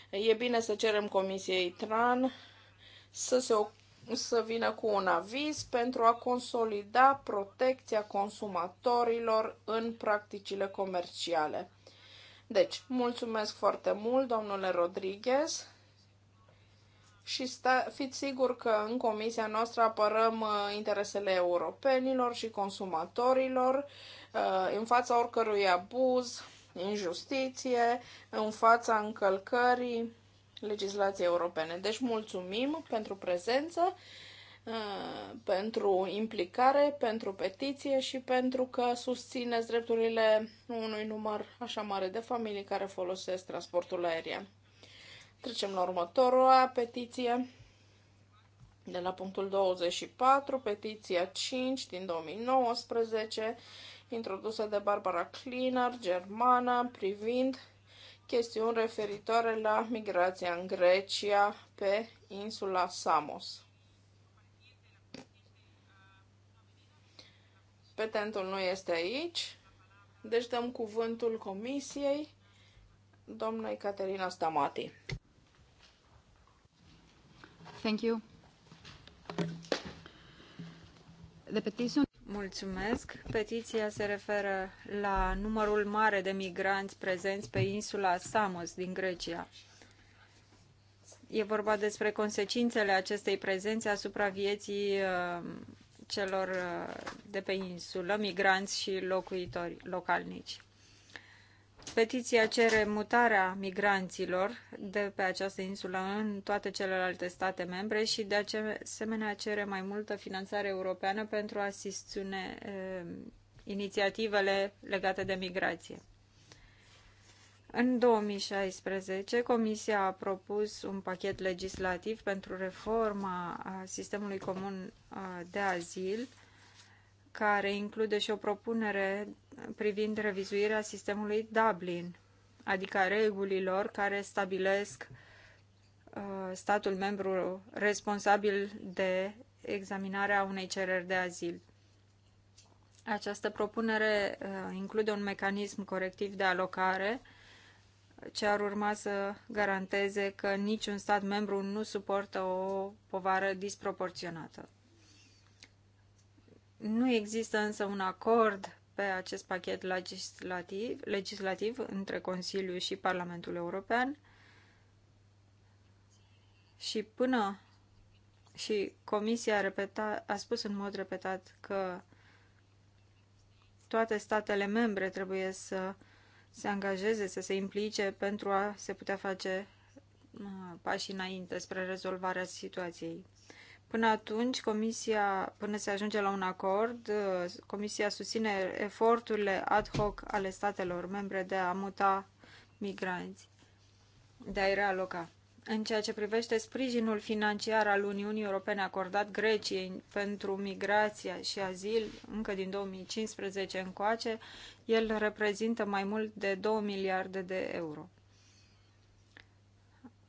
e bine să cerem comisiei TRAN să se să vină cu un aviz pentru a consolida protecția consumatorilor în practicile comerciale deci, mulțumesc foarte mult, domnule Rodriguez, și sta, fiți sigur că în comisia noastră apărăm uh, interesele europenilor și consumatorilor uh, în fața oricărui abuz, injustiție, în fața încălcării legislației europene. Deci mulțumim pentru prezență Uh, pentru implicare, pentru petiție și pentru că susțineți drepturile unui număr așa mare de familii care folosesc transportul aerian. Trecem la următoarea petiție. De la punctul 24, petiția 5 din 2019, introdusă de Barbara Cleaner, germană, privind chestiuni referitoare la migrația în Grecia pe insula Samos. Petentul nu este aici, deci dăm cuvântul comisiei domnului Caterina Stamati. Thank you. The petition... Mulțumesc. Petiția se referă la numărul mare de migranți prezenți pe insula Samos din Grecia. E vorba despre consecințele acestei prezențe asupra vieții uh, celor uh, de pe insulă, migranți și locuitori localnici. Petiția cere mutarea migranților de pe această insulă în toate celelalte state membre și de asemenea cere mai multă finanțare europeană pentru a susține uh, inițiativele legate de migrație. În 2016, Comisia a propus un pachet legislativ pentru reforma sistemului comun de azil, care include și o propunere privind revizuirea sistemului Dublin, adică regulilor care stabilesc statul membru responsabil de examinarea unei cereri de azil. Această propunere include un mecanism corectiv de alocare ce ar urma să garanteze că niciun stat membru nu suportă o povară disproporționată. Nu există însă un acord pe acest pachet legislativ, legislativ între Consiliu și Parlamentul European și până și Comisia a, repeta, a spus în mod repetat că toate statele membre trebuie să uh, se angajeze, să se implice pentru a se putea face uh, pași înainte spre rezolvarea situației. Până atunci, comisia, până se ajunge la un acord, uh, comisia susține eforturile ad hoc ale statelor membre de a muta migranți, de a-i realoca în ceea ce privește sprijinul financiar al Uniunii Europene acordat Greciei pentru migrația și azil încă din 2015 încoace, el reprezintă mai mult de 2 miliarde de euro.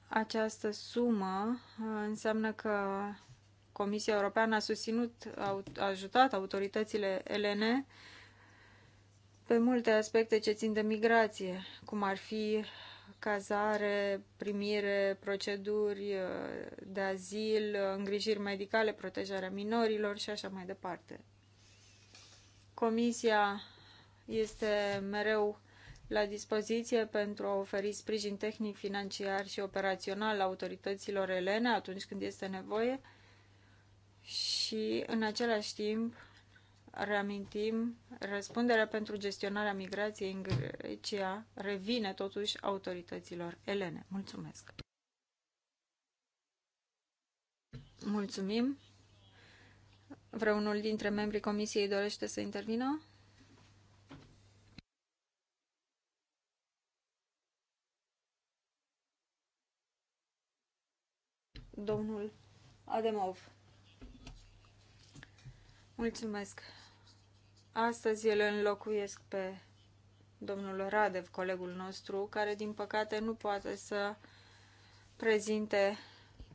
Această sumă uh, înseamnă că Comisia Europeană a susținut, a ajutat autoritățile elene pe multe aspecte ce țin de migrație, cum ar fi cazare, primire, proceduri uh, de azil, uh, îngrijiri medicale, protejarea minorilor și așa mai departe. Comisia este mereu la dispoziție pentru a oferi sprijin tehnic, financiar și operațional autorităților elene atunci când este nevoie și în același timp reamintim, răspunderea pentru gestionarea migrației în Grecia revine totuși autorităților elene. Mulțumesc! Mulțumim! Vreunul dintre membrii comisiei dorește să intervină? Domnul Ademov. Mulțumesc, Astăzi îl înlocuiesc pe domnul Radev, colegul nostru, care din păcate nu poate să prezinte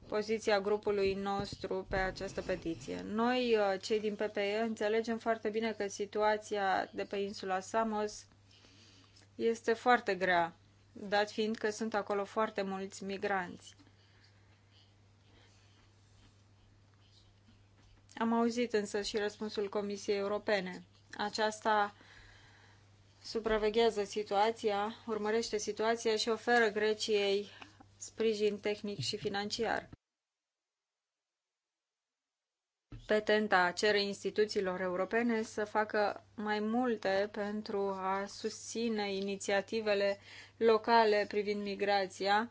poziția grupului nostru pe această petiție. Noi, uh, cei din PPE, înțelegem foarte bine că situația de pe insula Samos este foarte grea, dat fiind că sunt acolo foarte mulți migranți. Am auzit însă și răspunsul Comisiei Europene. Aceasta supraveghează situația, urmărește situația și oferă Greciei sprijin tehnic și financiar. Petenta cere instituțiilor europene să facă mai multe pentru a susține inițiativele locale privind migrația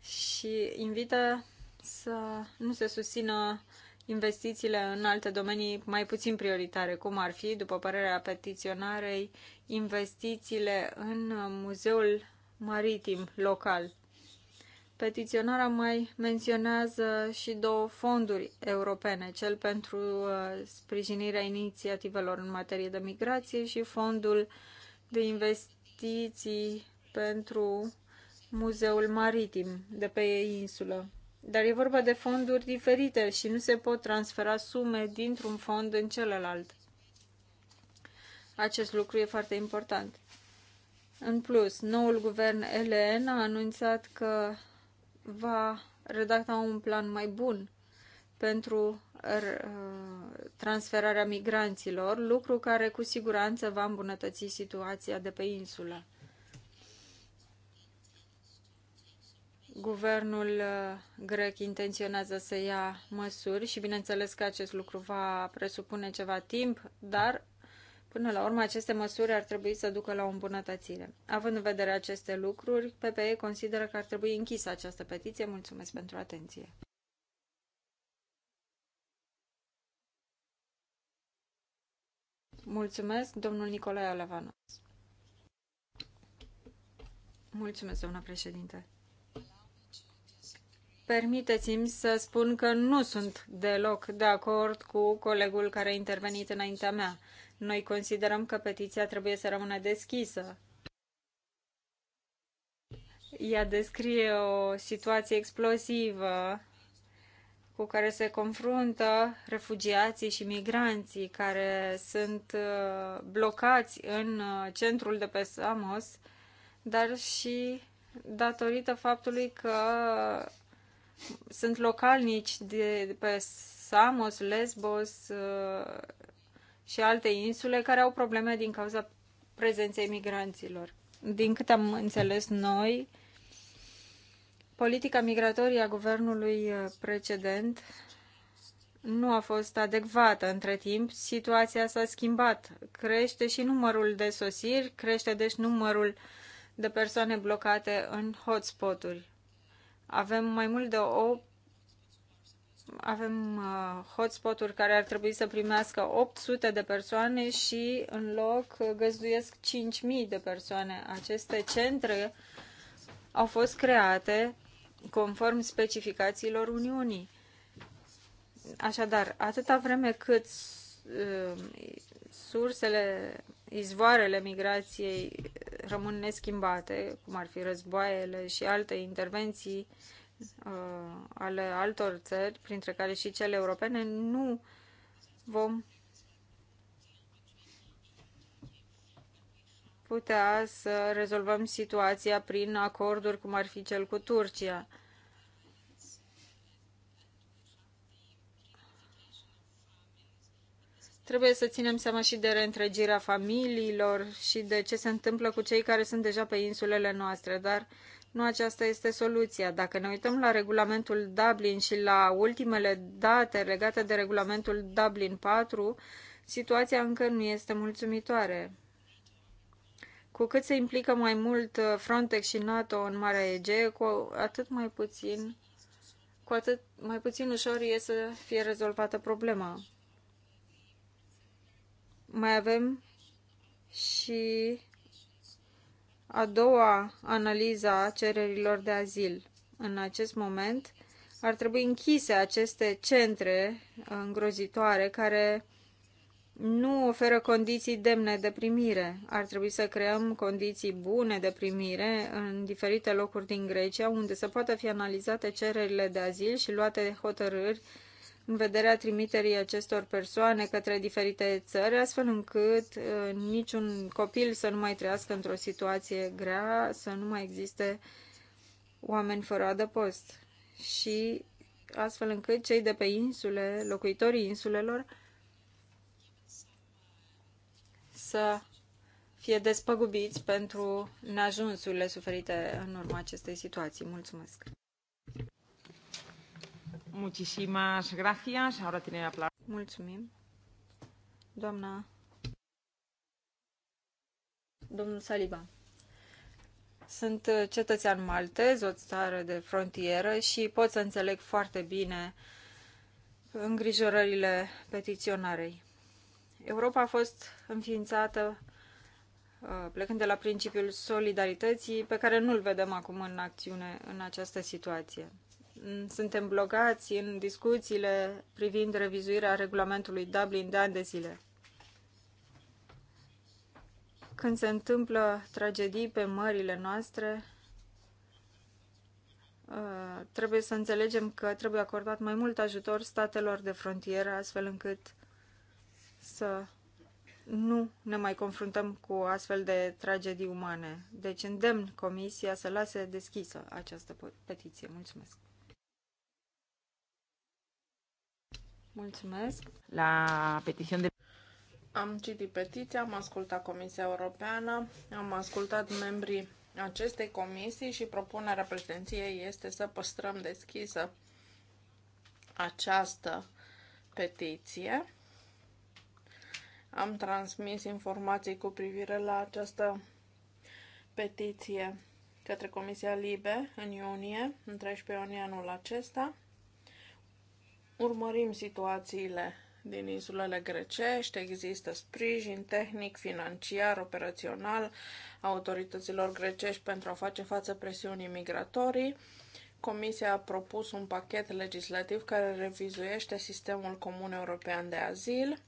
și invită să nu se susțină investițiile în alte domenii mai puțin prioritare, cum ar fi, după părerea petiționarei, investițiile în muzeul maritim local. Petiționarea mai menționează și două fonduri europene, cel pentru uh, sprijinirea inițiativelor în materie de migrație și fondul de investiții pentru muzeul maritim de pe insulă. Dar e vorba de fonduri diferite și nu se pot transfera sume dintr-un fond în celălalt. Acest lucru e foarte important. În plus, noul guvern LN a anunțat că va redacta un plan mai bun pentru uh, transferarea migranților, lucru care cu siguranță va îmbunătăți situația de pe insulă. Guvernul uh, grec intenționează să ia măsuri și bineînțeles că acest lucru va presupune ceva timp, dar până la urmă aceste măsuri ar trebui să ducă la o îmbunătățire. Având în vedere aceste lucruri, PPE consideră că ar trebui închisă această petiție. Mulțumesc pentru atenție. Mulțumesc, domnul Nicolae Alavanos. Mulțumesc, doamna președinte. Permiteți-mi să spun că nu sunt deloc de acord cu colegul care a intervenit înaintea mea. Noi considerăm că petiția trebuie să rămână deschisă. Ea descrie o situație explozivă cu care se confruntă refugiații și migranții care sunt uh, blocați în uh, centrul de pe Samos, dar și datorită faptului că sunt localnici de pe Samos, Lesbos uh, și alte insule care au probleme din cauza prezenței migranților. Din câte am înțeles noi, politica migratorie a guvernului uh, precedent nu a fost adecvată între timp, situația s-a schimbat. Crește și numărul de sosiri, crește deci numărul de persoane blocate în hotspoturi. Avem mai mult de o avem uh, hotspot-uri care ar trebui să primească 800 de persoane și în loc găzduiesc 5.000 de persoane. Aceste centre au fost create conform specificațiilor Uniunii. Așadar, atâta vreme cât uh, sursele izvoarele migrației rămân neschimbate, cum ar fi războaiele și alte intervenții uh, ale altor țări, printre care și cele europene, nu vom putea să rezolvăm situația prin acorduri cum ar fi cel cu Turcia. Trebuie să ținem seama și de reîntregirea familiilor și de ce se întâmplă cu cei care sunt deja pe insulele noastre, dar nu aceasta este soluția. Dacă ne uităm la regulamentul Dublin și la ultimele date legate de regulamentul Dublin 4, situația încă nu este mulțumitoare. Cu cât se implică mai mult uh, Frontex și NATO în Marea Egee, cu atât mai puțin cu atât mai puțin ușor e să fie rezolvată problema mai avem și a doua analiză a cererilor de azil. În acest moment ar trebui închise aceste centre îngrozitoare care nu oferă condiții demne de primire. Ar trebui să creăm condiții bune de primire în diferite locuri din Grecia, unde să poată fi analizate cererile de azil și luate hotărâri în vederea trimiterii acestor persoane către diferite țări, astfel încât uh, niciun copil să nu mai trăiască într-o situație grea, să nu mai existe oameni fără adăpost și astfel încât cei de pe insule, locuitorii insulelor, să fie despăgubiți pentru neajunsurile suferite în urma acestei situații. Mulțumesc! Muchísimas gracias. Ahora tiene la palabra. Mulțumim. Doamna... Domnul Saliba. Sunt uh, cetățean maltez, o țară de frontieră și pot să înțeleg foarte bine îngrijorările petiționarei. Europa a fost înființată uh, plecând de la principiul solidarității, pe care nu-l vedem acum în acțiune în această situație suntem blocați în discuțiile privind revizuirea regulamentului Dublin de ani de zile. Când se întâmplă tragedii pe mările noastre, uh, trebuie să înțelegem că trebuie acordat mai mult ajutor statelor de frontieră, astfel încât să nu ne mai confruntăm cu astfel de tragedii umane. Deci îndemn Comisia să lase deschisă această petiție. Mulțumesc! Mulțumesc. La petiție de... Am citit petiția, am ascultat Comisia Europeană, am ascultat membrii acestei comisii și propunerea președinției este să păstrăm deschisă această petiție. Am transmis informații cu privire la această petiție către Comisia Libe în iunie, în 13 iunie anul acesta urmărim situațiile din insulele grecești, există sprijin tehnic, financiar, operațional autorităților grecești pentru a face față presiunii migratorii. Comisia a propus un pachet legislativ care revizuiește sistemul comun european de azil,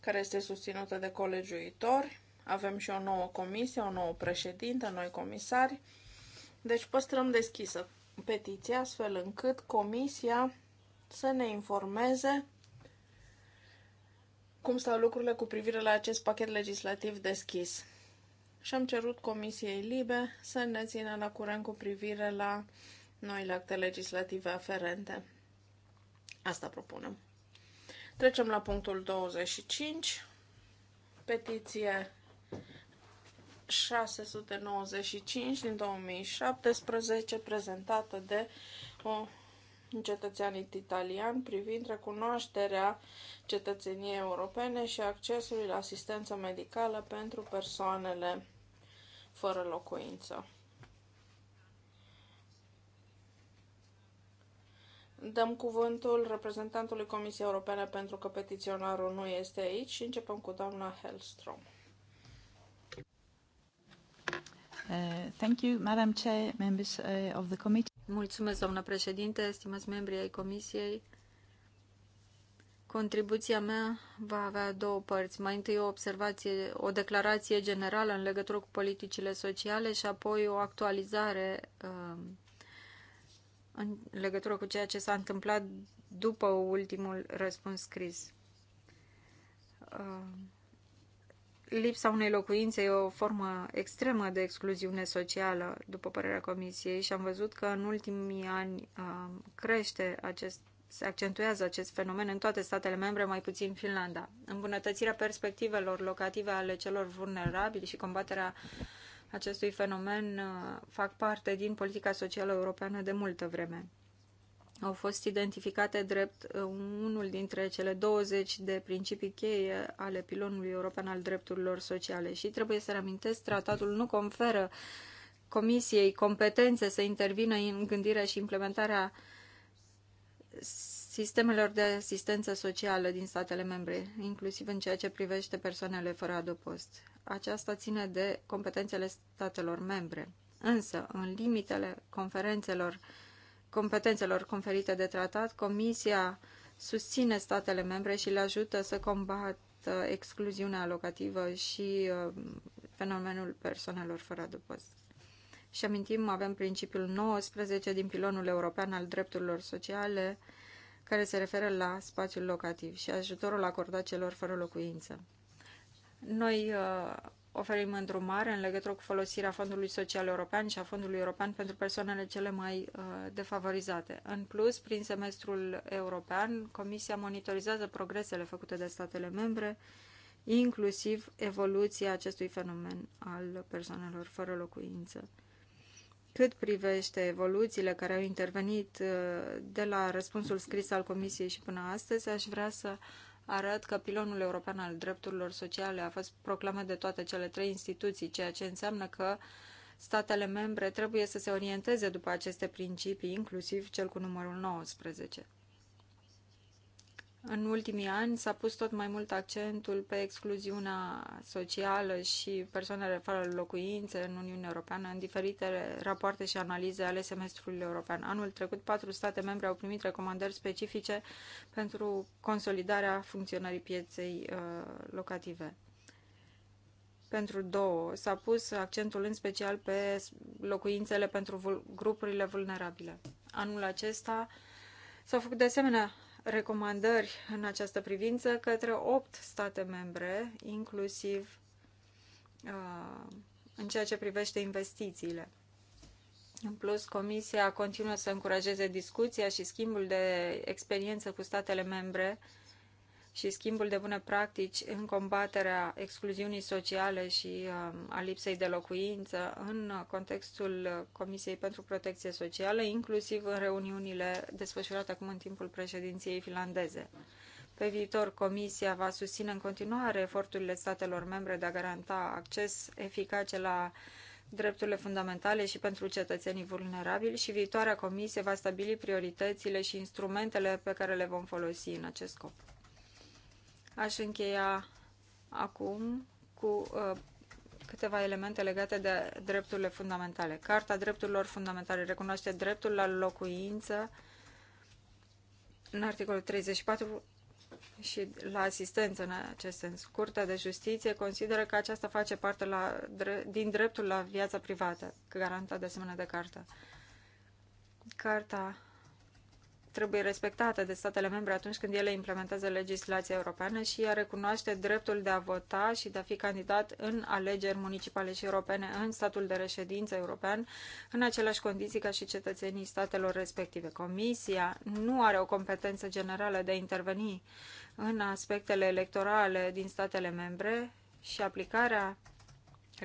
care este susținută de colegiuitori. Avem și o nouă comisie, o nouă președintă, noi comisari. Deci păstrăm deschisă petiția astfel încât comisia să ne informeze cum stau lucrurile cu privire la acest pachet legislativ deschis. Și am cerut Comisiei Libe să ne țină la curent cu privire la noile acte legislative aferente. Asta propunem. Trecem la punctul 25, petiție 695 din 2017, prezentată de o cetățeanit italian privind recunoașterea cetățeniei europene și accesului la asistență medicală pentru persoanele fără locuință. Dăm cuvântul reprezentantului Comisiei Europene pentru că petiționarul nu este aici și începem cu doamna Hellstrom. Uh, thank you, Madam Chair, members uh, of the committee. Mulțumesc, doamnă președinte, stimați membri ai comisiei. Contribuția mea va avea două părți. Mai întâi o observație, o declarație generală în legătură cu politicile sociale și apoi o actualizare um, în legătură cu ceea ce s-a întâmplat după ultimul răspuns scris. Um, lipsa unei locuințe e o formă extremă de excluziune socială, după părerea Comisiei, și am văzut că în ultimii ani uh, crește acest se accentuează acest fenomen în toate statele membre, mai puțin în Finlanda. Îmbunătățirea perspectivelor locative ale celor vulnerabili și combaterea acestui fenomen uh, fac parte din politica socială europeană de multă vreme au fost identificate drept uh, unul dintre cele 20 de principii cheie ale pilonului european al drepturilor sociale. Și trebuie să reamintesc, tratatul nu conferă Comisiei competențe să intervină în gândirea și implementarea sistemelor de asistență socială din statele membre, inclusiv în ceea ce privește persoanele fără adăpost. Aceasta ține de competențele statelor membre. Însă, în limitele conferențelor competențelor conferite de tratat, Comisia susține statele membre și le ajută să combată excluziunea alocativă și uh, fenomenul persoanelor fără adăpost. Și amintim, avem principiul 19 din pilonul european al drepturilor sociale, care se referă la spațiul locativ și ajutorul acordat celor fără locuință. Noi uh, oferim îndrumare în legătură cu folosirea Fondului Social European și a Fondului European pentru persoanele cele mai uh, defavorizate. În plus, prin semestrul european, Comisia monitorizează progresele făcute de statele membre, inclusiv evoluția acestui fenomen al persoanelor fără locuință. Cât privește evoluțiile care au intervenit uh, de la răspunsul scris al Comisiei și până astăzi, aș vrea să arăt că pilonul european al drepturilor sociale a fost proclamat de toate cele trei instituții, ceea ce înseamnă că statele membre trebuie să se orienteze după aceste principii, inclusiv cel cu numărul 19. În ultimii ani s-a pus tot mai mult accentul pe excluziunea socială și persoanele fără locuințe în Uniunea Europeană în diferite rapoarte și analize ale semestrului european. Anul trecut, patru state membre au primit recomandări specifice pentru consolidarea funcționării pieței uh, locative. Pentru două, s-a pus accentul în special pe locuințele pentru grupurile vulnerabile. Anul acesta s-au făcut de asemenea recomandări în această privință către opt state membre, inclusiv uh, în ceea ce privește investițiile. În plus, Comisia continuă să încurajeze discuția și schimbul de experiență cu statele membre uh, și schimbul de bune practici în combaterea excluziunii sociale și um, a lipsei de locuință în contextul Comisiei pentru Protecție Socială, inclusiv în reuniunile desfășurate acum în timpul președinției finlandeze. Pe viitor, Comisia va susține în continuare eforturile statelor membre de a garanta acces eficace la drepturile fundamentale și pentru cetățenii vulnerabili și viitoarea Comisie va stabili prioritățile și instrumentele pe care le vom folosi în acest scop. Aș încheia acum cu uh, câteva elemente legate de drepturile fundamentale. Carta drepturilor fundamentale recunoaște dreptul la locuință în articolul 34 și la asistență în acest sens. Curtea de Justiție consideră că aceasta face parte la, din dreptul la viața privată, garanta de asemenea de cartă. Carta trebuie respectată de statele membre atunci când ele implementează legislația europeană și ea recunoaște dreptul de a vota și de a fi candidat în alegeri municipale și europene în statul de reședință european, în aceleași condiții ca și cetățenii statelor respective. Comisia nu are o competență generală de a interveni în aspectele electorale din statele membre și aplicarea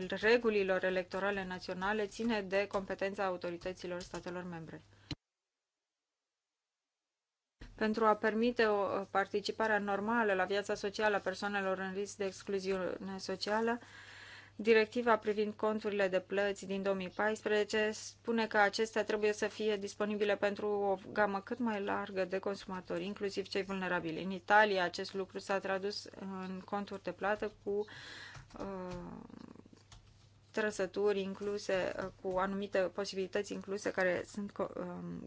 regulilor electorale naționale ține de competența autorităților statelor membre pentru a permite o participare normală la viața socială a persoanelor în risc de excluziune socială, Directiva privind conturile de plăți din 2014 spune că acestea trebuie să fie disponibile pentru o gamă cât mai largă de consumatori, inclusiv cei vulnerabili. În Italia acest lucru s-a tradus în conturi de plată cu uh, trăsături incluse, uh, cu anumite posibilități incluse care sunt um,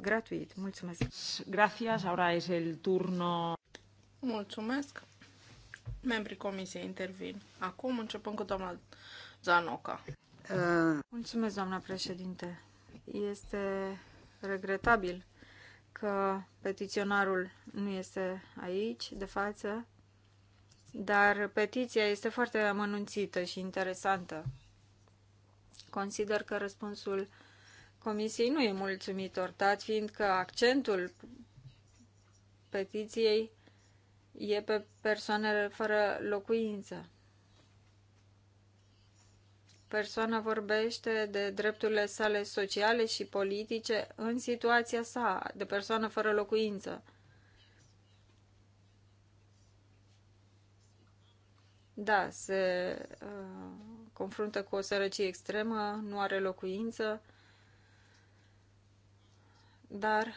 gratuit. Mulțumesc! Gracias, ahora es el turno. Mulțumesc! Membrii comisiei intervin. Acum începând cu doamna Zanoca. Uh. Mulțumesc, doamna președinte. Este regretabil că petiționarul nu este aici, de față, dar petiția este foarte amănunțită și interesantă. Consider că răspunsul Comisiei nu e mulțumitor, dat fiindcă accentul petiției e pe persoanele fără locuință. Persoana vorbește de drepturile sale sociale și politice în situația sa, de persoană fără locuință. Da, se uh, confruntă cu o sărăcie extremă, nu are locuință, dar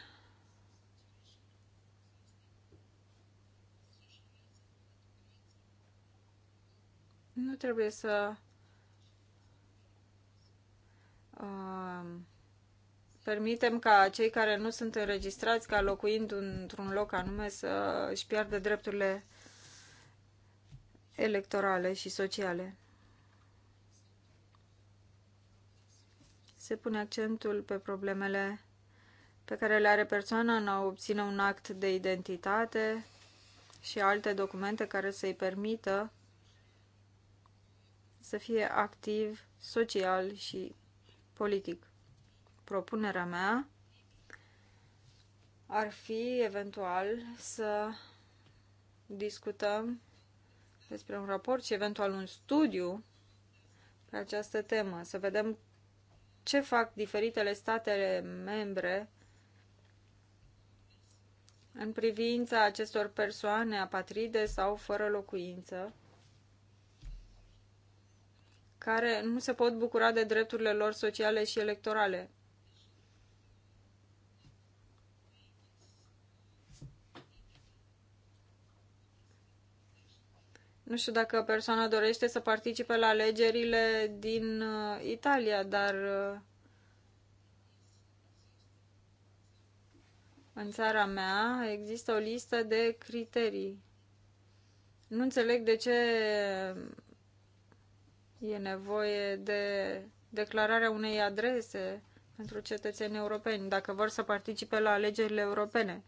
nu trebuie să uh, permitem ca cei care nu sunt înregistrați ca locuind într-un loc anume să își piardă drepturile electorale și sociale. se pune accentul pe problemele pe care le are persoana în a obține un act de identitate și alte documente care să-i permită să fie activ, social și politic. Propunerea mea ar fi eventual să discutăm despre un raport și eventual un studiu pe această temă, să vedem ce fac diferitele statele membre în privința acestor persoane apatride sau fără locuință, care nu se pot bucura de drepturile lor sociale și electorale. Nu știu dacă persoana dorește să participe la alegerile din uh, Italia, dar uh, în țara mea există o listă de criterii. Nu înțeleg de ce e nevoie de declararea unei adrese pentru cetățeni europeni dacă vor să participe la alegerile europene.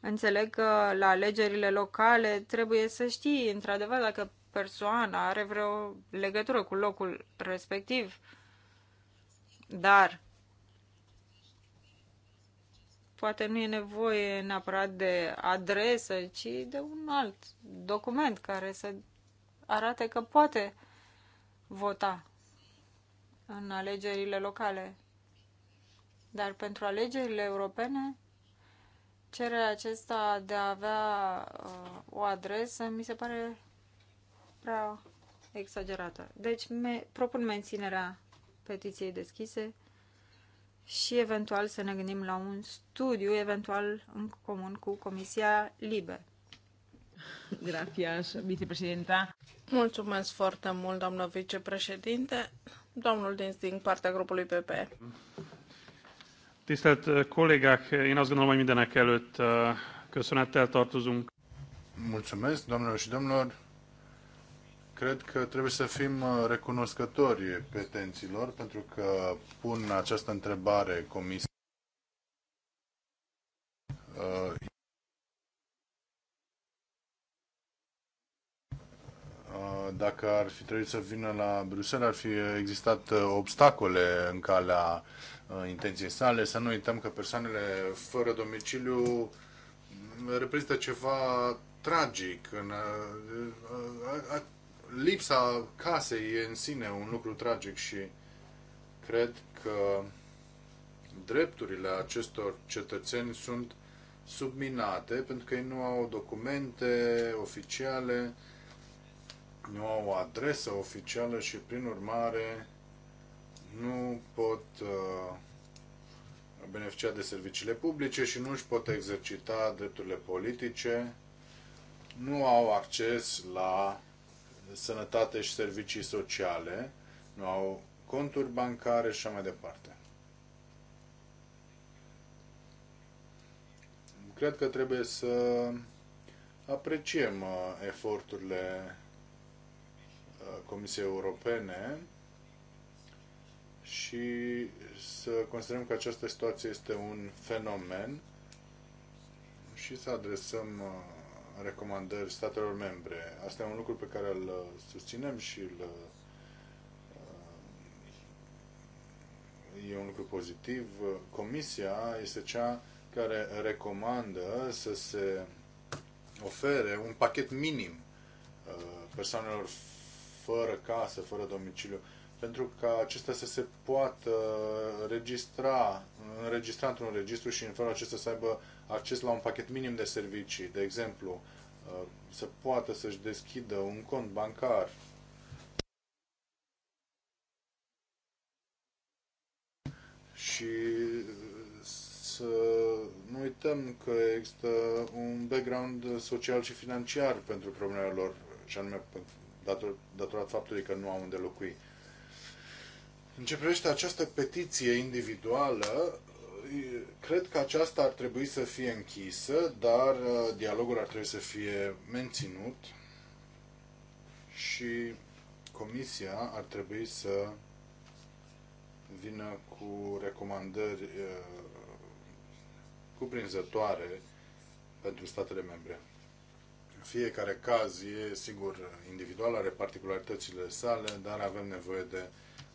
Înțeleg că la alegerile locale trebuie să știi, într-adevăr, dacă persoana are vreo legătură cu locul respectiv. Dar poate nu e nevoie neapărat de adresă, ci de un alt document care să arate că poate vota în alegerile locale. Dar pentru alegerile europene cererea acesta de a avea uh, o adresă mi se pare prea exagerată. Deci me- propun menținerea petiției deschise și eventual să ne gândim la un studiu, eventual în comun cu Comisia Libe. Gracias, vicepreședinta. Mulțumesc foarte mult, doamnă vicepreședinte. Domnul Dins din partea grupului PP. Tisztelt eh, kollégák, eh, én azt gondolom, hogy mindenek előtt eh, köszönettel tartozunk. Mulțumesc, domnilor și domnilor. Cred că trebuie să fim recunoscători petenților pentru că pun această întrebare comisiei. Dacă ar fi trebuit să vină la Bruxelles, ar fi existat obstacole în calea uh, Uh, intenției sale. Să nu uităm că persoanele fără domiciliu mm, reprezintă ceva tragic. În, uh, uh, lipsa casei e în sine un lucru tragic și cred că drepturile acestor cetățeni sunt subminate pentru că ei nu au documente oficiale, nu au o adresă oficială și prin urmare nu pot uh, beneficia de serviciile publice și nu își pot exercita drepturile politice, nu au acces la sănătate și servicii sociale, nu au conturi bancare și așa mai departe. Cred că trebuie să apreciem uh, eforturile uh, Comisiei Europene și să considerăm că această situație este un fenomen și să adresăm uh, recomandări statelor membre. Asta e un lucru pe care îl uh, susținem și îl uh, e un lucru pozitiv. Comisia este cea care recomandă să se ofere un pachet minim persoanelor fără casă, fără domiciliu pentru ca acestea să se poată registra, înregistra într-un registru și în felul acesta să aibă acces la un pachet minim de servicii, de exemplu, uh, să poată să-și deschidă un cont bancar. Și uh, să nu uităm că există un background social și financiar pentru problemele lor, și anume dator, datorat faptului că nu au unde locui. În ce privește această petiție individuală, cred că aceasta ar trebui să fie închisă, dar uh, dialogul ar trebui să fie menținut și comisia ar trebui să vină cu recomandări uh, cuprinzătoare pentru statele membre. Fiecare caz e, sigur, individual, are particularitățile sale, dar avem nevoie de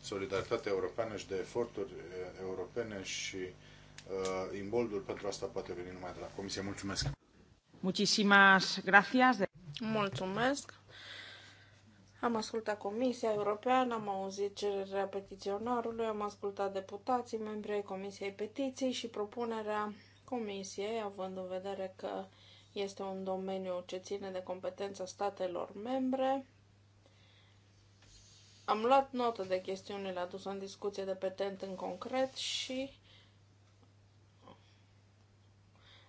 solidaritate europeană și de eforturi eh, europene și uh, eh, imboldul pentru asta poate veni numai de la Comisie. Mulțumesc! Muchísimas gracias. Mulțumesc! Am ascultat Comisia Europeană, am auzit cererea petiționarului, am ascultat deputații, membrii ai Comisiei Petiții și propunerea Comisiei, având în vedere că este un domeniu ce ține de competența statelor membre. Am luat notă de chestiunile aduse în discuție de petent în concret și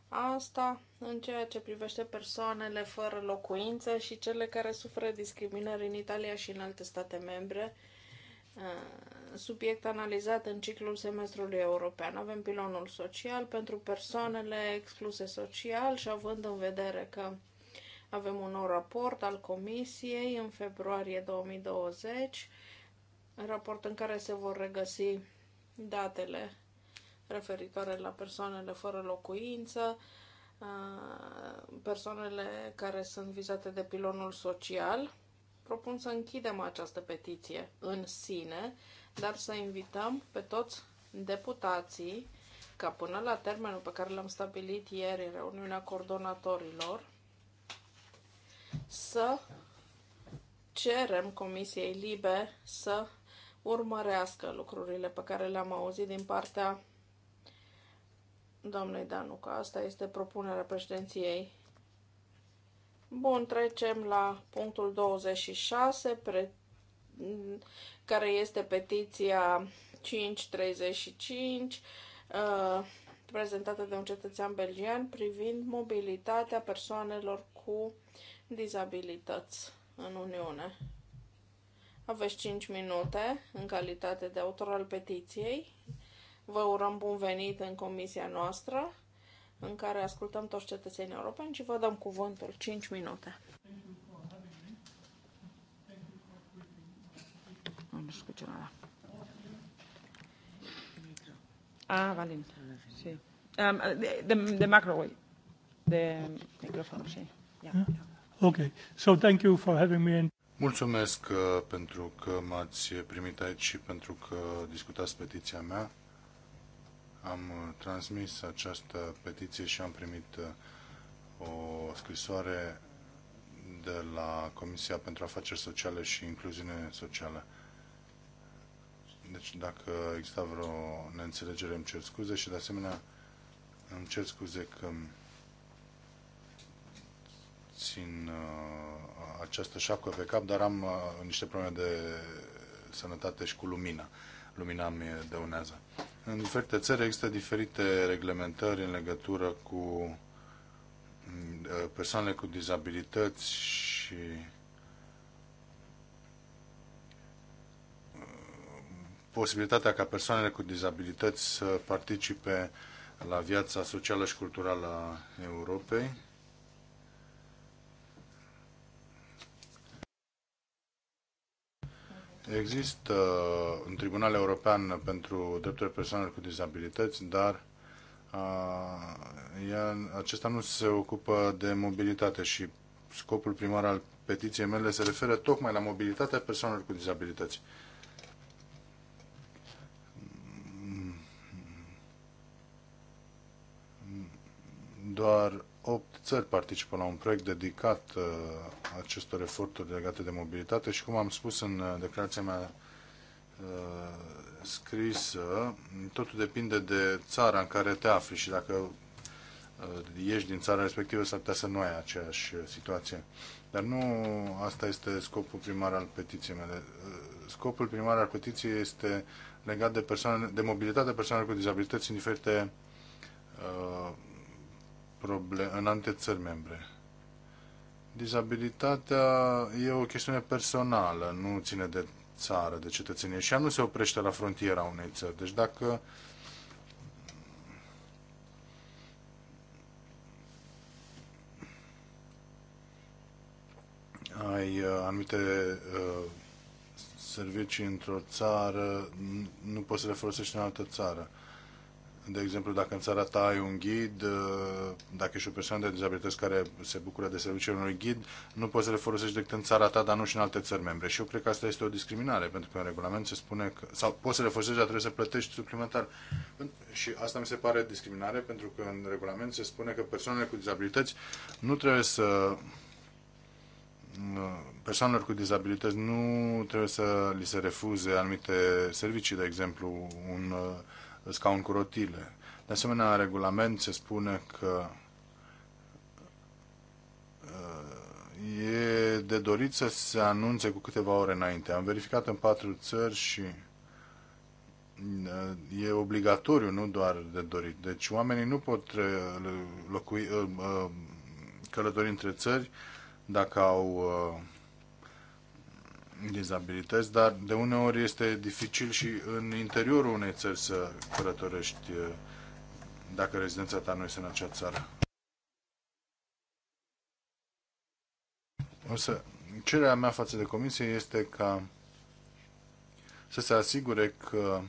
asta în ceea ce privește persoanele fără locuință și cele care suferă discriminări în Italia și în alte state membre, uh, subiect analizat în ciclul semestrului european. Avem pilonul social pentru persoanele excluse social și având în vedere că avem un nou raport al Comisiei în februarie 2020, raport în care se vor regăsi datele referitoare la persoanele fără locuință, persoanele care sunt vizate de pilonul social. Propun să închidem această petiție în sine, dar să invităm pe toți deputații ca până la termenul pe care l-am stabilit ieri în reuniunea coordonatorilor să cerem Comisiei Libe să urmărească lucrurile pe care le-am auzit din partea doamnei Danuca. Asta este propunerea președinției. Bun, trecem la punctul 26, pre... care este petiția 535, uh, prezentată de un cetățean belgian privind mobilitatea persoanelor cu uh, dizabilități în Uniune. Aveți 5 minute în calitate de autor al petiției. Vă urăm bun venit în comisia noastră în care ascultăm toți cetățenii europeni și vă dăm cuvântul 5 minute. Nu știu ce era. Ah, Valin. Sí. Um, De de, de macro, de microphone, sí. Yeah. Yeah. Okay. So thank you for having me. In. Mulțumesc uh, pentru că m-ați primit aici și pentru că discutați petiția mea. Am uh, transmis această petiție și am primit uh, o scrisoare de la Comisia pentru Afaceri Sociale și Incluziune Socială. Deci dacă exista vreo neînțelegere, îmi cer scuze și de asemenea îmi cer scuze că puțin uh, această șapcă pe cap, dar am uh, niște probleme de sănătate și cu lumina. Lumina mi dăunează. În diferite țări există diferite reglementări în legătură cu uh, persoanele cu dizabilități și posibilitatea ca persoanele cu dizabilități să participe la viața socială și culturală a Europei. Există uh, un tribunal european pentru drepturile persoanelor cu dizabilități, dar a, uh, ea, acesta nu se ocupă de mobilitate și scopul primar al petiției mele se referă tocmai la mobilitatea persoanelor cu dizabilități. Doar 8 țări participă la un proiect dedicat uh, acestor eforturi legate de mobilitate și, cum am spus în uh, declarația mea uh, scrisă, totul depinde de țara în care te afli și dacă ieși din țara respectivă s-ar putea să nu ai aceeași situație. Dar nu asta este scopul primar al petiției mele. Scopul primar al petiției este legat de, persoane, de mobilitatea persoanelor cu dizabilități în diferite uh, probleme, în alte țări membre. Dizabilitatea e o chestiune personală, nu ține de țară, de cetățenie și ea nu se oprește la frontiera unei țări. Deci dacă ai uh, anumite uh, servicii într-o țară, nu poți să le folosești în altă țară. Uh, de exemplu, dacă în țara ta ai un ghid, uh, dacă ești o persoană de dizabilități care se bucură de serviciul unui ghid, nu poți să le folosești decât în țara ta, dar nu și în alte țări membre. Și eu cred că asta este o discriminare, pentru că în regulament se spune că, sau poți să le folosești, dar trebuie să plătești suplimentar. Și asta mi se pare discriminare, pentru că în regulament se spune că persoanele cu dizabilități nu trebuie să uh, persoanelor cu dizabilități nu trebuie să li se refuze anumite servicii, de exemplu, un uh, scaun cu rotile. De asemenea, în regulament se spune că uh, e de dorit să se anunțe cu câteva ore înainte. Am verificat în patru țări și uh, e obligatoriu, nu doar de dorit. Deci oamenii nu pot uh, locui, călători între țări dacă au dizabilități, dar de uneori este dificil și în interiorul unei țări să călătorești eh, dacă rezidența ta nu este în acea țară. O să, cererea mea față de comisie este ca să se asigure că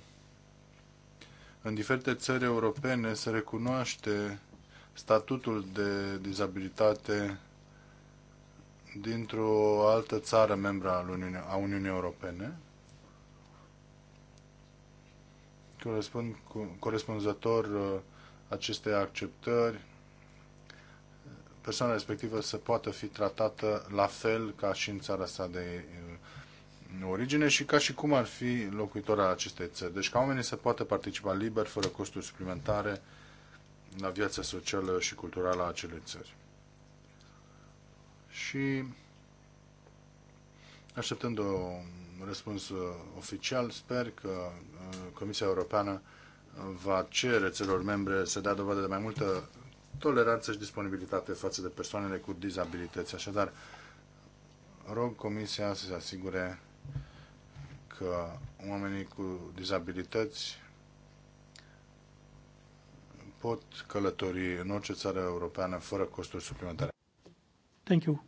în diferite țări europene se recunoaște statutul de dizabilitate dintr-o altă țară membra a Uniunii Europene, corespund, corespunzător uh, acestei acceptări, persoana respectivă să poată fi tratată la fel ca și în țara sa de uh, origine și ca și cum ar fi locuitor al acestei țări. Deci ca oamenii să poată participa liber, fără costuri suplimentare, la viața socială și culturală a acelei țări și așteptând un răspuns uh, oficial, sper că uh, Comisia Europeană uh, va cere țărilor membre să dea dovadă de mai multă toleranță și disponibilitate față de persoanele cu dizabilități. Așadar, rog Comisia să se asigure că oamenii cu dizabilități pot călători în orice țară europeană fără costuri suplimentare. Thank you.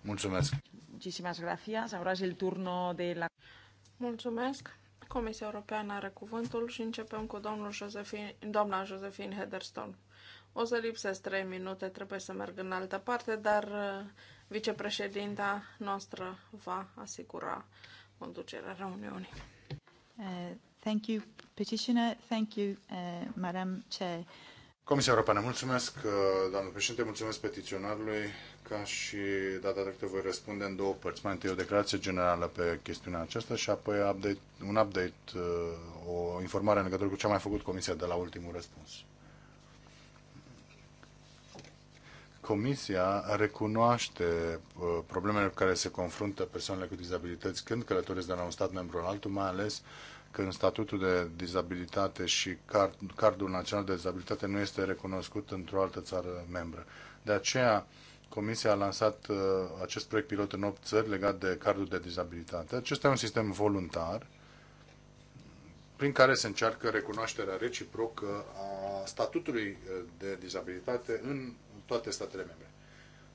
Mulțumesc. Muchísimas gracias. Ahora es el turno de la... Mulțumesc. Comisia Europeană are cuvântul și începem cu domnul Josephine, doamna Josephine Heatherstone. O să lipsesc trei minute, trebuie să merg în altă parte, dar uh, vicepreședinta noastră va asigura conducerea reuniunii. Uh, thank you, petitioner. Thank you, uh, Madam Chair. Comisia Europeană, mulțumesc, uh, doamnă președinte, mulțumesc petiționarului, ca și data trecută voi răspunde în două părți. Mai întâi o declarație generală pe chestiunea aceasta și apoi update, un update, uh, o informare în legătură cu ce a mai făcut Comisia de la ultimul răspuns. Comisia recunoaște uh, problemele cu care se confruntă persoanele cu dizabilități când călătoresc de la un stat membru în altul, mai ales uh, când statutul de dizabilitate și card, cardul național de dizabilitate nu este recunoscut într-o altă țară membră. De aceea, Comisia a lansat uh, acest proiect pilot în 8 țări legat de cardul de dizabilitate. Acesta e un sistem voluntar prin care se încearcă recunoașterea reciprocă a statutului uh, de dizabilitate în toate statele membre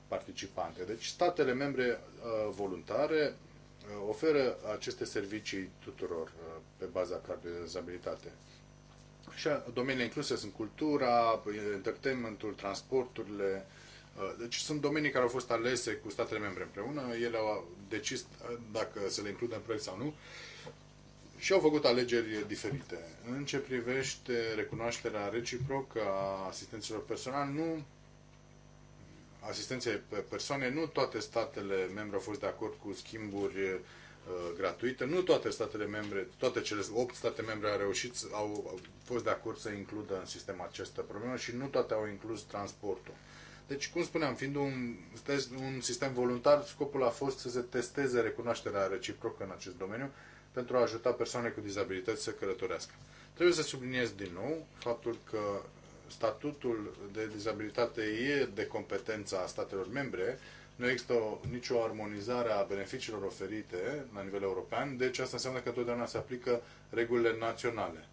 participante. Deci statele membre uh, voluntare oferă aceste servicii tuturor uh, pe baza cardului de dezabilitate. Și domeniile incluse sunt cultura, entertainmentul, transporturile. Uh, deci sunt domenii care au fost alese cu statele membre împreună. Ele au decis uh, dacă să le includă în proiect sau nu și au făcut alegeri diferite. În ce privește recunoașterea reciprocă a asistenților personali, nu asistenței pe persoane, nu toate statele membre au fost de acord cu schimburi uh, gratuite. Nu toate statele membre, toate cele 8 state membre au reușit, au fost de acord să includă în sistem această problemă și nu toate au inclus transportul. Deci, cum spuneam, fiind un, un sistem voluntar, scopul a fost să se testeze recunoașterea reciprocă în acest domeniu pentru a ajuta persoane cu dizabilități să călătorească. Trebuie să subliniez din nou faptul că statutul de dizabilitate e de competența statelor membre, nu există o, nicio armonizare a beneficiilor oferite la nivel european, deci asta înseamnă că totdeauna se aplică regulile naționale.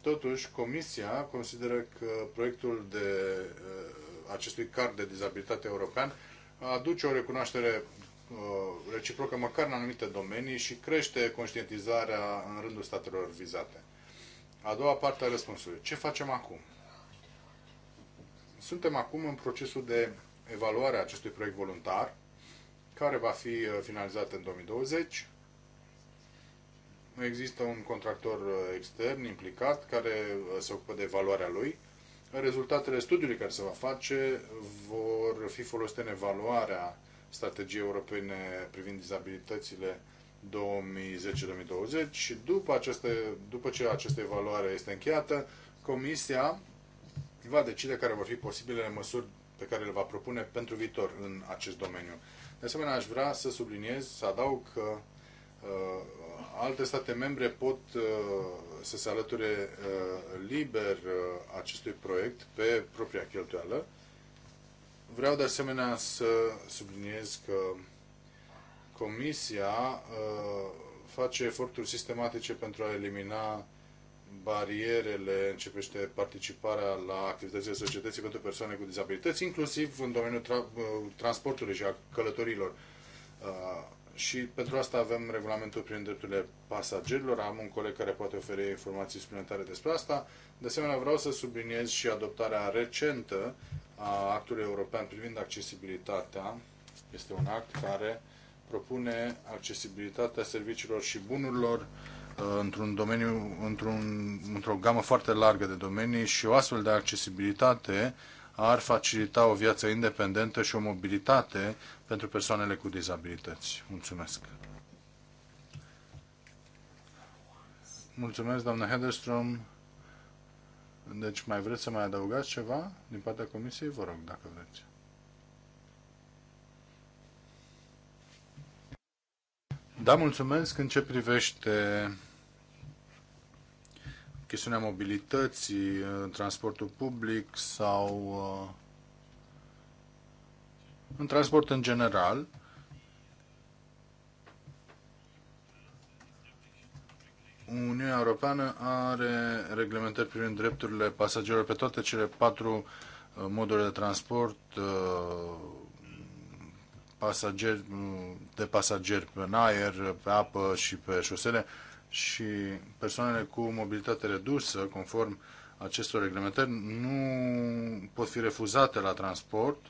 Totuși, Comisia consideră că proiectul de, uh, acestui card de dizabilitate european aduce o recunoaștere uh, reciprocă măcar în anumite domenii și crește conștientizarea în rândul statelor vizate. A doua parte a răspunsului. Ce facem acum? Suntem acum în procesul de evaluare a acestui proiect voluntar, care va fi uh, finalizat în 2020. Există un contractor uh, extern implicat care uh, se ocupă de evaluarea lui. Rezultatele studiului care se va face vor fi folosite în evaluarea strategiei europene privind dizabilitățile 2010-2020 și după, aceste, după ce această evaluare este încheiată, Comisia va decide care vor fi posibilele măsuri pe care le va propune pentru viitor în acest domeniu. De asemenea, aș vrea să subliniez, să adaug că uh, alte state membre pot uh, să se alăture uh, liber uh, acestui proiect pe propria cheltuială. Vreau de asemenea să subliniez că Comisia uh, face eforturi sistematice pentru a elimina barierele începește participarea la activitățile societății pentru persoane cu dizabilități, inclusiv în domeniul tra- transportului și a călătorilor. Uh, și pentru asta avem regulamentul prin drepturile pasagerilor. Am un coleg care poate oferi informații suplimentare despre asta. De asemenea, vreau să subliniez și adoptarea recentă a actului european privind accesibilitatea. Este un act care propune accesibilitatea serviciilor și bunurilor uh, Uh, într-un domeniu, într-un, într-o gamă foarte largă de domenii și o astfel de accesibilitate ar facilita o viață independentă și o mobilitate pentru persoanele cu dizabilități. Mulțumesc! Mulțumesc, doamnă Hederstrom. Deci mai vreți să mai adăugați ceva din partea comisiei? Vă rog, dacă vreți. Da, mulțumesc. În ce privește chestiunea mobilității uh, în transportul public sau uh, în transport în general. Uniunea Europeană are reglementări privind drepturile pasagerilor pe toate cele patru uh, moduri de transport pasageri, de pasageri pe aer, pe apă și pe șosele și persoanele cu mobilitate redusă, conform acestor reglementări, nu pot fi refuzate la transport.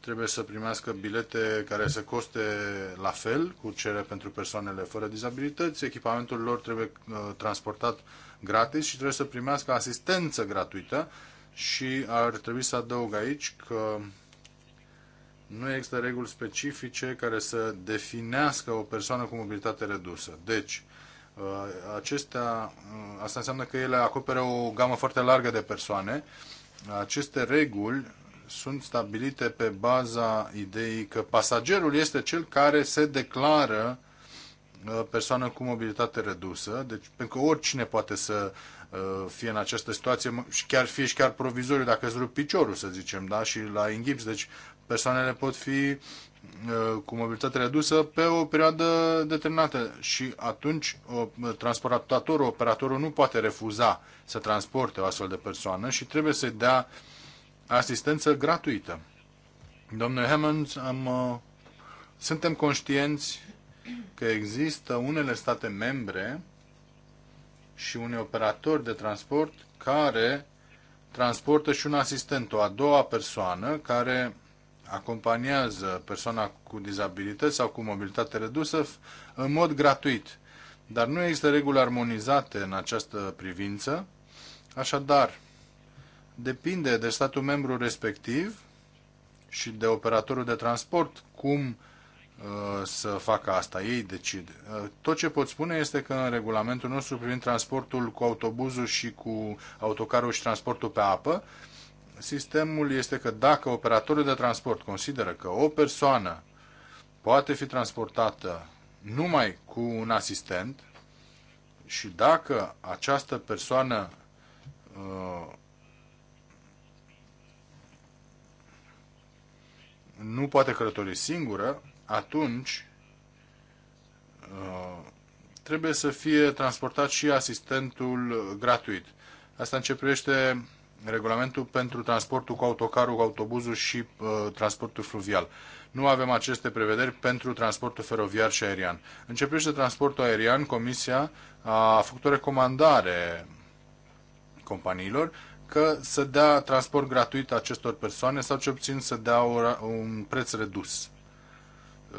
Trebuie să primească bilete care să coste la fel cu cele pentru persoanele fără dizabilități. Echipamentul lor trebuie uh, transportat gratis și trebuie să primească asistență gratuită și ar trebui să adaug aici că nu există reguli specifice care să definească o persoană cu mobilitate redusă. Deci, uh, acestea, uh, asta înseamnă că ele acoperă o gamă foarte largă de persoane. Aceste reguli sunt stabilite pe baza ideii că pasagerul este cel care se declară uh, persoană cu mobilitate redusă, deci pentru că oricine poate să fie în această situație și chiar fie și chiar provizoriu dacă îți rup piciorul, să zicem, da, și la inghips, deci persoanele pot fi uh, cu mobilitate redusă pe o perioadă determinată și atunci transportatorul, operatorul nu poate refuza să transporte o astfel de persoană și trebuie să-i dea asistență gratuită. Domnule Hammond, am, uh, suntem conștienți că există unele state membre și unii operatori de transport care transportă și un asistent, o a doua persoană care acompaniază persoana cu dizabilități sau cu mobilitate redusă în mod gratuit. Dar nu există reguli armonizate în această privință, așadar depinde de statul membru respectiv și de operatorul de transport cum uh, să facă asta. Ei decid. Uh, tot ce pot spune este că în regulamentul nostru privind transportul cu autobuzul și cu autocarul și transportul pe apă, sistemul este că dacă operatorul de transport consideră că o persoană poate fi transportată numai cu un asistent și dacă această persoană uh, nu poate călători singură, atunci uh, trebuie să fie transportat și asistentul gratuit. Asta în ce privește regulamentul pentru transportul cu autocarul, cu autobuzul și uh, transportul fluvial. Nu avem aceste prevederi pentru transportul feroviar și aerian. În ce privește transportul aerian, Comisia a făcut o recomandare companiilor că să dea transport gratuit acestor persoane sau ce obțin să dea un preț redus. Uh,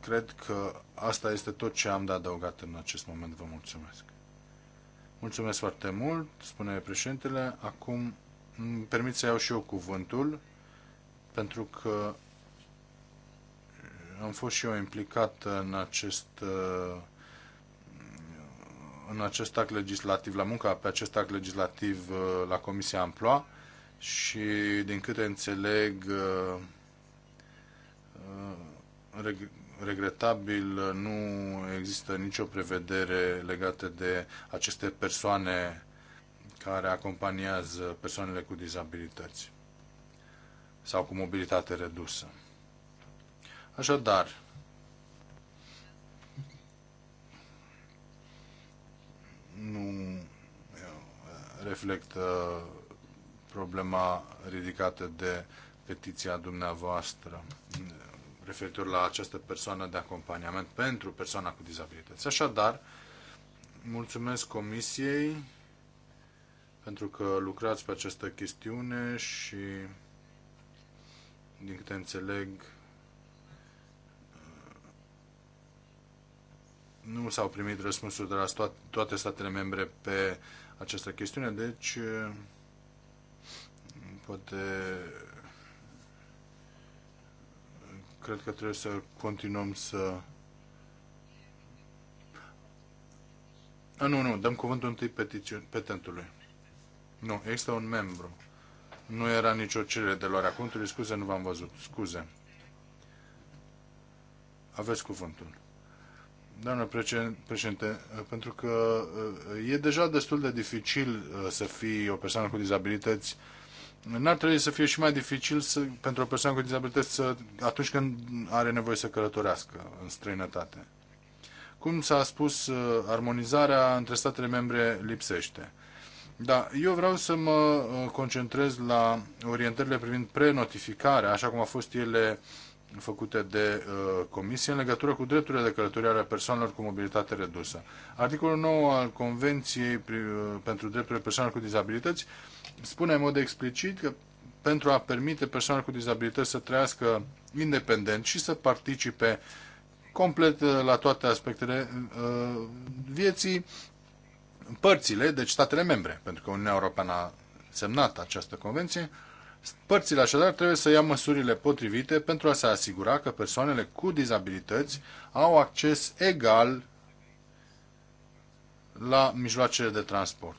cred că asta este tot ce am de adăugat în acest moment. Vă mulțumesc. Mulțumesc foarte mult, spune președintele. Acum îmi permit să iau și eu cuvântul, pentru că am fost și eu implicat în acest în acest act legislativ, la munca pe acest act legislativ la Comisia Amploa și din câte înțeleg regretabil nu există nicio prevedere legată de aceste persoane care acompaniază persoanele cu dizabilități sau cu mobilitate redusă. Așadar, nu reflectă problema ridicată de petiția dumneavoastră referitor la această persoană de acompaniament pentru persoana cu dizabilități. Așadar, mulțumesc Comisiei pentru că lucrați pe această chestiune și, din câte înțeleg, nu s-au primit răspunsuri de la toate statele membre pe această chestiune, deci poate cred că trebuie să continuăm să... A, nu, nu, dăm cuvântul întâi petentului. Nu, există un membru. Nu era nicio cerere de a contului. scuze, nu v-am văzut, scuze. Aveți cuvântul. Doamne președinte, pentru că uh, e deja destul de dificil uh, să fii o persoană cu dizabilități N-ar trebui să fie și mai dificil să, pentru o persoană cu dizabilități să, atunci când are nevoie să călătorească în străinătate. Cum s-a spus, uh, armonizarea între statele membre lipsește. Da, eu vreau să mă uh, concentrez la orientările privind prenotificarea, așa cum au fost ele făcute de uh, Comisie în legătură cu drepturile de călătorie ale persoanelor cu mobilitate redusă. Articolul 9 al Convenției uh, pentru drepturile persoanelor cu dizabilități uh, spune în mod explicit că pentru a permite persoanelor cu dizabilități să trăiască independent și să participe complet uh, la toate aspectele uh, vieții părțile, deci statele membre, pentru că Uniunea Europeană a semnat această convenție, părțile așadar trebuie să ia măsurile potrivite pentru a se asigura că persoanele cu dizabilități au acces egal la mijloacele de transport.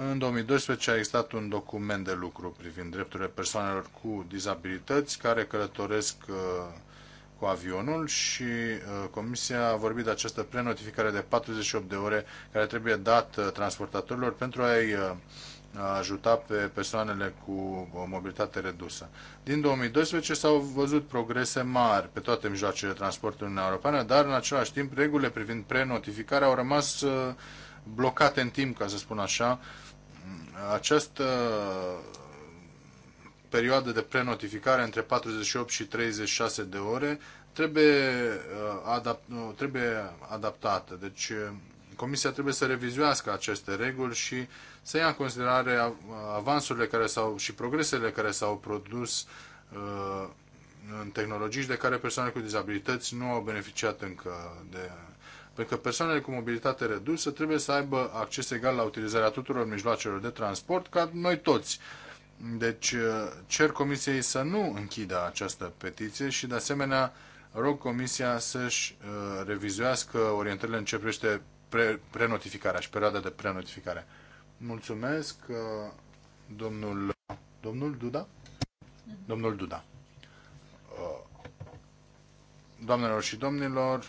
În 2012 a existat un document de lucru privind drepturile persoanelor cu dizabilități care călătoresc uh, cu avionul și uh, Comisia a vorbit de această prenotificare de 48 de ore care trebuie dat uh, transportatorilor pentru a-i ajuta pe persoanele cu mobilitate redusă. Din 2012 s-au văzut progrese mari pe toate mijloacele transportului transport în Europeană, dar în același timp regulile privind prenotificarea au rămas blocate în timp, ca să spun așa, această uh, perioadă de prenotificare între 48 și 36 de ore trebuie, uh, adap- uh, trebuie adaptată. Deci Comisia trebuie să revizuiască aceste reguli și să ia în considerare avansurile care s-au și progresele care s-au produs în tehnologii de care persoane cu dizabilități nu au beneficiat încă de pentru că persoanele cu mobilitate redusă trebuie să aibă acces egal la utilizarea tuturor mijloacelor de transport, ca noi toți. Deci uh, cer Comisiei să nu închidă această petiție și, de asemenea, rog Comisia să-și uh, revizuiască orientările în ce privește pre, prenotificarea și perioada de prenotificare. Mulțumesc, uh, domnul, domnul Duda? Mhm. Domnul Duda. doamnelor și domnilor,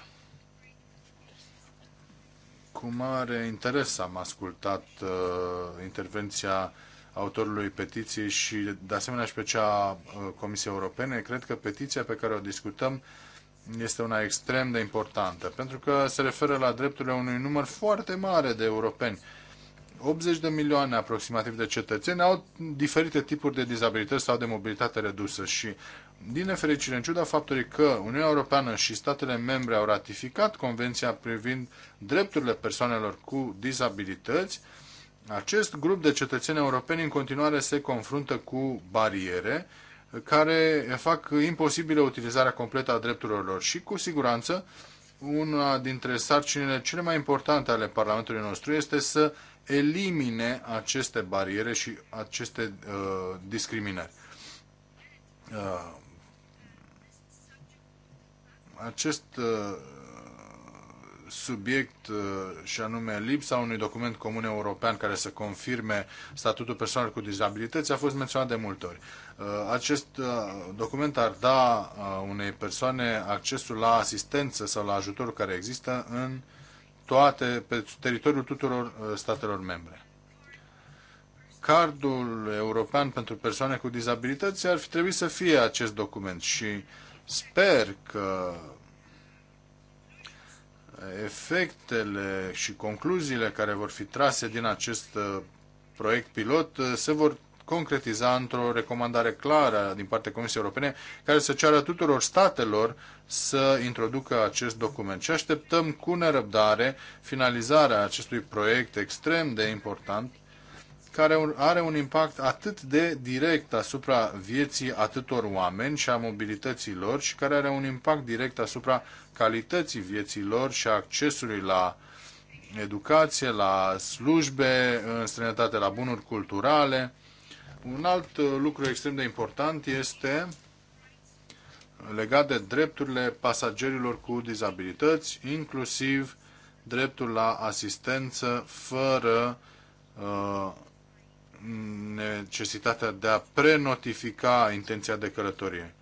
cu mare interes am ascultat uh, intervenția autorului petiției și de asemenea și pe cea uh, Comisiei Europene. Cred că petiția pe care o discutăm este una extrem de importantă, pentru că se referă la drepturile unui număr foarte mare de europeni 80 de milioane aproximativ de cetățeni au diferite tipuri de dizabilități sau de mobilitate redusă și din nefericire, în ciuda faptului că Uniunea Europeană și statele membre au ratificat Convenția privind drepturile persoanelor cu dizabilități, acest grup de cetățeni europeni în continuare se confruntă cu bariere care fac imposibilă utilizarea completă a drepturilor lor și, cu siguranță, una dintre sarcinile cele mai importante ale Parlamentului nostru este să elimine aceste bariere și aceste uh, discriminări. Uh, acest uh, subiect uh, și anume lipsa unui document comun european care să confirme statutul persoanelor cu dizabilități a fost menționat de multe ori. Uh, acest uh, document ar da uh, unei persoane accesul la asistență sau la ajutorul care există în toate, pe teritoriul tuturor uh, statelor membre. Cardul european pentru persoane cu dizabilități ar fi trebuit să fie acest document și sper că efectele și concluziile care vor fi trase din acest uh, proiect pilot uh, se vor concretiza într-o recomandare clară din partea Comisiei Europene care să ceară tuturor statelor să introducă acest document. Și așteptăm cu nerăbdare finalizarea acestui proiect extrem de important care are un impact atât de direct asupra vieții atâtor oameni și a mobilității lor și care are un impact direct asupra calității vieții lor și a accesului la educație, la slujbe în străinătate, la bunuri culturale un alt uh, lucru extrem de important este legat de drepturile pasagerilor cu dizabilități, inclusiv dreptul la asistență fără uh, necesitatea de a prenotifica intenția de călătorie.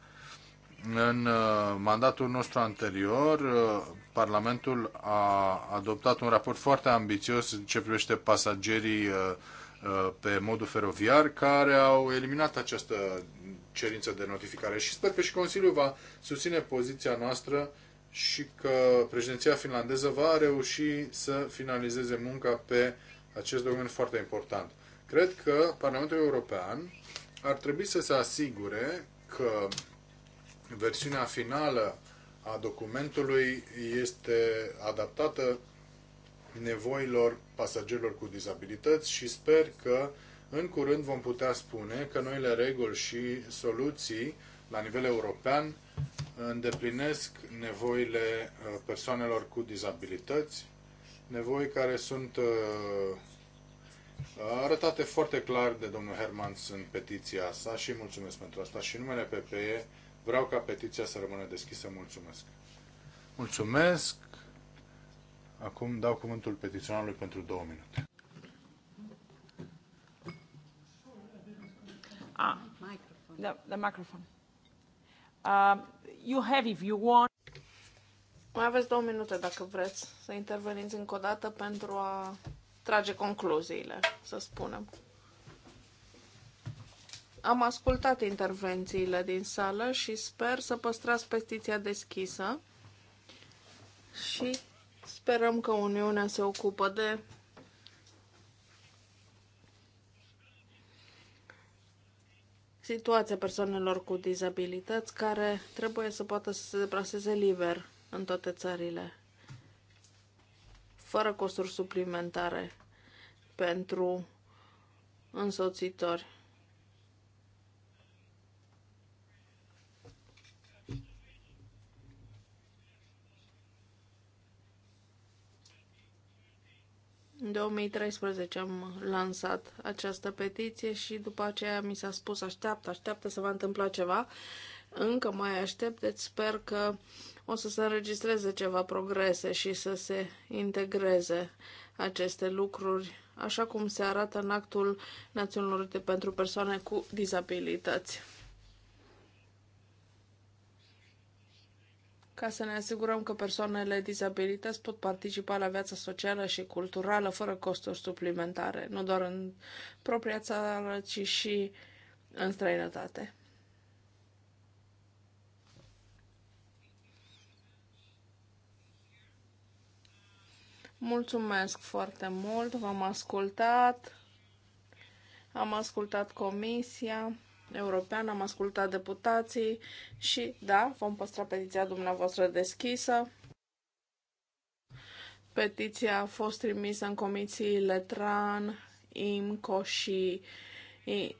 În uh, mandatul nostru anterior, uh, Parlamentul a adoptat un raport foarte ambițios în ce privește pasagerii Uh, pe modul feroviar care au eliminat această cerință de notificare și sper că și Consiliul va susține poziția noastră și că președinția finlandeză va reuși să finalizeze munca pe acest domeniu foarte important. Cred că Parlamentul European ar trebui să se asigure că versiunea finală a documentului este adaptată nevoilor pasagerilor cu dizabilități și sper că în curând vom putea spune că noile reguli și soluții la nivel european îndeplinesc nevoile uh, persoanelor cu dizabilități, nevoi care sunt uh, arătate foarte clar de domnul Hermans în petiția sa și mulțumesc pentru asta și numele PPE vreau ca petiția să rămână deschisă. Mulțumesc! Mulțumesc! Acum dau cuvântul petiționarului pentru două minute. Ah, the, the microphone. Uh, you have, if you want... Mai aveți două minute dacă vreți să interveniți încă o dată pentru a trage concluziile, să spunem. Am ascultat intervențiile din sală și sper să păstrați petiția deschisă și Sperăm că Uniunea se ocupă de situația persoanelor cu dizabilități care trebuie să poată să se deplaseze liber în toate țările, fără costuri suplimentare pentru însoțitori. În 2013 am lansat această petiție și după aceea mi s-a spus așteaptă, așteaptă să va întâmpla ceva. Încă mai aștept, deci sper că o să se înregistreze ceva progrese și să se integreze aceste lucruri, așa cum se arată în actul Națiunilor pentru persoane cu dizabilități. ca să ne asigurăm că persoanele dizabilități pot participa la viața socială și culturală fără costuri suplimentare, nu doar în propria țară, ci și în străinătate. Mulțumesc foarte mult, v-am ascultat, am ascultat comisia european, am ascultat deputații și, da, vom păstra petiția dumneavoastră deschisă. Petiția a fost trimisă în comisiile TRAN, IMCO și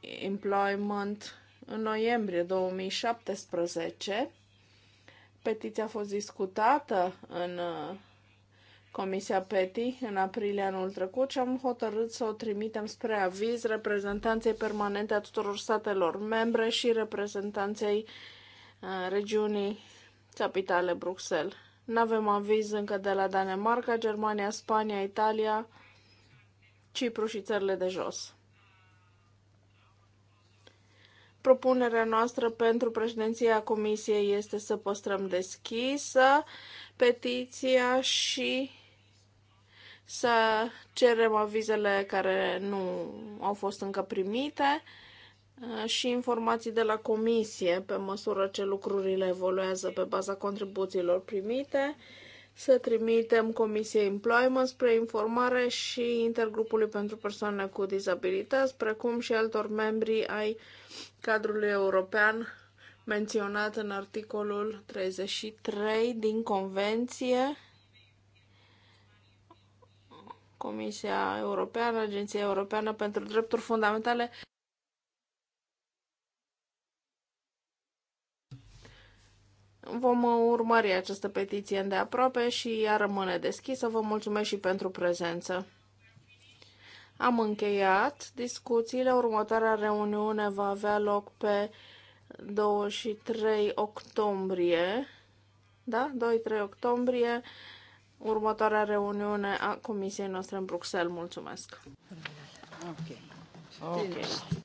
Employment în noiembrie 2017. Petiția a fost discutată în uh, Comisia PETI în aprilie anul trecut și am hotărât să o trimitem spre aviz reprezentanței permanente a tuturor statelor membre și reprezentanței uh, regiunii capitale Bruxelles. Nu avem aviz încă de la Danemarca, Germania, Spania, Italia, Cipru și țările de jos. Propunerea noastră pentru președinția Comisiei este să păstrăm deschisă petiția și să cerem avizele care nu au fost încă primite uh, și informații de la comisie pe măsură ce lucrurile evoluează pe baza contribuțiilor primite, să trimitem Comisiei Employment spre informare și intergrupului pentru persoane cu dizabilități, precum și altor membri ai cadrului european menționat în articolul 33 din Convenție Comisia Europeană, Agenția Europeană pentru Drepturi Fundamentale. Vom urmări această petiție aproape și ea rămâne deschisă. Vă mulțumesc și pentru prezență. Am încheiat discuțiile. Următoarea reuniune va avea loc pe 23 octombrie. Da? 2-3 octombrie următoarea reuniune a comisiei noastre în Bruxelles. Mulțumesc! Ok. okay.